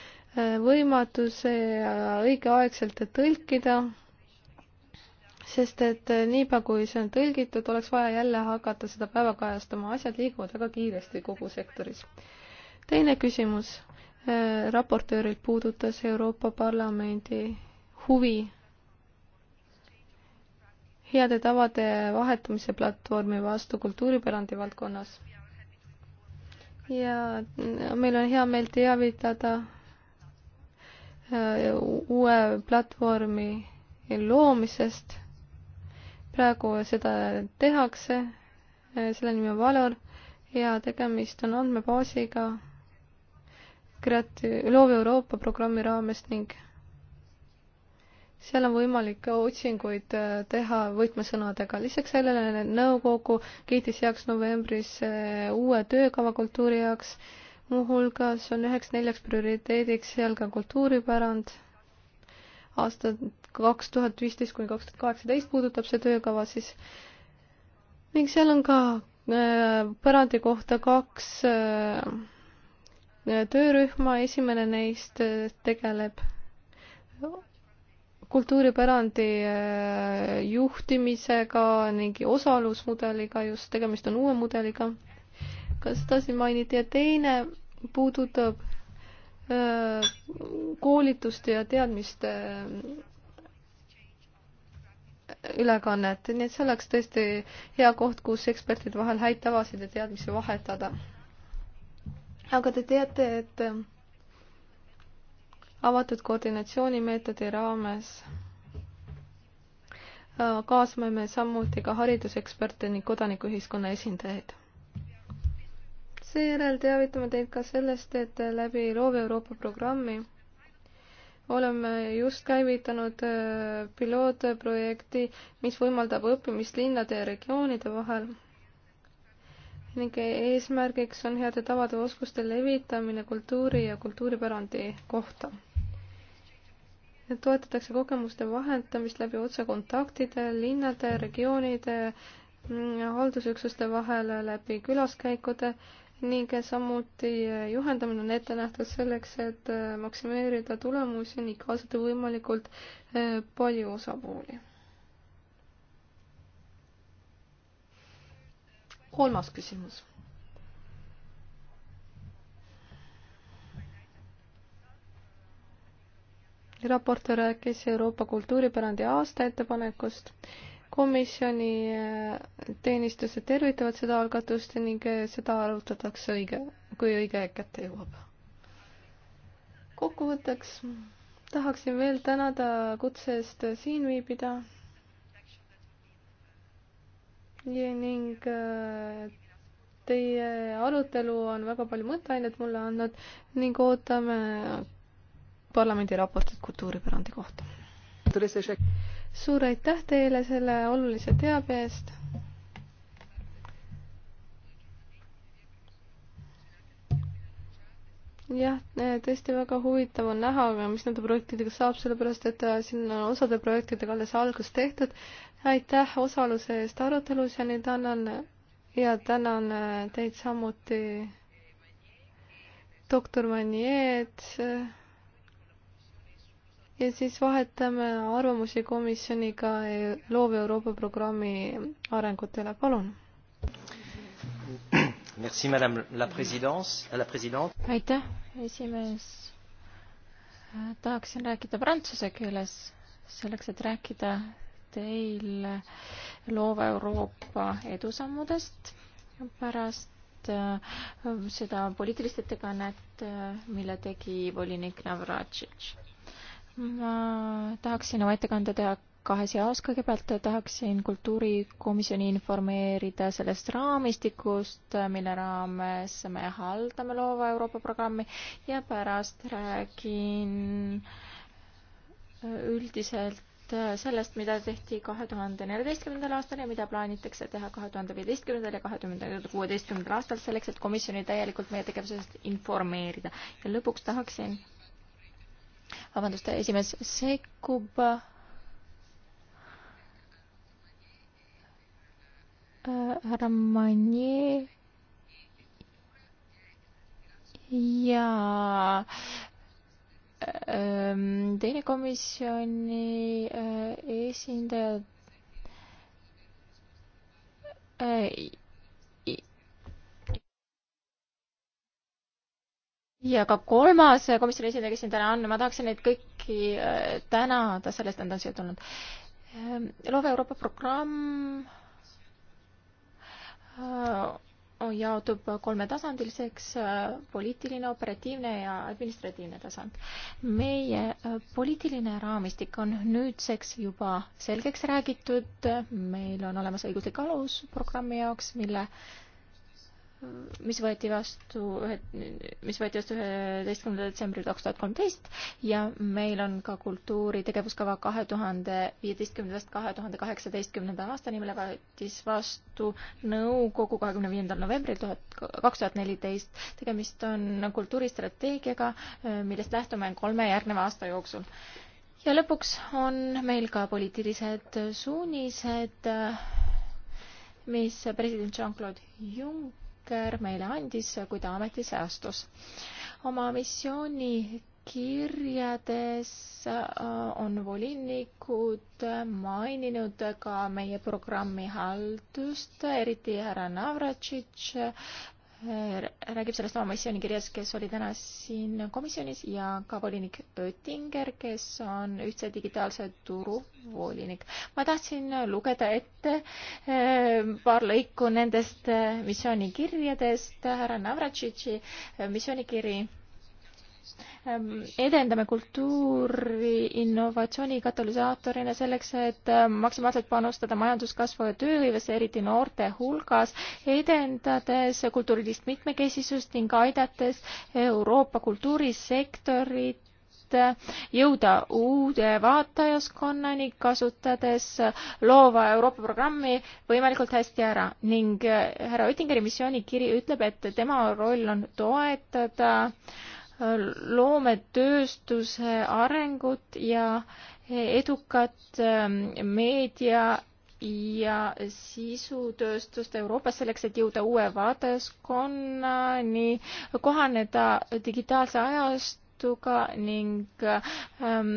võimatu see äh, õigeaegselt tõlkida, sest et niipea, kui see on tõlgitud, oleks vaja jälle hakata seda päeva kajastama, asjad liiguvad väga kiiresti kogu sektoris. teine küsimus raportöörilt puudutas Euroopa Parlamendi huvi heade tavade vahetamise platvormi vastu kultuuripärandi valdkonnas. ja meil on hea meel teavitada äh, uue platvormi loomisest. praegu seda tehakse, äh, selle nimi on Valor ja tegemist on andmebaasiga Kreati-, Loov Euroopa programmi raames ning seal on võimalik otsinguid äh, teha võtmesõnadega. lisaks sellele nõukogu kiitis heaks novembris äh, uue töökava kultuuri jaoks, muuhulgas on üheks neljaks prioriteediks seal ka kultuuripärand. aastad kaks tuhat viisteist kuni kaks tuhat kaheksateist puudutab see töökava siis ning seal on ka äh, pärandi kohta kaks töörühma, esimene neist tegeleb kultuuripärandi äh, juhtimisega ning osalusmudeliga, just tegemist on uue mudeliga. ka seda siin mainiti ja teine puudutab äh, koolituste ja teadmiste äh, ülekannet, nii et see oleks tõesti hea koht, kus ekspertide vahel häid tavasid ja teadmisi vahetada. aga te teate, et avatud koordinatsioonimeetodi raames äh, kaasame me samuti ka hariduseksperte ning kodanikuühiskonna esindajaid. seejärel teavitame teid ka sellest, et läbi Loov Euroopa programmi oleme just käivitanud äh, pilootprojekti, mis võimaldab õppimist linnade ja regioonide vahel ning eesmärgiks on heade tavade oskuste levitamine kultuuri ja kultuuripärandi kohta toetatakse kogemuste vahendamist läbi otsekontaktide linnade, regioonide, mm, haldusüksuste vahel läbi külaskäikude ning samuti juhendamine on ette nähtud selleks, et äh, maksimeerida tulemusi ning kaasata võimalikult äh, palju osapooli. kolmas küsimus raportöör rääkis Euroopa kultuuripärandi aasta ettepanekust. komisjoni eh, teenistused tervitavad seda algatust ning eh, seda arutatakse õige, kui õige aeg kätte jõuab. kokkuvõtteks tahaksin veel tänada kutse eest siin viibida ja ning eh, teie arutelu on väga palju mõtteainet mulle andnud ning ootame parlamendi raportit kultuuripärandi kohta. suur aitäh teile selle olulise teabe eest. jah, tõesti väga huvitav on näha, mis nende projektidega saab, sellepärast et äh, siin on osade projektidega alles algus tehtud. aitäh osaluse eest arutelus ja nüüd annan ja tänan äh, teid samuti doktor Manjeed äh, ja siis vahetame arvamusi komisjoniga Loov Euroopa programmi arengutele, palun. Merci madame la présidence, la présidente. aitäh, esimees. tahaksin rääkida prantsuse keeles, selleks et rääkida teil loova Euroopa edusammudest pärast äh, seda poliitilist ettekannet, äh, mille tegi volinik Navratšitš ma tahaksin oma ettekande teha kahes jaos, kõigepealt tahaksin kultuurikomisjoni informeerida sellest raamistikust, mille raames me haldame loova Euroopa programmi ja pärast räägin üldiselt sellest, mida tehti kahe tuhande neljateistkümnendal aastal ja mida plaanitakse teha kahe tuhande viieteistkümnendal ja kahe tuhande kuueteistkümnendal aastal selleks, et komisjoni täielikult meie tegevusest informeerida. ja lõpuks tahaksin vabandust, esimees sekkub. härra Manier. jaa ähm, teine komisjoni äh, esindaja äh, ja ka kolmas äh, komisjoni esindaja, kes siin täna on, ma tahaksin neid kõiki äh, tänada selle eest, et nad on siia tulnud. Ähm, loov Euroopa programm äh, jaotub kolmetasandiliseks, poliitiline, operatiivne ja administratiivne tasand. meie poliitiline raamistik on nüüdseks juba selgeks räägitud, meil on olemas õiguslik alus programmi jaoks, mille äh, mis võeti vastu ühe, mis võeti vastu üheteistkümnendal detsembril kaks tuhat kolmteist ja meil on ka kultuuri tegevuskava kahe tuhande viieteistkümnendast kahe tuhande kaheksateistkümnenda aastani, mille võttis vastu nõukogu kahekümne viiendal novembril tuhat, kaks tuhat neliteist. tegemist on kultuuristrateegiaga, millest lähtume kolme järgneva aasta jooksul ja lõpuks on meil ka poliitilised suunised, mis president Jean-Claude Juncker Juncker meile andis, kui ta ametisse astus. oma missiooni kirjades äh, on volinikud maininud ka meie programmi haldust, eriti härra Navratšitš Äh, räägib sellest oma missioonikirjas, kes oli täna siin komisjonis ja ka volinik Oettinger, kes on ühtse digitaalse turu volinik. ma tahtsin lugeda ette äh, paar lõiku nendest äh, missioonikirjadest, härra Navratšitši missioonikiri Ehm, edendame kultuuri innovatsiooni katalüsaatorina selleks, et ehm, maksimaalselt panustada majanduskasvu ja tööhõivesse, eriti noorte hulgas, edendades kultuurilist mitmekesisust ning aidates Euroopa kultuurisektorit eh, jõuda uude vaatajaskonnani, kasutades loova Euroopa programmi võimalikult hästi ära ning eh, härra Oettingeri missioonikiri ütleb, et tema roll on toetada äh, loometööstuse arengut ja edukat ähm, meedia ja sisutööstust Euroopas selleks, et jõuda uue vaatajaskonnani, kohaneda digitaalse ajast, liiduga ning ähm,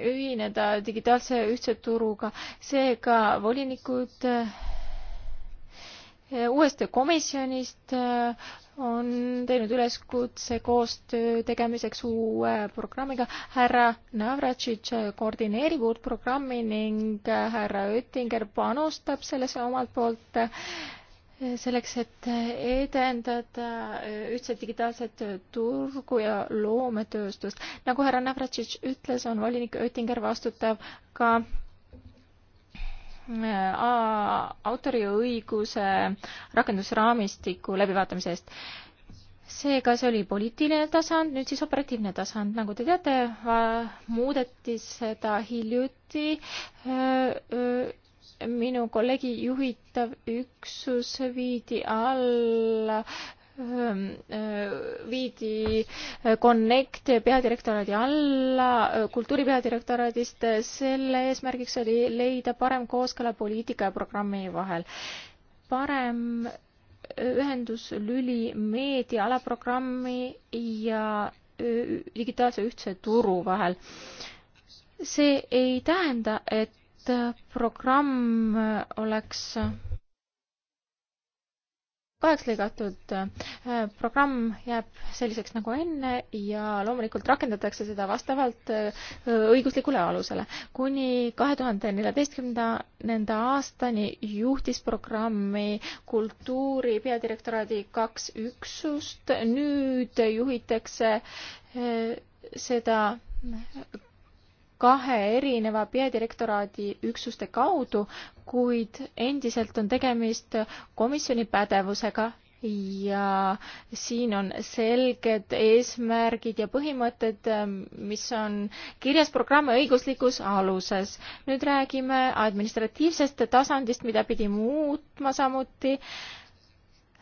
ühineda digitaalse ühtse turuga. seega volinikud Eh, uuest komisjonist eh, on teinud üleskutse koostöö tegemiseks uue programmiga. härra Navratšitš koordineerib uut programmi ning härra Oettinger panustab sellesse omalt poolt eh, selleks, et edendada ühtset digitaalset turgu ja loometööstust. nagu härra Navratšitš ütles, on volinik Oettinger vastutav ka autoriõiguse rakendusraamistiku läbivaatamise eest. seega see oli poliitiline tasand, nüüd siis operatiivne tasand, nagu te teate, muudeti seda hiljuti minu kolleegi juhitav üksus viidi alla viidi Connect peadirektoraadi alla kultuuri peadirektoraadist. selle eesmärgiks oli leida parem kooskõla poliitika ja programmi vahel. parem ühenduslüli meedia alaprogrammi ja digitaalse ühtse turu vahel. see ei tähenda, et programm oleks kaheks lõigatud äh, programm jääb selliseks nagu enne ja loomulikult rakendatakse seda vastavalt äh, õiguslikule alusele. kuni kahe tuhande neljateistkümnenda aastani juhtis programmi kultuuri peadirektoraadi kaks üksust, nüüd juhitakse äh, seda kahe erineva peadirektoraadi üksuste kaudu, kuid endiselt on tegemist komisjoni pädevusega ja siin on selged eesmärgid ja põhimõtted, mis on kirjas programmi õiguslikus aluses. nüüd räägime administratiivsest tasandist, mida pidi muutma samuti.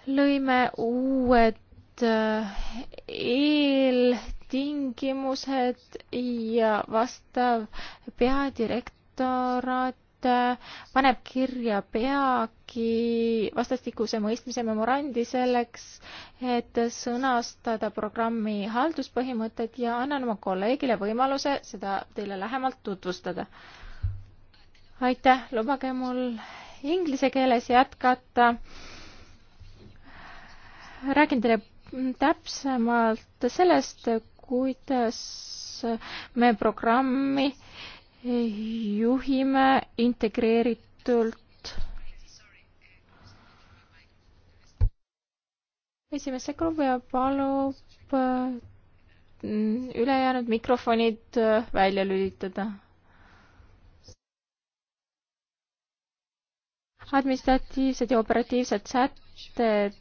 lõime uued äh, eeltingimused tingimused ja vastav peadirektoraat äh, paneb kirja peagi vastastikuse mõistmise memorandi selleks, et sõnastada programmi halduspõhimõtted ja annan oma kolleegile võimaluse seda teile lähemalt tutvustada. aitäh, lubage mul inglise keeles jätkata. räägin teile täpsemalt sellest, kuidas me programmi juhime integreeritult. esimees Sekrovja palub äh, ülejäänud mikrofonid äh, välja lülitada. administratiivsed ja operatiivsed sätted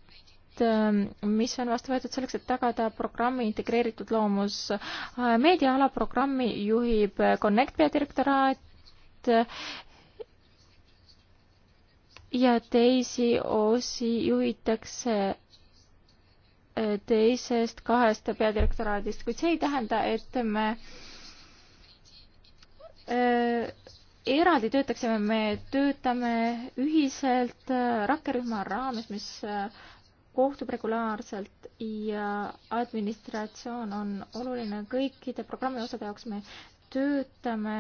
Ähm, mis on vastu võetud selleks, et tagada programmi integreeritud loomus. Äh, meediaala programmi juhib äh, Connect peadirektoraat äh, ja teisi osi juhitakse teisest kahest peadirektoraadist, kuid see ei tähenda, et me eraldi töötaksime, me töötame ühiselt rakkerühma raames, mis kohtub regulaarselt ja administratsioon on oluline kõikide programmi osade jaoks. me töötame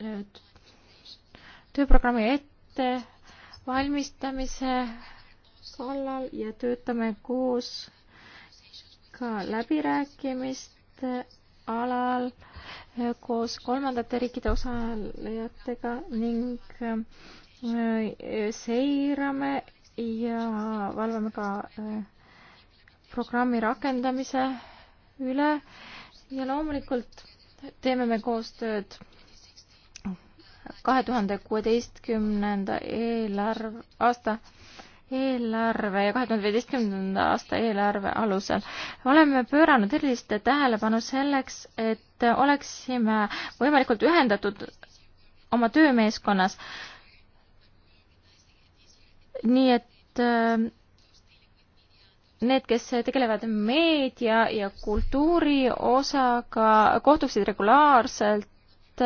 nüüd tööprogrammi ettevalmistamise kallal ja töötame koos ka läbirääkimiste alal koos kolmandate riikide osalejatega ning seirame ja valvame ka äh, programmi rakendamise üle ja loomulikult teeme me koostööd kahe tuhande kuueteistkümnenda eelarve, aasta eelarve ja kahe tuhande viieteistkümnenda aasta eelarve alusel. oleme pööranud erilist tähelepanu selleks, et oleksime võimalikult ühendatud oma töömeeskonnas nii et äh, need, kes tegelevad meedia ja kultuuri osaga, kohtuksid regulaarselt,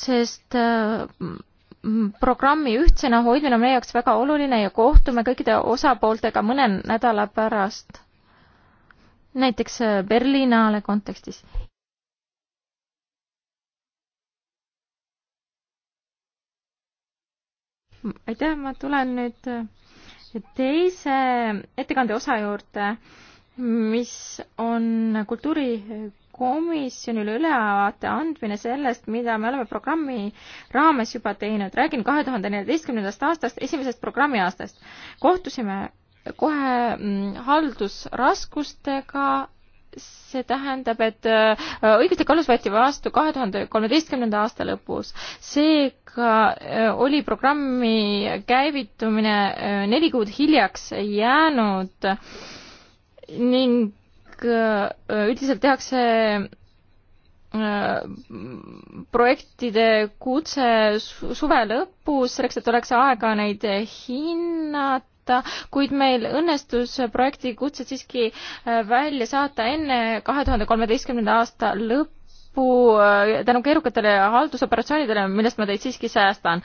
sest äh, programmi ühtsena hoidmine on meie jaoks väga oluline ja kohtume kõikide osapooltega mõne nädala pärast. näiteks äh, Berliinale kontekstis aitäh, ma tulen nüüd äh, teise ettekande osa juurde, mis on kultuurikomisjonile ülevaate andmine sellest, mida me oleme programmi raames juba teinud. räägin kahe tuhande neljateistkümnendast aastast, esimesest programmiaastast. kohtusime kohe mm, haldusraskustega see tähendab, et äh, õiguslik alus võeti vastu kahe tuhande kolmeteistkümnenda aasta lõpus. seega äh, oli programmi käivitumine äh, neli kuud hiljaks jäänud ning üldiselt tehakse projektide kutse suve lõpus, selleks et oleks aega neid hinnata võtta, kuid meil õnnestus projekti kutsed siiski äh, välja saata enne kahe tuhande kolmeteistkümnenda aasta lõppu äh, tänu keerukatele haldusoperatsioonidele, millest ma teid siiski säästan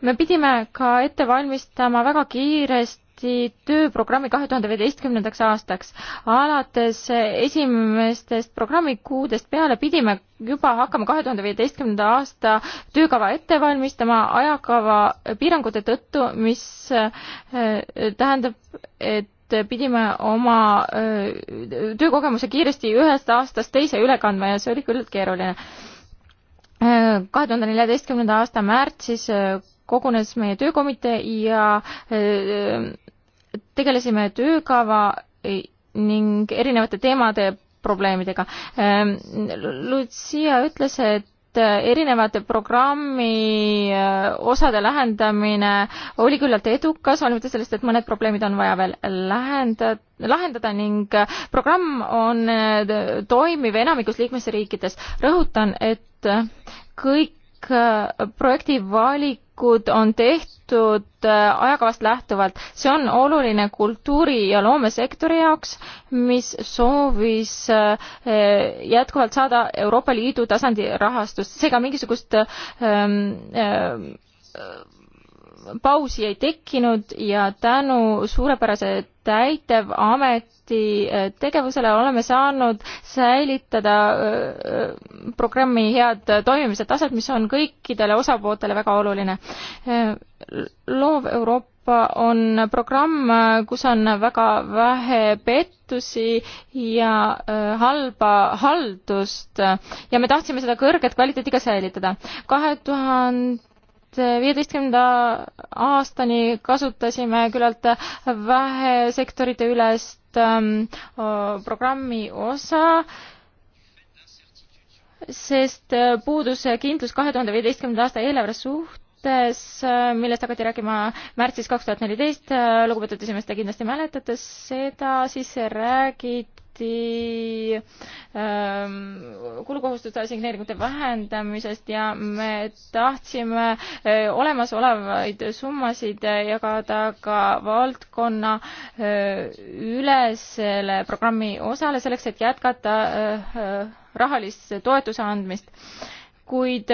me pidime ka ette valmistama väga kiiresti kinnitati tööprogrammi kahe tuhande viieteistkümnendaks aastaks. alates esimestest programmikuudest peale pidime juba hakkama kahe tuhande viieteistkümnenda aasta töökava ette valmistama ajakava piirangute tõttu, mis eh, tähendab, et pidime oma eh, töökogemuse kiiresti ühest aastast teise üle kandma ja see oli küllalt keeruline. Eh, kahe tuhande neljateistkümnenda aasta märtsis kogunes meie töökomitee ja äh, tegelesime töökava äh, ning erinevate teemade probleemidega. Ähm, Lucia ütles, et äh, erinevate programmi osade lähendamine oli küllalt edukas, hoolimata sellest, et mõned probleemid on vaja veel lähendada, lahendada ning programm on toimiv enamikus liikmesriikides. rõhutan, et kõik kõik äh, projektivalikud on tehtud äh, ajakavast lähtuvalt. see on oluline kultuuri- ja loomesektori jaoks, mis soovis äh, jätkuvalt saada Euroopa Liidu tasandi rahastust, seega mingisugust ähm, ähm, pausi ei tekkinud ja tänu suurepärase täitevameti äh, tegevusele oleme saanud säilitada äh, äh, programmi head toimimise taset, mis on kõikidele osapooltele väga oluline. loov Euroopa on programm, kus on väga vähe pettusi ja halba haldust ja me tahtsime seda kõrget kvaliteediga säilitada. kahe tuhande tuhat viieteistkümnenda aastani kasutasime küllalt vähe sektorite ülest ähm, programmi osa, sest äh, puudus kindlus kahe tuhande viieteistkümnenda aasta eelarve suht-, mõttes, äh, millest hakati rääkima märtsis kaks tuhat neliteist, äh, lugupeetud esimees, te kindlasti mäletate seda, siis räägiti räägiti ähm, kulukohustuste assigneeringute vähendamisest ja me tahtsime äh, olemasolevaid summasid jagada ka valdkonna äh, ülesele programmi osale selleks, et jätkata äh, rahalist toetuse andmist. kuid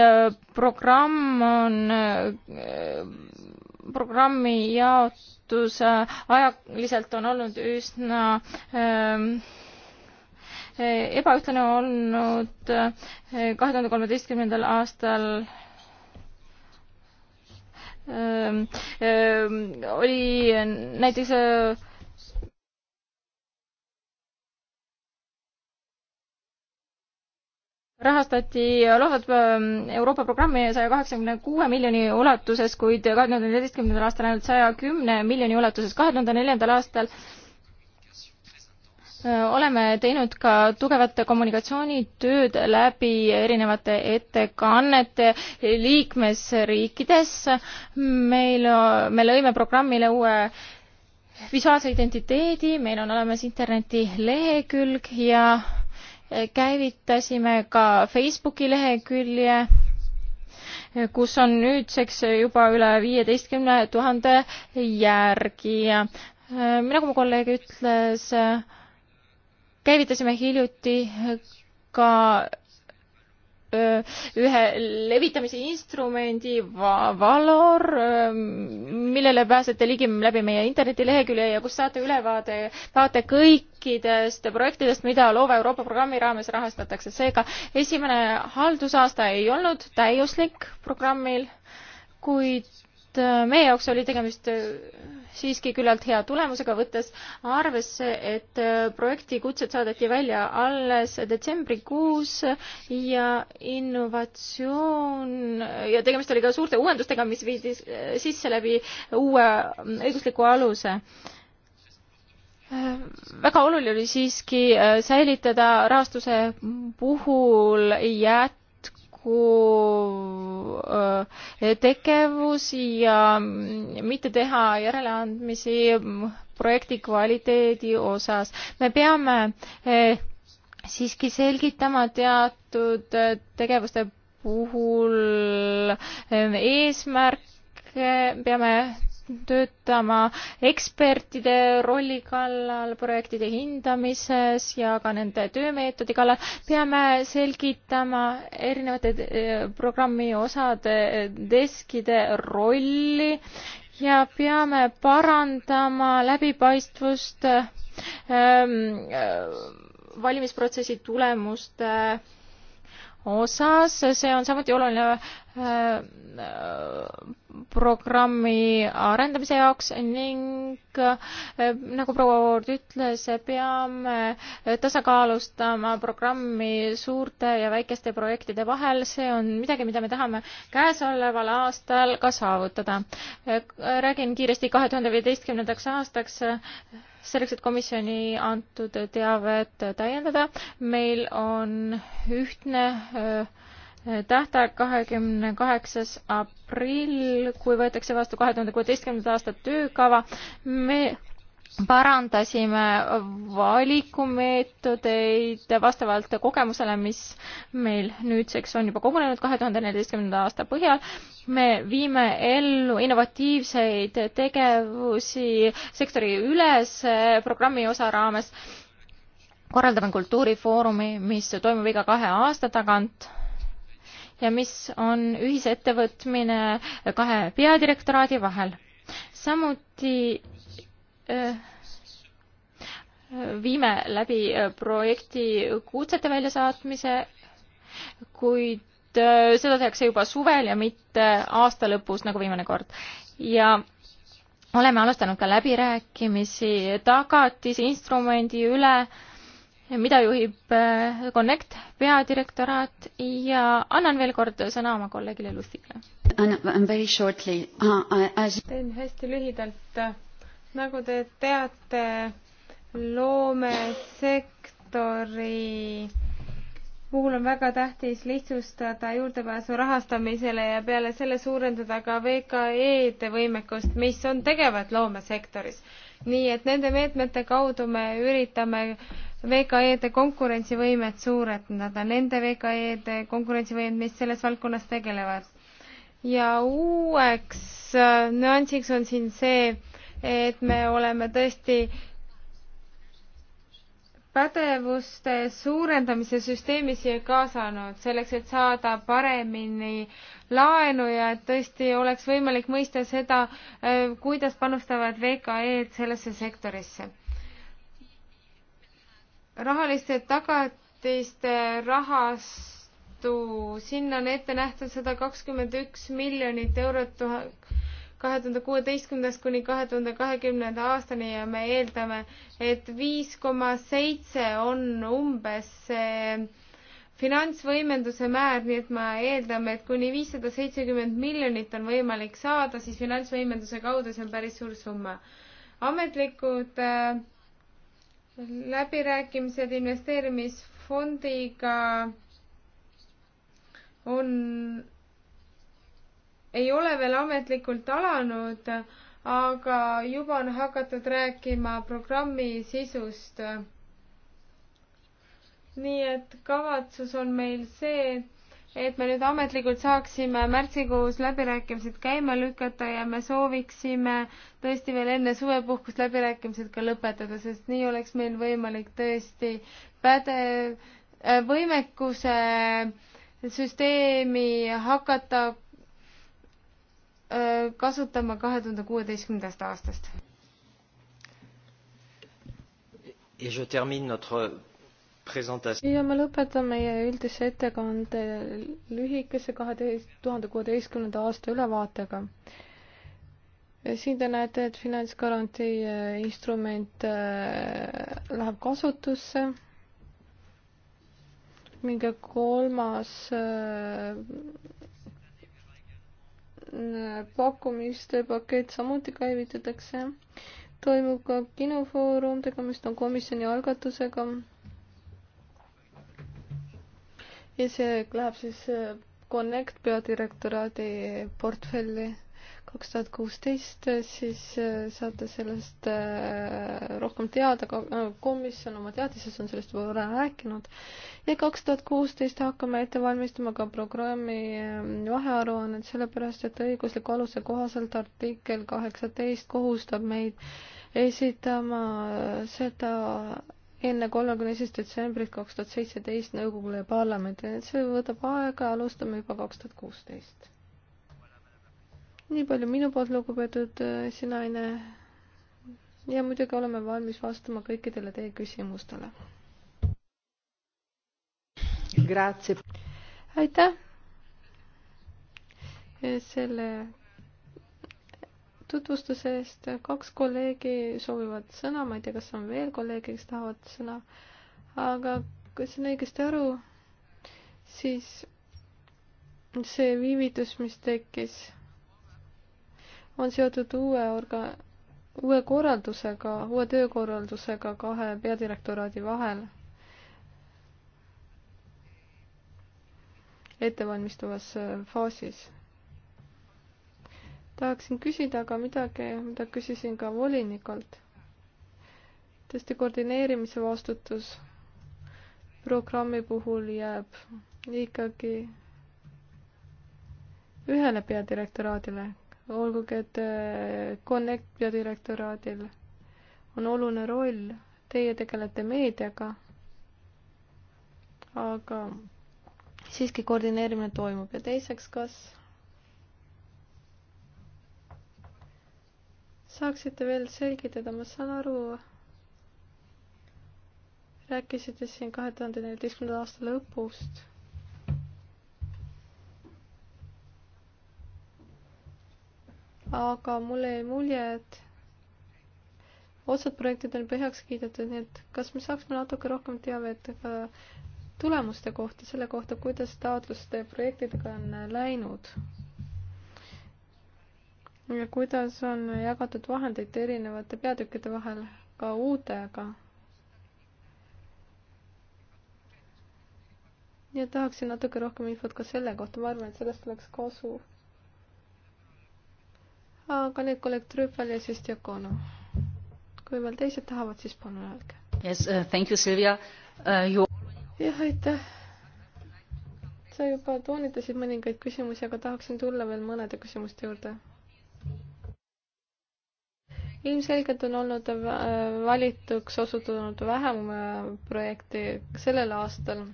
programm on programmi jaotus ajaliselt on olnud üsna ähm, ebaühtlane olnud eh, kahe tuhande kolmeteistkümnendal aastal öö, ehm, öö, ehm, oli näiteks öö, eh, rahastati loovat ehm, Euroopa programmi saja kaheksakümne kuue miljoni ulatuses, kuid kahe tuhande neljateistkümnendal aastal ainult saja kümne miljoni ulatuses. kahe tuhande neljandal aastal Äh, oleme teinud ka tugevat kommunikatsioonitööd läbi erinevate ettekannete liikmesriikides. meil, me lõime programmile uue visuaalse identiteedi, meil on olemas internetilehekülg ja käivitasime ka Facebooki lehekülje kus on nüüdseks juba üle viieteistkümne tuhande järgija. Äh, nagu mu kolleeg ütles äh,, käivitasime hiljuti ka ühe levitamise instrumendi Valor, millele pääsete ligi läbi meie internetilehekülje ja kus saate ülevaade, saate kõikidest projektidest, mida Loova Euroopa programmi raames rahastatakse. seega esimene haldusaasta ei olnud täiuslik programmil, kuid meie jaoks oli tegemist siiski küllalt hea tulemusega, võttes arvesse, et äh, projektikutsed saadeti välja alles detsembrikuus ja innovatsioon ja tegemist oli ka suurte uuendustega, mis viidi äh, sisse läbi uue mm, õigusliku aluse äh, väga oluline oli siiski säilitada rahastuse puhul jäätmed tegevusi ja mitte teha järeleandmisi projekti kvaliteedi osas. me peame siiski selgitama teatud tegevuste puhul eesmärke, peame töötama ekspertide rolli kallal projektide hindamises ja ka nende töömeetodi kallal. peame selgitama erinevate eh, programmi osade eh, deskide rolli ja peame parandama läbipaistvust ähm, valimisprotsessi tulemuste äh, osas, see on samuti oluline äh, programmi arendamise jaoks ning äh, nagu proua Oord ütles, peame tasakaalustama programmi suurte ja väikeste projektide vahel, see on midagi, mida me tahame käesoleval aastal ka saavutada. Äh, räägin kiiresti kahe tuhande viieteistkümnendaks aastaks selleks, et komisjoni antud teavet täiendada. meil on ühtne äh, tähtaeg kahekümne kaheksas aprill, kui võetakse vastu kahe tuhande kuueteistkümnenda aasta töökava. me parandasime valikumeetodeid vastavalt kogemusele, mis meil nüüdseks on juba kogunenud kahe tuhande neljateistkümnenda aasta põhjal. me viime ellu innovatiivseid tegevusi sektoriülese programmi osa raames. korraldame kultuurifoorumi, mis toimub iga kahe aasta tagant ja mis on ühisettevõtmine kahe peadirektoraadi vahel. samuti viime läbi äh, projekti kutsete väljasaatmise, kuid äh, seda tehakse juba suvel ja mitte aasta lõpus, nagu viimane kord. ja oleme alustanud ka läbirääkimisi tagatisinstrumendi üle, mida juhib äh, Connect peadirektoraat ja annan veel kord sõna oma kolleegile Luthile. Uh, teen hästi lühidalt nagu te teate, loomesektori puhul on väga tähtis lihtsustada juurdepääsu rahastamisele ja peale selle suurendada ka VKE-de võimekust, mis on tegevad loomesektoris. nii et nende meetmete kaudu me üritame VKE-de konkurentsivõimet suurendada, nende VKE-de konkurentsivõimet, mis selles valdkonnas tegelevad. ja uueks äh, nüansiks on siin see, et me oleme tõesti pädevuste suurendamise süsteemi siia kaasanud, selleks et saada paremini laenu ja et tõesti oleks võimalik mõista seda, eh, kuidas panustavad VKE-d sellesse sektorisse. rahaliste tagatiste rahastu, sinna on ette nähtud sada kakskümmend üks miljonit eurot kahe tuhande kuueteistkümnendast kuni kahe tuhande kahekümnenda aastani ja me eeldame, et viis koma seitse on umbes see finantsvõimenduse määr, nii et ma eeldame, et kuni viissada seitsekümmend miljonit on võimalik saada, siis finantsvõimenduse kaudu see on päris suur summa. ametlikud äh, läbirääkimised investeerimisfondiga on ei ole veel ametlikult alanud, aga juba on hakatud rääkima programmi sisust. nii et kavatsus on meil see, et me nüüd ametlikult saaksime märtsikuus läbirääkimised käima lükata ja me sooviksime tõesti veel enne suvepuhkust läbirääkimised ka lõpetada, sest nii oleks meil võimalik tõesti pädev võimekuse süsteemi hakata Äh, kasutama kahe tuhande kuueteistkümnendast aastast. ja me lõpetame meie üldise ettekande lühikese kaheteist, tuhande kuueteistkümnenda aasta ülevaatega. siin te näete, et finantsgarantii äh, instrument äh, läheb kasutusse ning kolmas pakkumiste pakett samuti käivitatakse. toimub ka kinofoorum, tegemist on komisjoni algatusega. ja see läheb siis eh, Connect peadirektoraadi portfelli kaks tuhat kuusteist, siis äh, saate sellest äh, rohkem teada, äh, komisjon oma teadises on sellest juba rääkinud. ja kaks tuhat kuusteist hakkame ette valmistama ka programmi ähm, vahearuannet, sellepärast et õigusliku aluse kohaselt artikkel kaheksateist kohustab meid esitama seda enne kolmekümne esimest detsembrit kaks tuhat seitseteist nõukogule ja parlamendile, et see võtab aega, alustame juba kaks tuhat kuusteist nii palju minu poolt, lugupeetud esinaine. Äh, ja muidugi oleme valmis vastama kõikidele teie küsimustele. aitäh selle tutvustuse eest. kaks kolleegi soovivad sõna, ma ei tea, kas on veel kolleege, kes tahavad sõna. aga kui saan õigesti aru, siis see viivitus, mis tekkis on seotud uue orga-, uue korraldusega, uue töökorraldusega kahe peadirektoraadi vahel. ettevalmistavas äh, faasis. tahaksin küsida ka midagi, mida küsisin ka volinikult. tõesti, koordineerimise vastutus programmi puhul jääb ikkagi ühele peadirektoraadile, olgugi, et äh, Connect peadirektoraadil on oluline roll, teie tegelete meediaga, aga siiski koordineerimine toimub ja teiseks, kas saaksite veel selgitada, ma saan aru, rääkisite siin kahe tuhande neljateistkümnenda aasta lõpust aga mulle jäi mulje, et osad projektid on juba heaks kiidetud, nii et kas me saaksime natuke rohkem teavet ka tulemuste kohta, selle kohta, kuidas taotluste projektidega on läinud? ja kuidas on jagatud vahendeid erinevate peatükkide vahel, ka uutega? ja tahaksin natuke rohkem infot ka selle kohta, ma arvan, et sellest oleks kasu aga nüüd kolleeg Trüüpel ja siis Diakono. kui veel teised tahavad, siis palun öelge. Yes uh,, thank you, Silvia uh,. You... jah, aitäh. sa juba toonitasid mõningaid küsimusi, aga tahaksin tulla veel mõnede küsimuste juurde ilmselgelt on olnud äh, valituks osutunud vähem äh, projekti sellel aastal.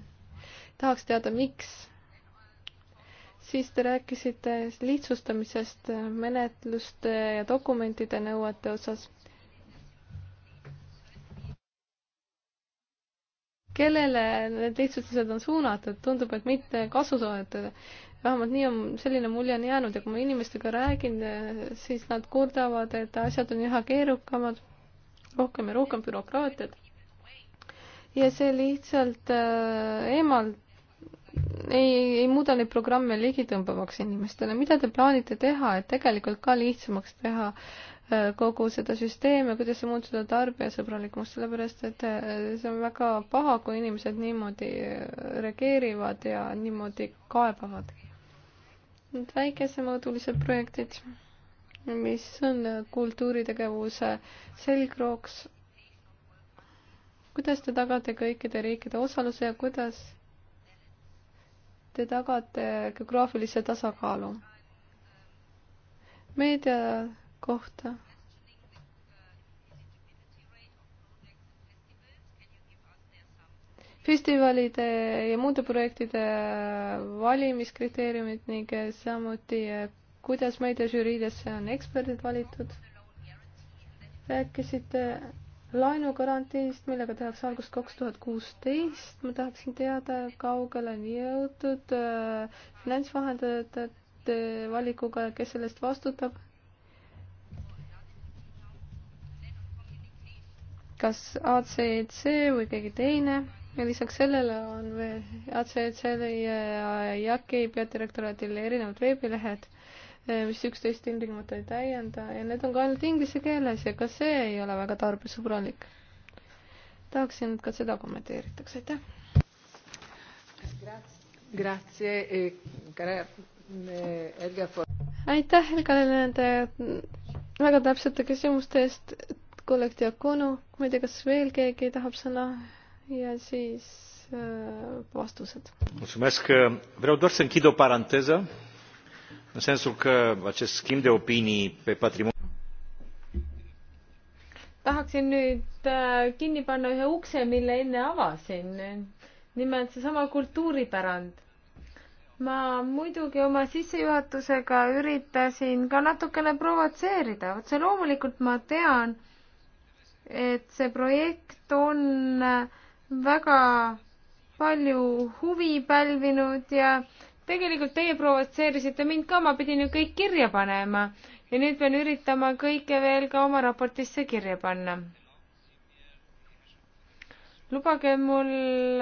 tahaks teada, miks? siis te rääkisite lihtsustamisest menetluste ja dokumentide nõuete osas. kellele need lihtsustused on suunatud, tundub, et mitte kasusaajatele. vähemalt nii on, selline mulje on jäänud ja kui ma inimestega räägin, siis nad kurdavad, et asjad on üha keerukamad, rohkem ja rohkem bürokraatiat. ja see lihtsalt äh, eemalt ei, ei muuda neid programme ligitõmbavaks inimestele. mida te plaanite teha, et tegelikult ka lihtsamaks teha äh, kogu seda süsteemi, kuidas see muutuda tarbijasõbralikumaks, sellepärast et äh, see on väga paha, kui inimesed niimoodi äh, reageerivad ja niimoodi kaebavad. Need väikesemõõdulised projektid, mis on kultuuritegevuse selgrooks, kuidas te tagate kõikide riikide osaluse ja kuidas te tagate geograafilise tasakaalu. meedia kohta festivalide ja muude projektide valimiskriteeriumid ning samuti, kuidas meediažüriidesse on eksperdid valitud. rääkisite laenugarantiist, millega tehakse algust kaks tuhat kuusteist, ma tahaksin teada, kaugele on jõutud äh, finantsvahendajate valikuga, kes selle eest vastutab. kas ACEC e või keegi teine ja lisaks sellele on veel ACEC-l ja JAK-i peadirektoraadil erinevad veebilehed Eh, mis üksteist ilmtingimata ei täienda ja need on ka ainult inglise keeles ja ka see ei ole väga tarbijasõbralik. tahaksin, et ka seda kommenteeritaks, aitäh. Eh, eh, aitäh Helgale nende väga täpsete küsimuste eest, kolleeg Diakonu, ma ei tea, kas veel keegi tahab sõna ja siis äh, vastused. vreau doar să închid o paranteză în sensul că acest schimb de opinii pe patrimoniu tahaksin nüüd äh, kinni panna ühe ukse, mille enne avasin. nimelt seesama kultuuripärand. ma muidugi oma sissejuhatusega üritasin ka natukene provotseerida, vot see loomulikult ma tean, et see projekt on äh, väga palju huvi pälvinud ja äh, tegelikult teie provotseerisite mind ka, ma pidin ju kõik kirja panema ja nüüd pean üritama kõike veel ka oma raportisse kirja panna. lubage mul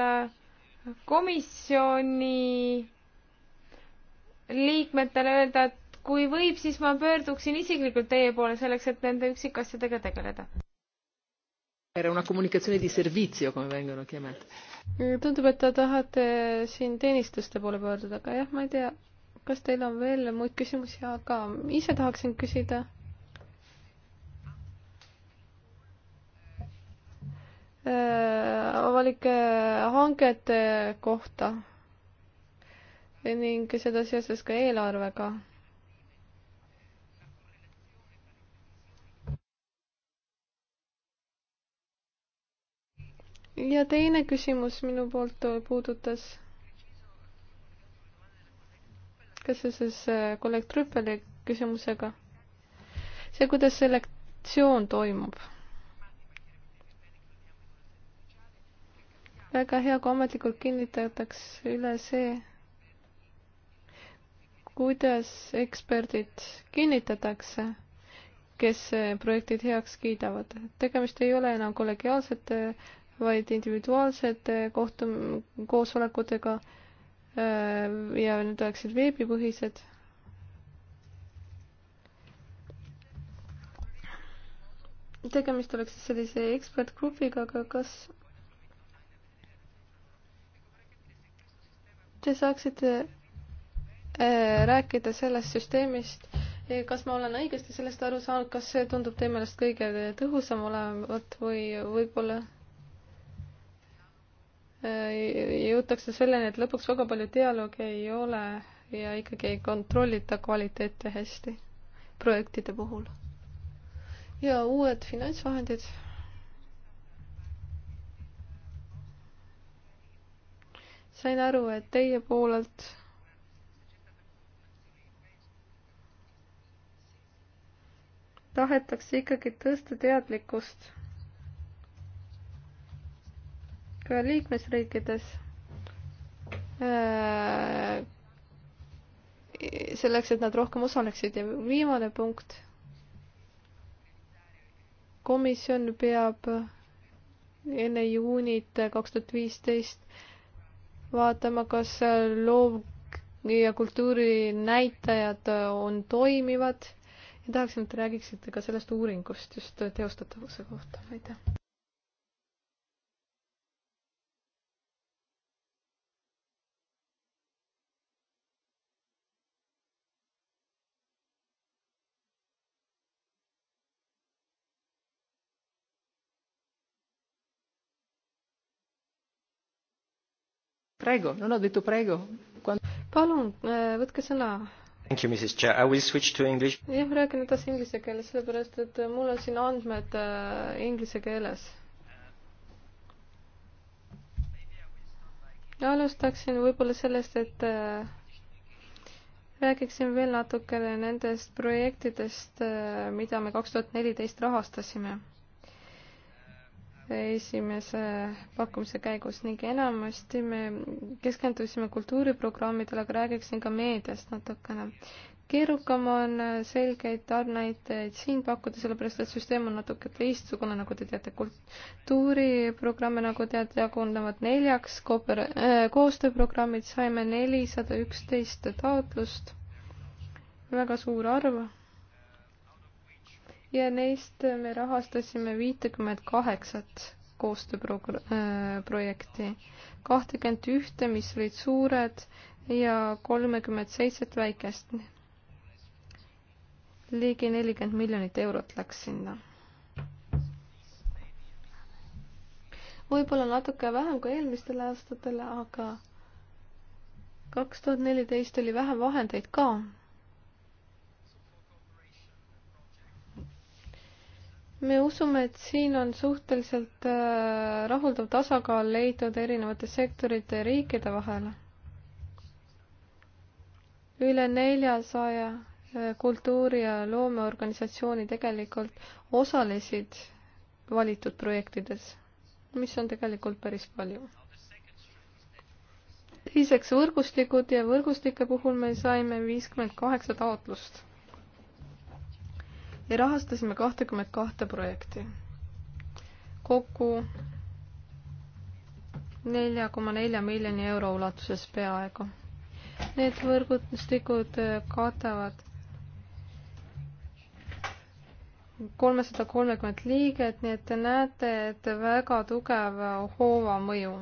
äh, komisjoni liikmetele öelda, et kui võib, siis ma pöörduksin isiklikult teie poole selleks, et nende üksikasjadega tegeleda. Era una comunicazione di servizio, come vengono chiamate. Mm, tundub, et te tahate siin teenistuste poole pöörduda, aga jah, ma ei tea, kas teil on veel muid küsimusi, aga ise tahaksin küsida. Äh, avalike hangete kohta ning seda seoses ka eelarvega ja teine küsimus minu poolt puudutas kas seoses äh, kolleeg Trüppeli küsimusega, see, kuidas selektsioon toimub väga hea, kui ametlikult kinnitatakse üle see, kuidas eksperdid kinnitatakse, kes äh, projektid heaks kiidavad. tegemist ei ole enam kollegiaalsete vaid individuaalsete kohtum-, koosolekutega äh, ja need oleksid veebipõhised. tegemist oleks siis sellise ekspertgrupiga, aga kas te saaksite äh, rääkida sellest süsteemist, kas ma olen õigesti sellest aru saanud, kas see tundub teie meelest kõige tõhusam olevat või võib-olla Äh, jõutakse selleni, et lõpuks väga palju dialoogi ei ole ja ikkagi ei kontrollita kvaliteete hästi projektide puhul. ja uued finantsvahendid. sain aru, et teie poolelt tahetakse ikkagi tõsta teadlikkust ka liikmesriikides äh, selleks, et nad rohkem osaleksid ja viimane punkt. komisjon peab enne juunit kaks tuhat viisteist vaatama, kas loov- ja kultuurinäitajad on toimivad ja tahaksin, et räägiksite ka sellest uuringust just teostatavuse kohta, aitäh. Prego, non ho detto prego. Quando... palun, eh, võtke sõna. Thank you, Mrs Chair, I will switch to english. jah, räägin edasi inglise keeles, sellepärast et eh, mul on siin andmed äh, inglise keeles. alustaksin võib-olla sellest, et äh, räägiksin veel natukene nendest projektidest, mida me kaks tuhat neliteist rahastasime esimese pakkumise käigus ning enamasti me keskendusime kultuuriprogrammidele, aga räägiksin ka meediast natukene. keerukam on selgeid tarneid siin pakkuda, sellepärast et süsteem on natuke teistsugune, nagu te teate, kultuuriprogramme, nagu teate, jagunevad neljaks, kooper- äh,, koostööprogrammid saime nelisada üksteist taotlust, väga suur arv ja neist me rahastasime viitekümmet kaheksat koostööprojekti, äh, kahtekümmet ühte, mis olid suured ja kolmekümmet seitset väikest. ligi nelikümmend miljonit eurot läks sinna. võib-olla natuke vähem kui eelmistel aastatel, aga kaks tuhat neliteist oli vähem vahendeid ka me usume, et siin on suhteliselt äh, rahuldav tasakaal leidnud erinevate sektorite ja riikide vahel. üle neljasaja äh, kultuuri- ja loomeorganisatsiooni tegelikult osalesid valitud projektides, mis on tegelikult päris palju. teiseks, võrgustikud ja võrgustike puhul me saime viiskümmend kaheksa taotlust ja rahastasime kahtekümmet kahte projekti. kokku nelja koma nelja miljoni euro ulatuses peaaegu. Need võrgustikud katavad kolmesada kolmekümmend liiget, nii et te näete, et väga tugev hoova mõju.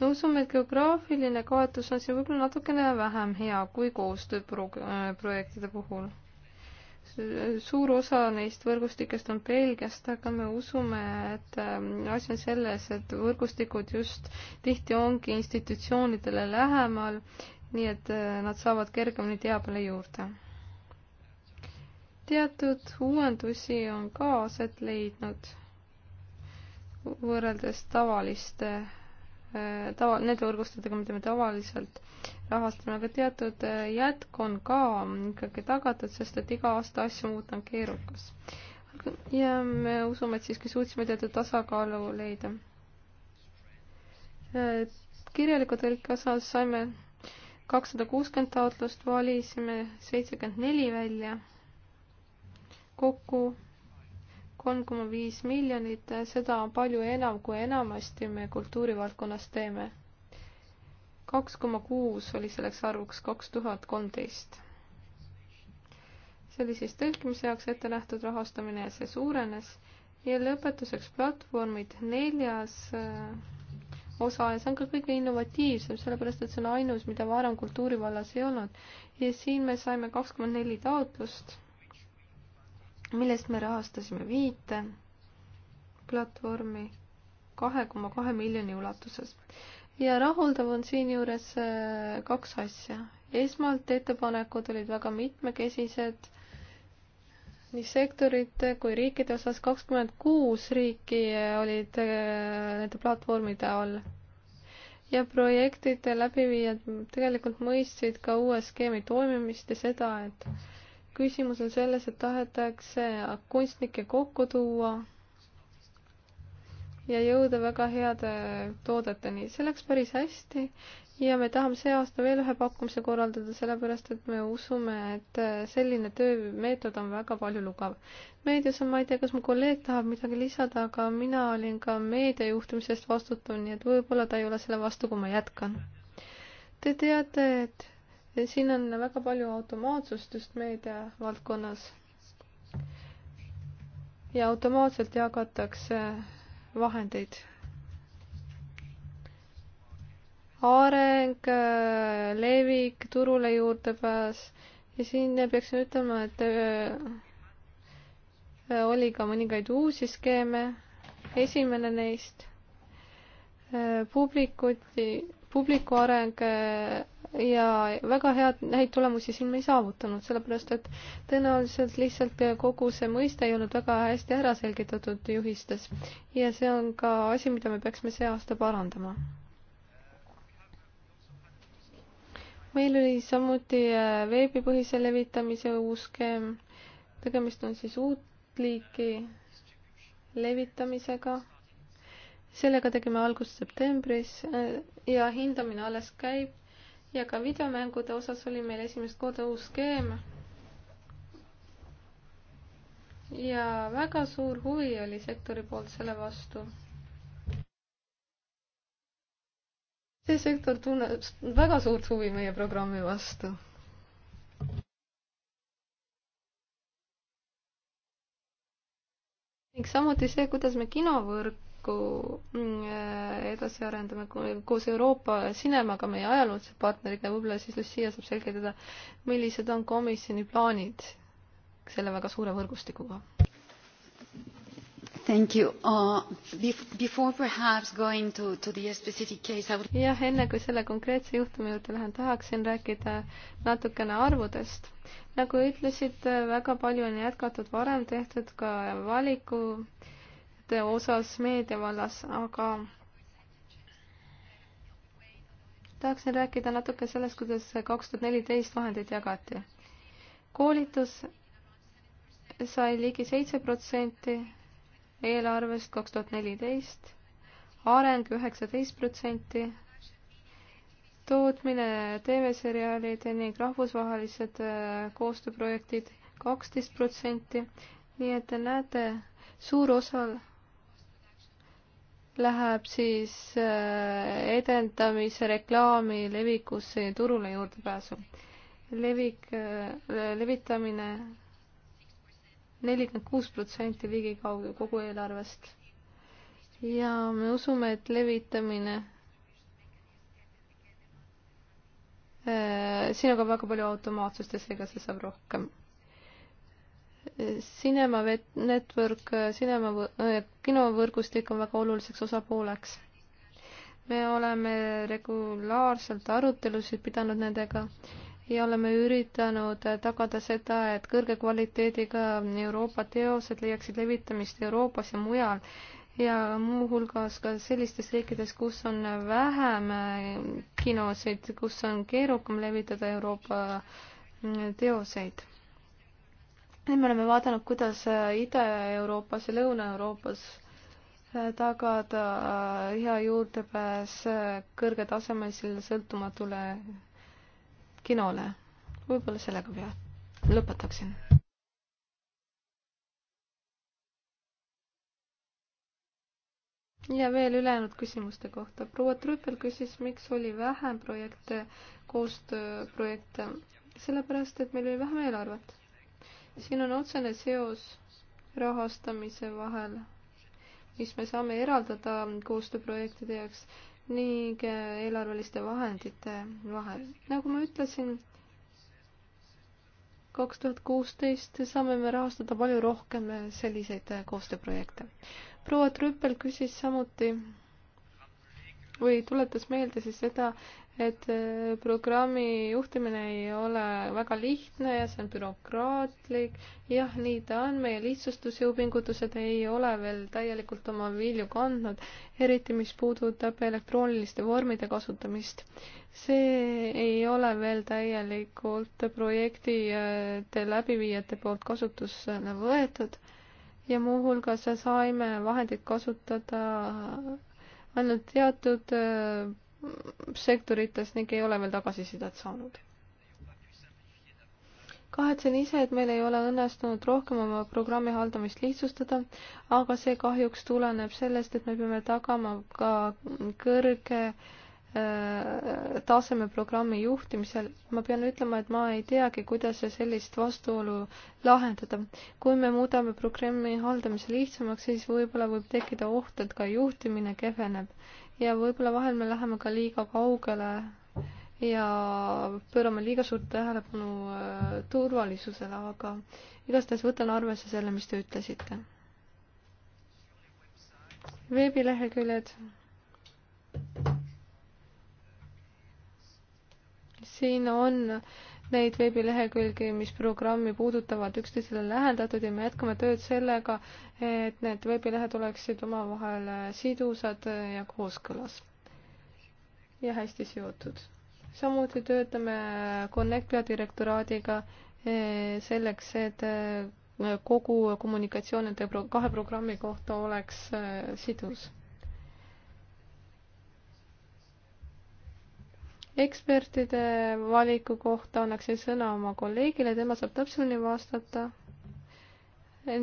me usume, et geograafiline kaetus on siin võib-olla natukene vähem hea kui koostööprojektide puhul suur osa neist võrgustikest on Belgiast, aga me usume, et ähm, asi on selles, et võrgustikud just tihti ongi institutsioonidele lähemal, nii et äh, nad saavad kergemini teabele juurde. teatud uuendusi on ka aset leidnud võrreldes tavaliste Äh, tava, nende võrgustudega, mida me tavaliselt rahastame, aga teatud äh, jätk on ka ikkagi tagatud, sest et iga aasta asju muuta on keerukas. ja me usume, et siiski suutsime teatud tasakaalu leida. Äh, kirjaliku tõlke osas saime kakssada kuuskümmend taotlust, valisime seitsekümmend neli välja. kokku kolm koma viis miljonit, seda on palju enam, kui enamasti me kultuurivaldkonnas teeme. kaks koma kuus oli selleks arvuks kaks tuhat kolmteist. see oli siis tõlkimise jaoks ette nähtud rahastamine ja see suurenes ja lõpetuseks platvormid neljas äh, osa ja see on ka kõige innovatiivsem, sellepärast et see on ainus, mida varem kultuuri vallas ei olnud. ja siin me saime kakskümmend neli taotlust millest me rahastasime viite platvormi kahe koma kahe miljoni ulatuses. ja rahuldav on siinjuures äh, kaks asja. esmalt ettepanekud olid väga mitmekesised nii sektorite kui riikide osas kakskümmend kuus riiki äh, olid äh, nende platvormide all. ja projektide läbiviijad tegelikult mõistsid ka uue skeemi toimimist ja seda, et küsimus on selles, et tahetakse kunstnikke kokku tuua ja jõuda väga heade toodeteni. see läks päris hästi ja me tahame see aasta veel ühe pakkumise korraldada, sellepärast et me usume, et selline töömeetod on väga palju lugav. meedias on, ma ei tea, kas mu kolleeg tahab midagi lisada, aga mina olin ka meediajuhtimise eest vastutav, nii et võib-olla ta ei ole selle vastu, kui ma jätkan. Te teate, et siin on väga palju automaatsustust meedia valdkonnas. ja automaatselt jagatakse vahendeid. areng, levik, turule juurdepääs ja siin peaksin ütlema, et äh, oli ka mõningaid uusi skeeme. esimene neist äh, publikuti, publiku areng äh, ja väga head, häid tulemusi siin me ei saavutanud, sellepärast et tõenäoliselt lihtsalt kogu see mõiste ei olnud väga hästi ära selgitatud juhistes. ja see on ka asi, mida me peaksime see aasta parandama. meil oli samuti äh, veebipõhise levitamise uus skeem, tegemist on siis uut liiki levitamisega sellega tegime algust septembris äh, ja hindamine alles käib ja ka videomängude osas oli meil esimest korda uus skeem. ja väga suur huvi oli sektori poolt selle vastu. see sektor tunneb väga suurt huvi meie programmi vastu ning samuti see, kuidas me kinovõrk tulevikku mm, äh, edasi arendame koos Euroopa Cinemaga, meie ajaloolise partneriga, võib-olla siis Lucia saab selgitada, millised on komisjoni plaanid selle väga suure võrgustikuga. Thank you. Uh, before perhaps going to, to the specific case, I would... jah, enne kui selle konkreetse juhtumi juurde lähen, tahaksin rääkida natukene arvudest. nagu ütlesid, väga palju on jätkatud varem tehtud ka valiku meetmete osas meedia vallas, aga tahaksin rääkida natuke sellest, kuidas kaks tuhat neliteist vahendeid jagati. koolitus sai ligi seitse protsenti eelarvest kaks tuhat neliteist, areng üheksateist protsenti, tootmine, tv-seriaalid ning rahvusvahelised äh, koostööprojektid kaksteist protsenti, nii et te näete, suur osa läheb siis äh, edendamise, reklaami, levikusse ja turule juurdepääsu. levik, äh, levitamine nelikümmend kuus protsenti ligikaudu kogu eelarvest. ja me usume, et levitamine äh, siin on ka väga palju automaatsust ja seega see saab rohkem Cinema Network, Cinema, äh, kinovõrgustik on väga oluliseks osapooleks. me oleme regulaarselt arutelusid pidanud nendega ja oleme üritanud tagada seda, et kõrge kvaliteediga Euroopa teosed leiaksid levitamist Euroopas ja mujal ja muuhulgas ka sellistes riikides, kus on vähem kinosid, kus on keerukam levitada Euroopa teoseid nüüd me oleme vaadanud, kuidas äh, Ida-Euroopas ja Lõuna-Euroopas äh, tagada äh, hea juurdepääs kõrgetasemelisele sõltumatule kinole. võib-olla sellega pea-, lõpetaksin. ja veel ülejäänud küsimuste kohta. proua Trüppel küsis, miks oli vähem projekte, koostööprojekte. sellepärast, et meil oli vähem eelarvet siin on otsene seos rahastamise vahel, mis me saame eraldada koostööprojektide jaoks ning eh, eelarveliste vahendite vahel. nagu ma ütlesin, kaks tuhat kuusteist saame me rahastada palju rohkem eh, selliseid eh, koostööprojekte. proua Trüppel küsis samuti või tuletas meelde siis seda, et äh, programmi juhtimine ei ole väga lihtne ja see on bürokraatlik. jah, nii ta on, meie lihtsustusjõupingutused ei ole veel täielikult oma vilju kandnud, eriti mis puudutab elektrooniliste vormide kasutamist. see ei ole veel täielikult projektide läbiviijate poolt kasutusele võetud ja muuhulgas saime vahendeid kasutada ainult teatud äh, sektorites ning ei ole veel tagasisidet saanud. kahetsen ise, et meil ei ole õnnestunud rohkem oma programmi haldamist lihtsustada, aga see kahjuks tuleneb sellest, et me peame tagama ka kõrge äh, taseme programmi juhtimisel, ma pean ütlema, et ma ei teagi, kuidas sellist vastuolu lahendada. kui me muudame programmi haldamise lihtsamaks, siis võib-olla võib tekkida oht, et ka juhtimine kehveneb ja võib-olla vahel me läheme ka liiga kaugele ja pöörame liiga suurt tähelepanu äh, turvalisusele, aga igastahes võtan arvesse selle, mis te ütlesite. veebileheküljed. siin on äh, neid veebilehekülgi, mis programmi puudutavad, üksteisele lähendatud ja me jätkame tööd sellega, et need veebilehed oleksid omavahel sidusad ja kooskõlas ja hästi seotud. samuti töötame Connect peadirektoraadiga eh, selleks, et eh, kogu kommunikatsioon nende kahe programmi kohta oleks eh, sidus ekspertide valiku kohta annaksin sõna oma kolleegile, tema saab täpsemini vastata.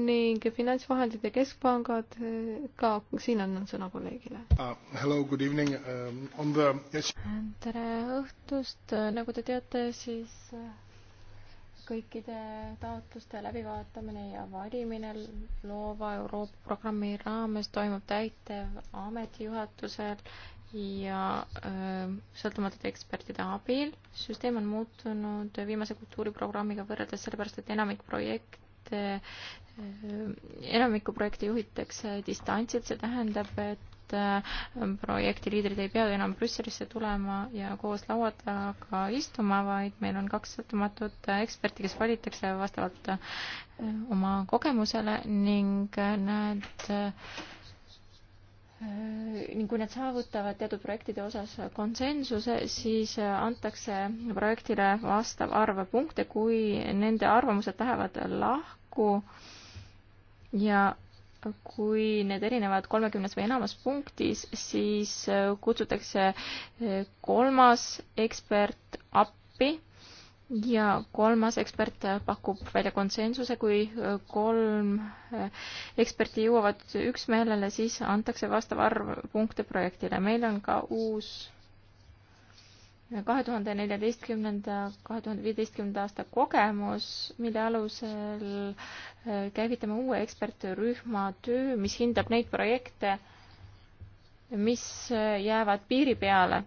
ning finantsvahendid ja keskpangad ka, siin annan sõna kolleegile uh,. Hello, good evening um, on the yes.... tere õhtust, nagu te teate, siis uh, kõikide taotluste läbivaatamine ja valimine loova Euroopa programmi raames toimub täitev ametijuhatusel ja sõltumatute ekspertide abil. süsteem on muutunud viimase kultuuriprogrammiga võrreldes sellepärast, et enamik projekte, enamikku projekte juhitakse distantsilt, see tähendab, et projekti liidrid ei pea enam Brüsselisse tulema ja koos laua taga istuma, vaid meil on kaks sõltumatut eksperti, kes valitakse vastavalt oma kogemusele ning need äh, ning kui nad saavutavad teatud projektide osas konsensuse, siis antakse projektile vastav arv punkte, kui nende arvamused lähevad lahku ja kui need erinevad kolmekümnes või enamas punktis, siis kutsutakse kolmas ekspert appi ja kolmas ekspert pakub välja konsensuse, kui kolm eh, eksperti jõuavad üksmeelele, siis antakse vastav arv punkte projektile. meil on ka uus eh, kahe tuhande neljateistkümnenda, kahe tuhande viieteistkümnenda aasta kogemus, mille alusel eh, käivitame uue ekspertrühma töö, mis hindab neid projekte, mis jäävad piiri peale.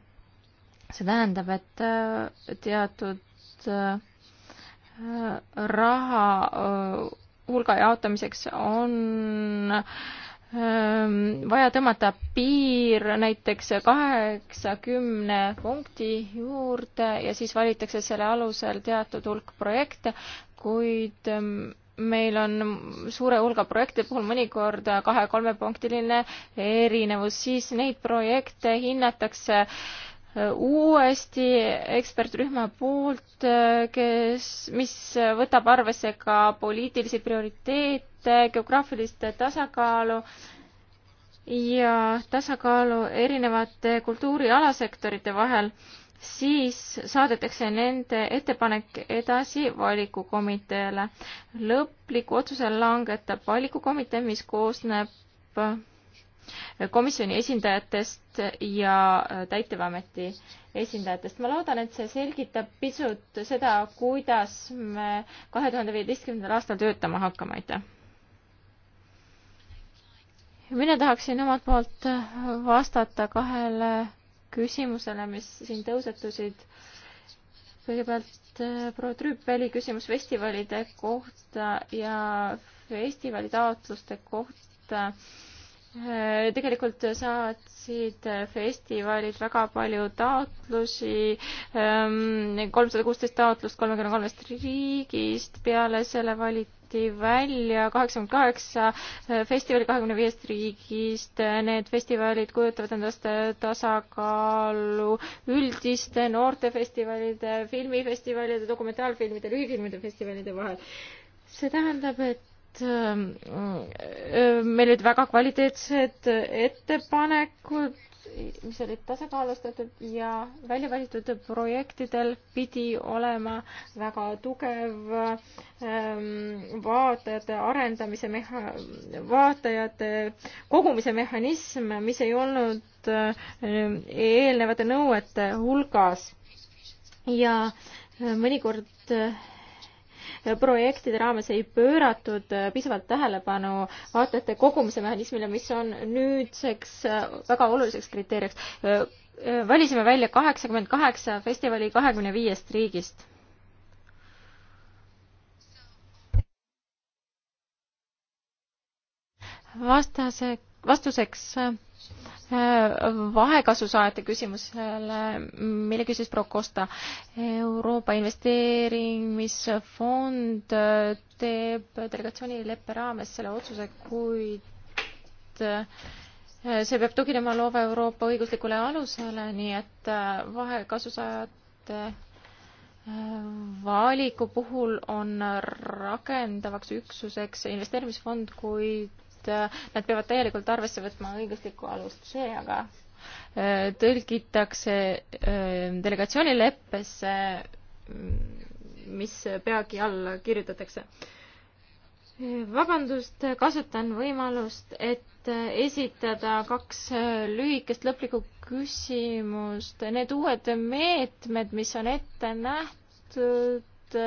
see tähendab, et teatud et äh, raha äh, hulga jaotamiseks on ähm, vaja tõmmata piir näiteks kaheksakümne punkti juurde ja siis valitakse selle alusel teatud hulk projekte, kuid ähm, meil on suure hulga projekte puhul mõnikord kahe-kolmepunktiline erinevus, siis neid projekte hinnatakse äh, uuesti ekspertrühma poolt, kes, mis võtab arvesse ka poliitilisi prioriteete, geograafilist tasakaalu ja tasakaalu erinevate kultuuri alasektorite vahel, siis saadetakse nende ettepanek edasi valikukomiteele. lõpliku otsuse langetab valikukomitee, mis koosneb komisjoni esindajatest ja täitevameti esindajatest. ma loodan, et see selgitab pisut seda, kuidas me kahe tuhande viieteistkümnendal aastal töötama hakkame, aitäh! mina tahaksin omalt poolt vastata kahele küsimusele, mis siin tõusetusid. kõigepealt äh, proua Trüüpeli küsimus festivalide kohta ja festivali taotluste kohta Äh, tegelikult saatsid festivalid väga palju taotlusi, ähm, kolmsada kuusteist taotlust kolmekümne kolmest riigist, peale selle valiti välja kaheksakümmend kaheksa äh, festivali kahekümne viiest riigist. Need festivalid kujutavad endast tasakaalu üldiste noortefestivalide, filmifestivalide, dokumentaalfilmide, lühifilmide festivalide vahel. see tähendab, et et ähm, äh, meil olid väga kvaliteetsed ettepanekud, mis olid tasakaalustatud ja välja valitud projektidel pidi olema väga tugev ähm, vaatajate arendamise meha-, vaatajate kogumise mehhanism, mis ei olnud ähm, eelnevate nõuete hulgas. ja mõnikord äh, projektide raames ei pööratud piisavalt tähelepanu vaatete kogumise mehhanismile, mis on nüüdseks väga oluliseks kriteeriumiks. valisime välja kaheksakümmend kaheksa festivali kahekümne viiest riigist vastase, vastuseks vahekasusaajate küsimusele, mille küsis Prokosta. Euroopa Investeerimisfond äh, teeb delegatsioonileppe raames selle otsuse, kuid äh, see peab tuginema loova Euroopa õiguslikule alusele, nii et äh, vahekasusaajate valiku puhul on rakendavaks üksuseks investeerimisfond, kuid et äh, nad peavad täielikult arvesse võtma õiguslikku alust. see aga äh, tõlgitakse äh, delegatsioonileppesse, mm, mis peagi alla kirjutatakse. vabandust, kasutan võimalust, et esitada kaks lühikest lõplikku küsimust. Need uued meetmed, mis on ette nähtud,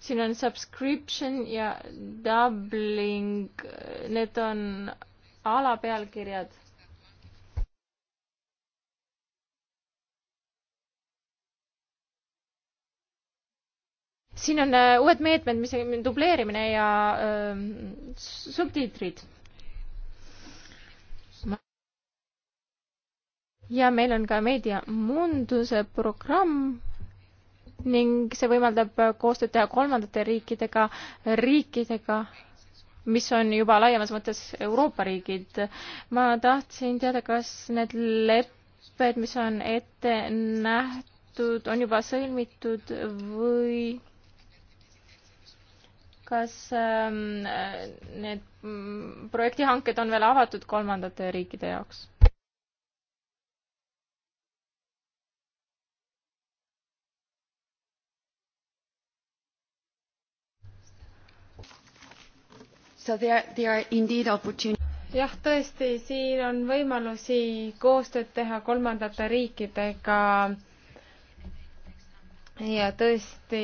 siin on subscription ja doubling, need on alapealkirjad. siin on äh, uued meetmed, mis dubleerimine ja äh, subtiitrid ja meil on ka meediamunduse programm, ning see võimaldab koostööd teha kolmandate riikidega, riikidega, mis on juba laiemas mõttes Euroopa riigid. ma tahtsin teada, kas need lepped, mis on ette nähtud, on juba sõlmitud või kas ähm, need projektihanked on veel avatud kolmandate riikide jaoks? jah, tõesti, siin on võimalusi koostööd teha kolmandate riikidega ja tõesti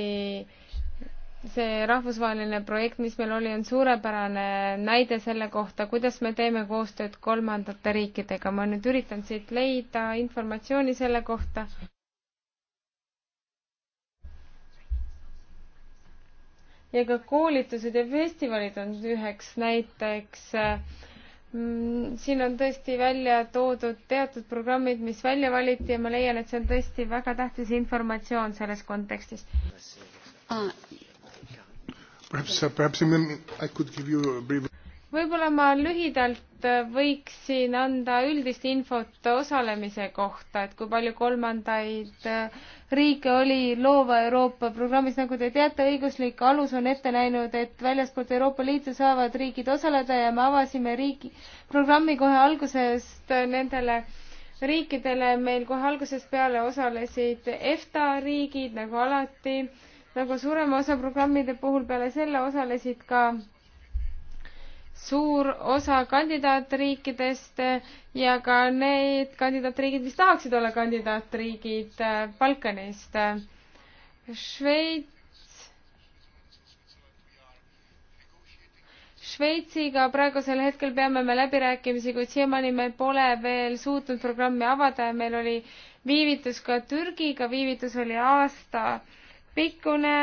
see rahvusvaheline projekt, mis meil oli, on suurepärane näide selle kohta, kuidas me teeme koostööd kolmandate riikidega. ma nüüd üritan siit leida informatsiooni selle kohta. ja ka koolitused ja festivalid on üheks näiteks. Mm, siin on tõesti välja toodud teatud programmid, mis välja valiti ja ma leian, et see on tõesti väga tähtis informatsioon selles kontekstis ah.. Perhaps, uh, perhaps I could give you a brief võib-olla ma lühidalt äh, võiksin anda üldist infot osalemise kohta, et kui palju kolmandaid äh, riike oli loova Euroopa programmis, nagu te teate, õiguslik alus on ette näinud, et väljaspoolt Euroopa Liitu saavad riigid osaleda ja me avasime riigi, programmi kohe algusest äh, nendele riikidele, meil kohe algusest peale osalesid EFTA riigid nagu alati, nagu suurema osa programmide puhul peale selle osalesid ka suur osa kandidaatriikidest ja ka need kandidaatriigid, mis tahaksid olla kandidaatriigid äh, Balkanist. Šveits, Šveitsiga praegusel hetkel peame me läbirääkimisi, kuid siiamaani me pole veel suutnud programmi avada ja meil oli viivitus ka Türgiga, viivitus oli aasta pikkune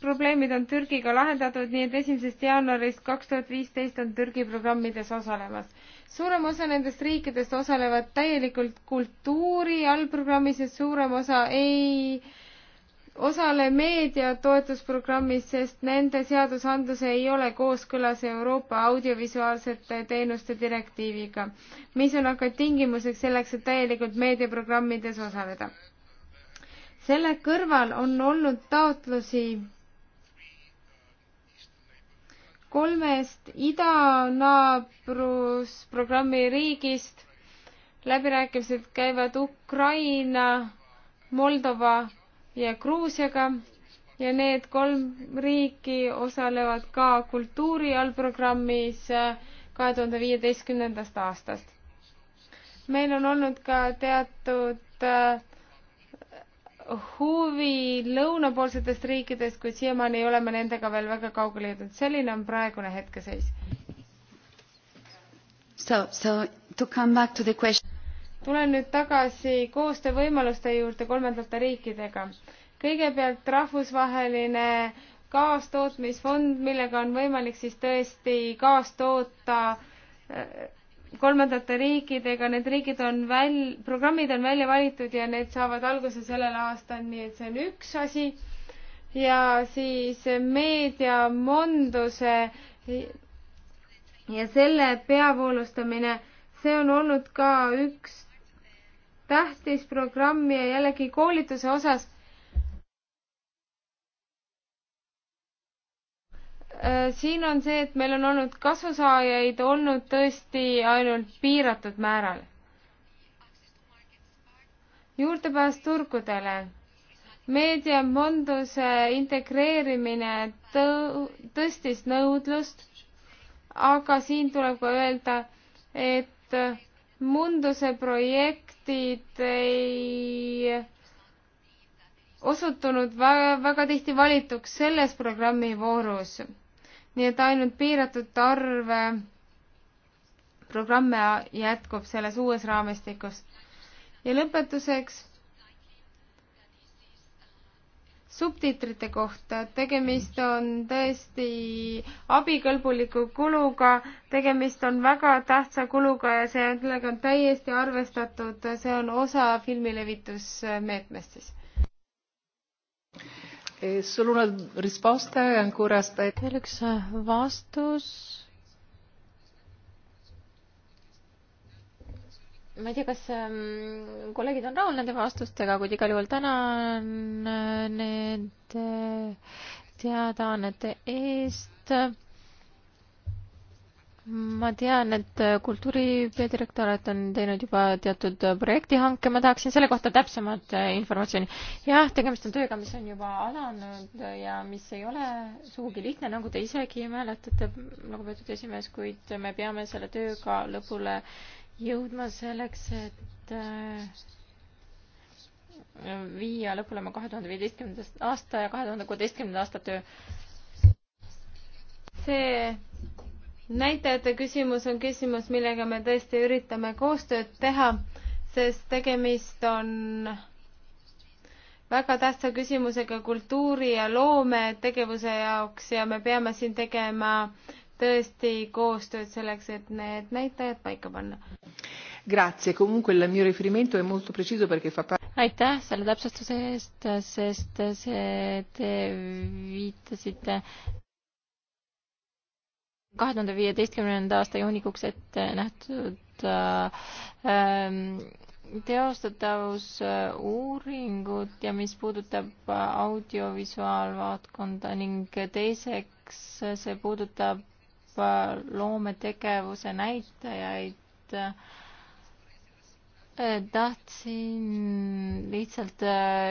probleemid on Türgiga lahendatud, nii et esimesest jaanuarist kaks tuhat viisteist on Türgi programmides osalemas. suurem osa nendest riikidest osalevad täielikult kultuuri allprogrammis ja suurem osa ei osale meedia toetusprogrammis, sest nende seadusandlus ei ole kooskõlas Euroopa audiovisuaalsete teenuste direktiiviga, mis on aga tingimuseks selleks, et täielikult meediaprogrammides osaleda. selle kõrval on olnud taotlusi kolmest idanaabrusprogrammi riigist. läbirääkimised käivad Ukraina, Moldova ja Gruusiaga ja need kolm riiki osalevad ka kultuuri allprogrammis kahe tuhande viieteistkümnendast aastast. meil on olnud ka teatud äh, huvi lõunapoolsetest riikidest, kuid siiamaani ei ole me nendega veel väga kaugele jõudnud. selline on praegune hetkeseis. So, so to come back to the question. tulen nüüd tagasi koostöövõimaluste juurde kolmandate riikidega. kõigepealt rahvusvaheline kaastootmisfond, millega on võimalik siis tõesti kaastoota äh, kolmandate riikidega, need riigid on väl-, programmid on välja valitud ja need saavad alguse sellel aastal, nii et see on üks asi. ja siis meediamonduse ja selle peavoolustamine, see on olnud ka üks tähtis programm ja jällegi koolituse osas Äh, siin on see, et meil on olnud kasusaajaid olnud tõesti ainult piiratud määral. juurdepääs turgudele. meedia Monduse integreerimine tõ-, tõstis nõudlust, aga siin tuleb ka öelda, et Munduse projektid ei osutunud väga, väga tihti valituks selles programmi voorus nii et ainult piiratud arv programme jätkub selles uues raamistikus. ja lõpetuseks subtiitrite kohta, tegemist on tõesti abikõlbuliku kuluga, tegemist on väga tähtsa kuluga ja sellega on täiesti arvestatud, see on osa filmilevitusmeetmest siis Eh, solo una risposta e ancora aspetta. Veel üks eh, vastus. ma ei tea, kas ehm, kolleegid on rahul nende vastustega, kuid igal juhul tänan eh, need teadaannete eest ma tean, et äh, kultuuri peadirektorat on teinud juba teatud äh, projektihanke, ma tahaksin selle kohta täpsemat äh, informatsiooni. jah, tegemist on tööga, mis on juba alanud ja mis ei ole sugugi lihtne, nagu te isegi mäletate, lugupeetud esimees, kuid me peame selle tööga lõpule jõudma selleks, et viia lõpule oma kahe tuhande viieteistkümnendast aasta ja kahe tuhande kuueteistkümnenda aasta töö. see näitajate küsimus on küsimus, millega me tõesti üritame koostööd teha, sest tegemist on väga tähtsa küsimusega kultuuri ja loometegevuse jaoks ja me peame siin tegema tõesti koostööd selleks, et need näitajad paika panna. aitäh selle täpsustuse eest, sest see, te viitasite kahe tuhande viieteistkümnenda aasta juunikuuks ette nähtud ähm, teostatavusuuringut äh, ja mis puudutab äh, audiovisuaalvaldkonda ning teiseks äh, see puudutab loometegevuse näitajaid. tahtsin lihtsalt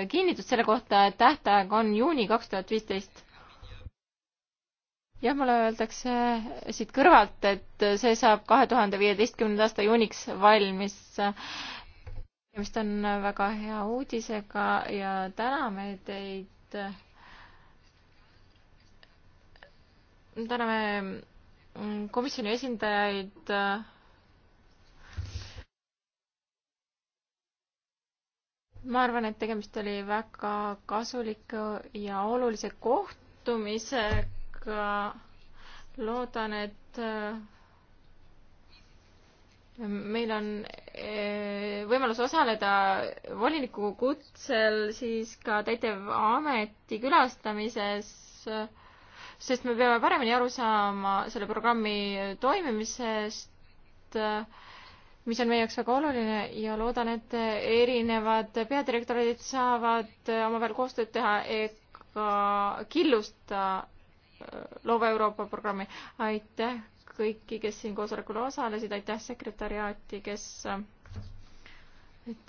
kinnitust selle kohta, et tähtaeg on juuni kaks tuhat viisteist jah, mulle öeldakse siit kõrvalt, et see saab kahe tuhande viieteistkümnenda aasta juuniks valmis. tegemist on väga hea uudisega ja täname teid. täname komisjoni esindajaid ma arvan, et tegemist oli väga kasuliku ja olulise kohtumisega seega loodan, et äh, meil on äh, võimalus osaleda voliniku kutsel siis ka täitevameti külastamises, sest me peame paremini aru saama selle programmi toimimisest, mis on meie jaoks väga oluline ja loodan, et erinevad peadirektorid saavad omavahel koostööd teha ega killusta loova Euroopa programmi. aitäh kõiki, kes siin koosolekul osalesid, aitäh sekretäriaati, kes äh,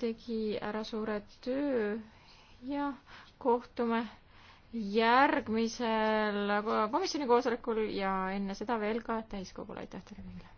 tegi ära suure töö ja kohtume järgmisel komisjoni koosolekul ja enne seda veel ka täiskogul, aitäh teile kõigile!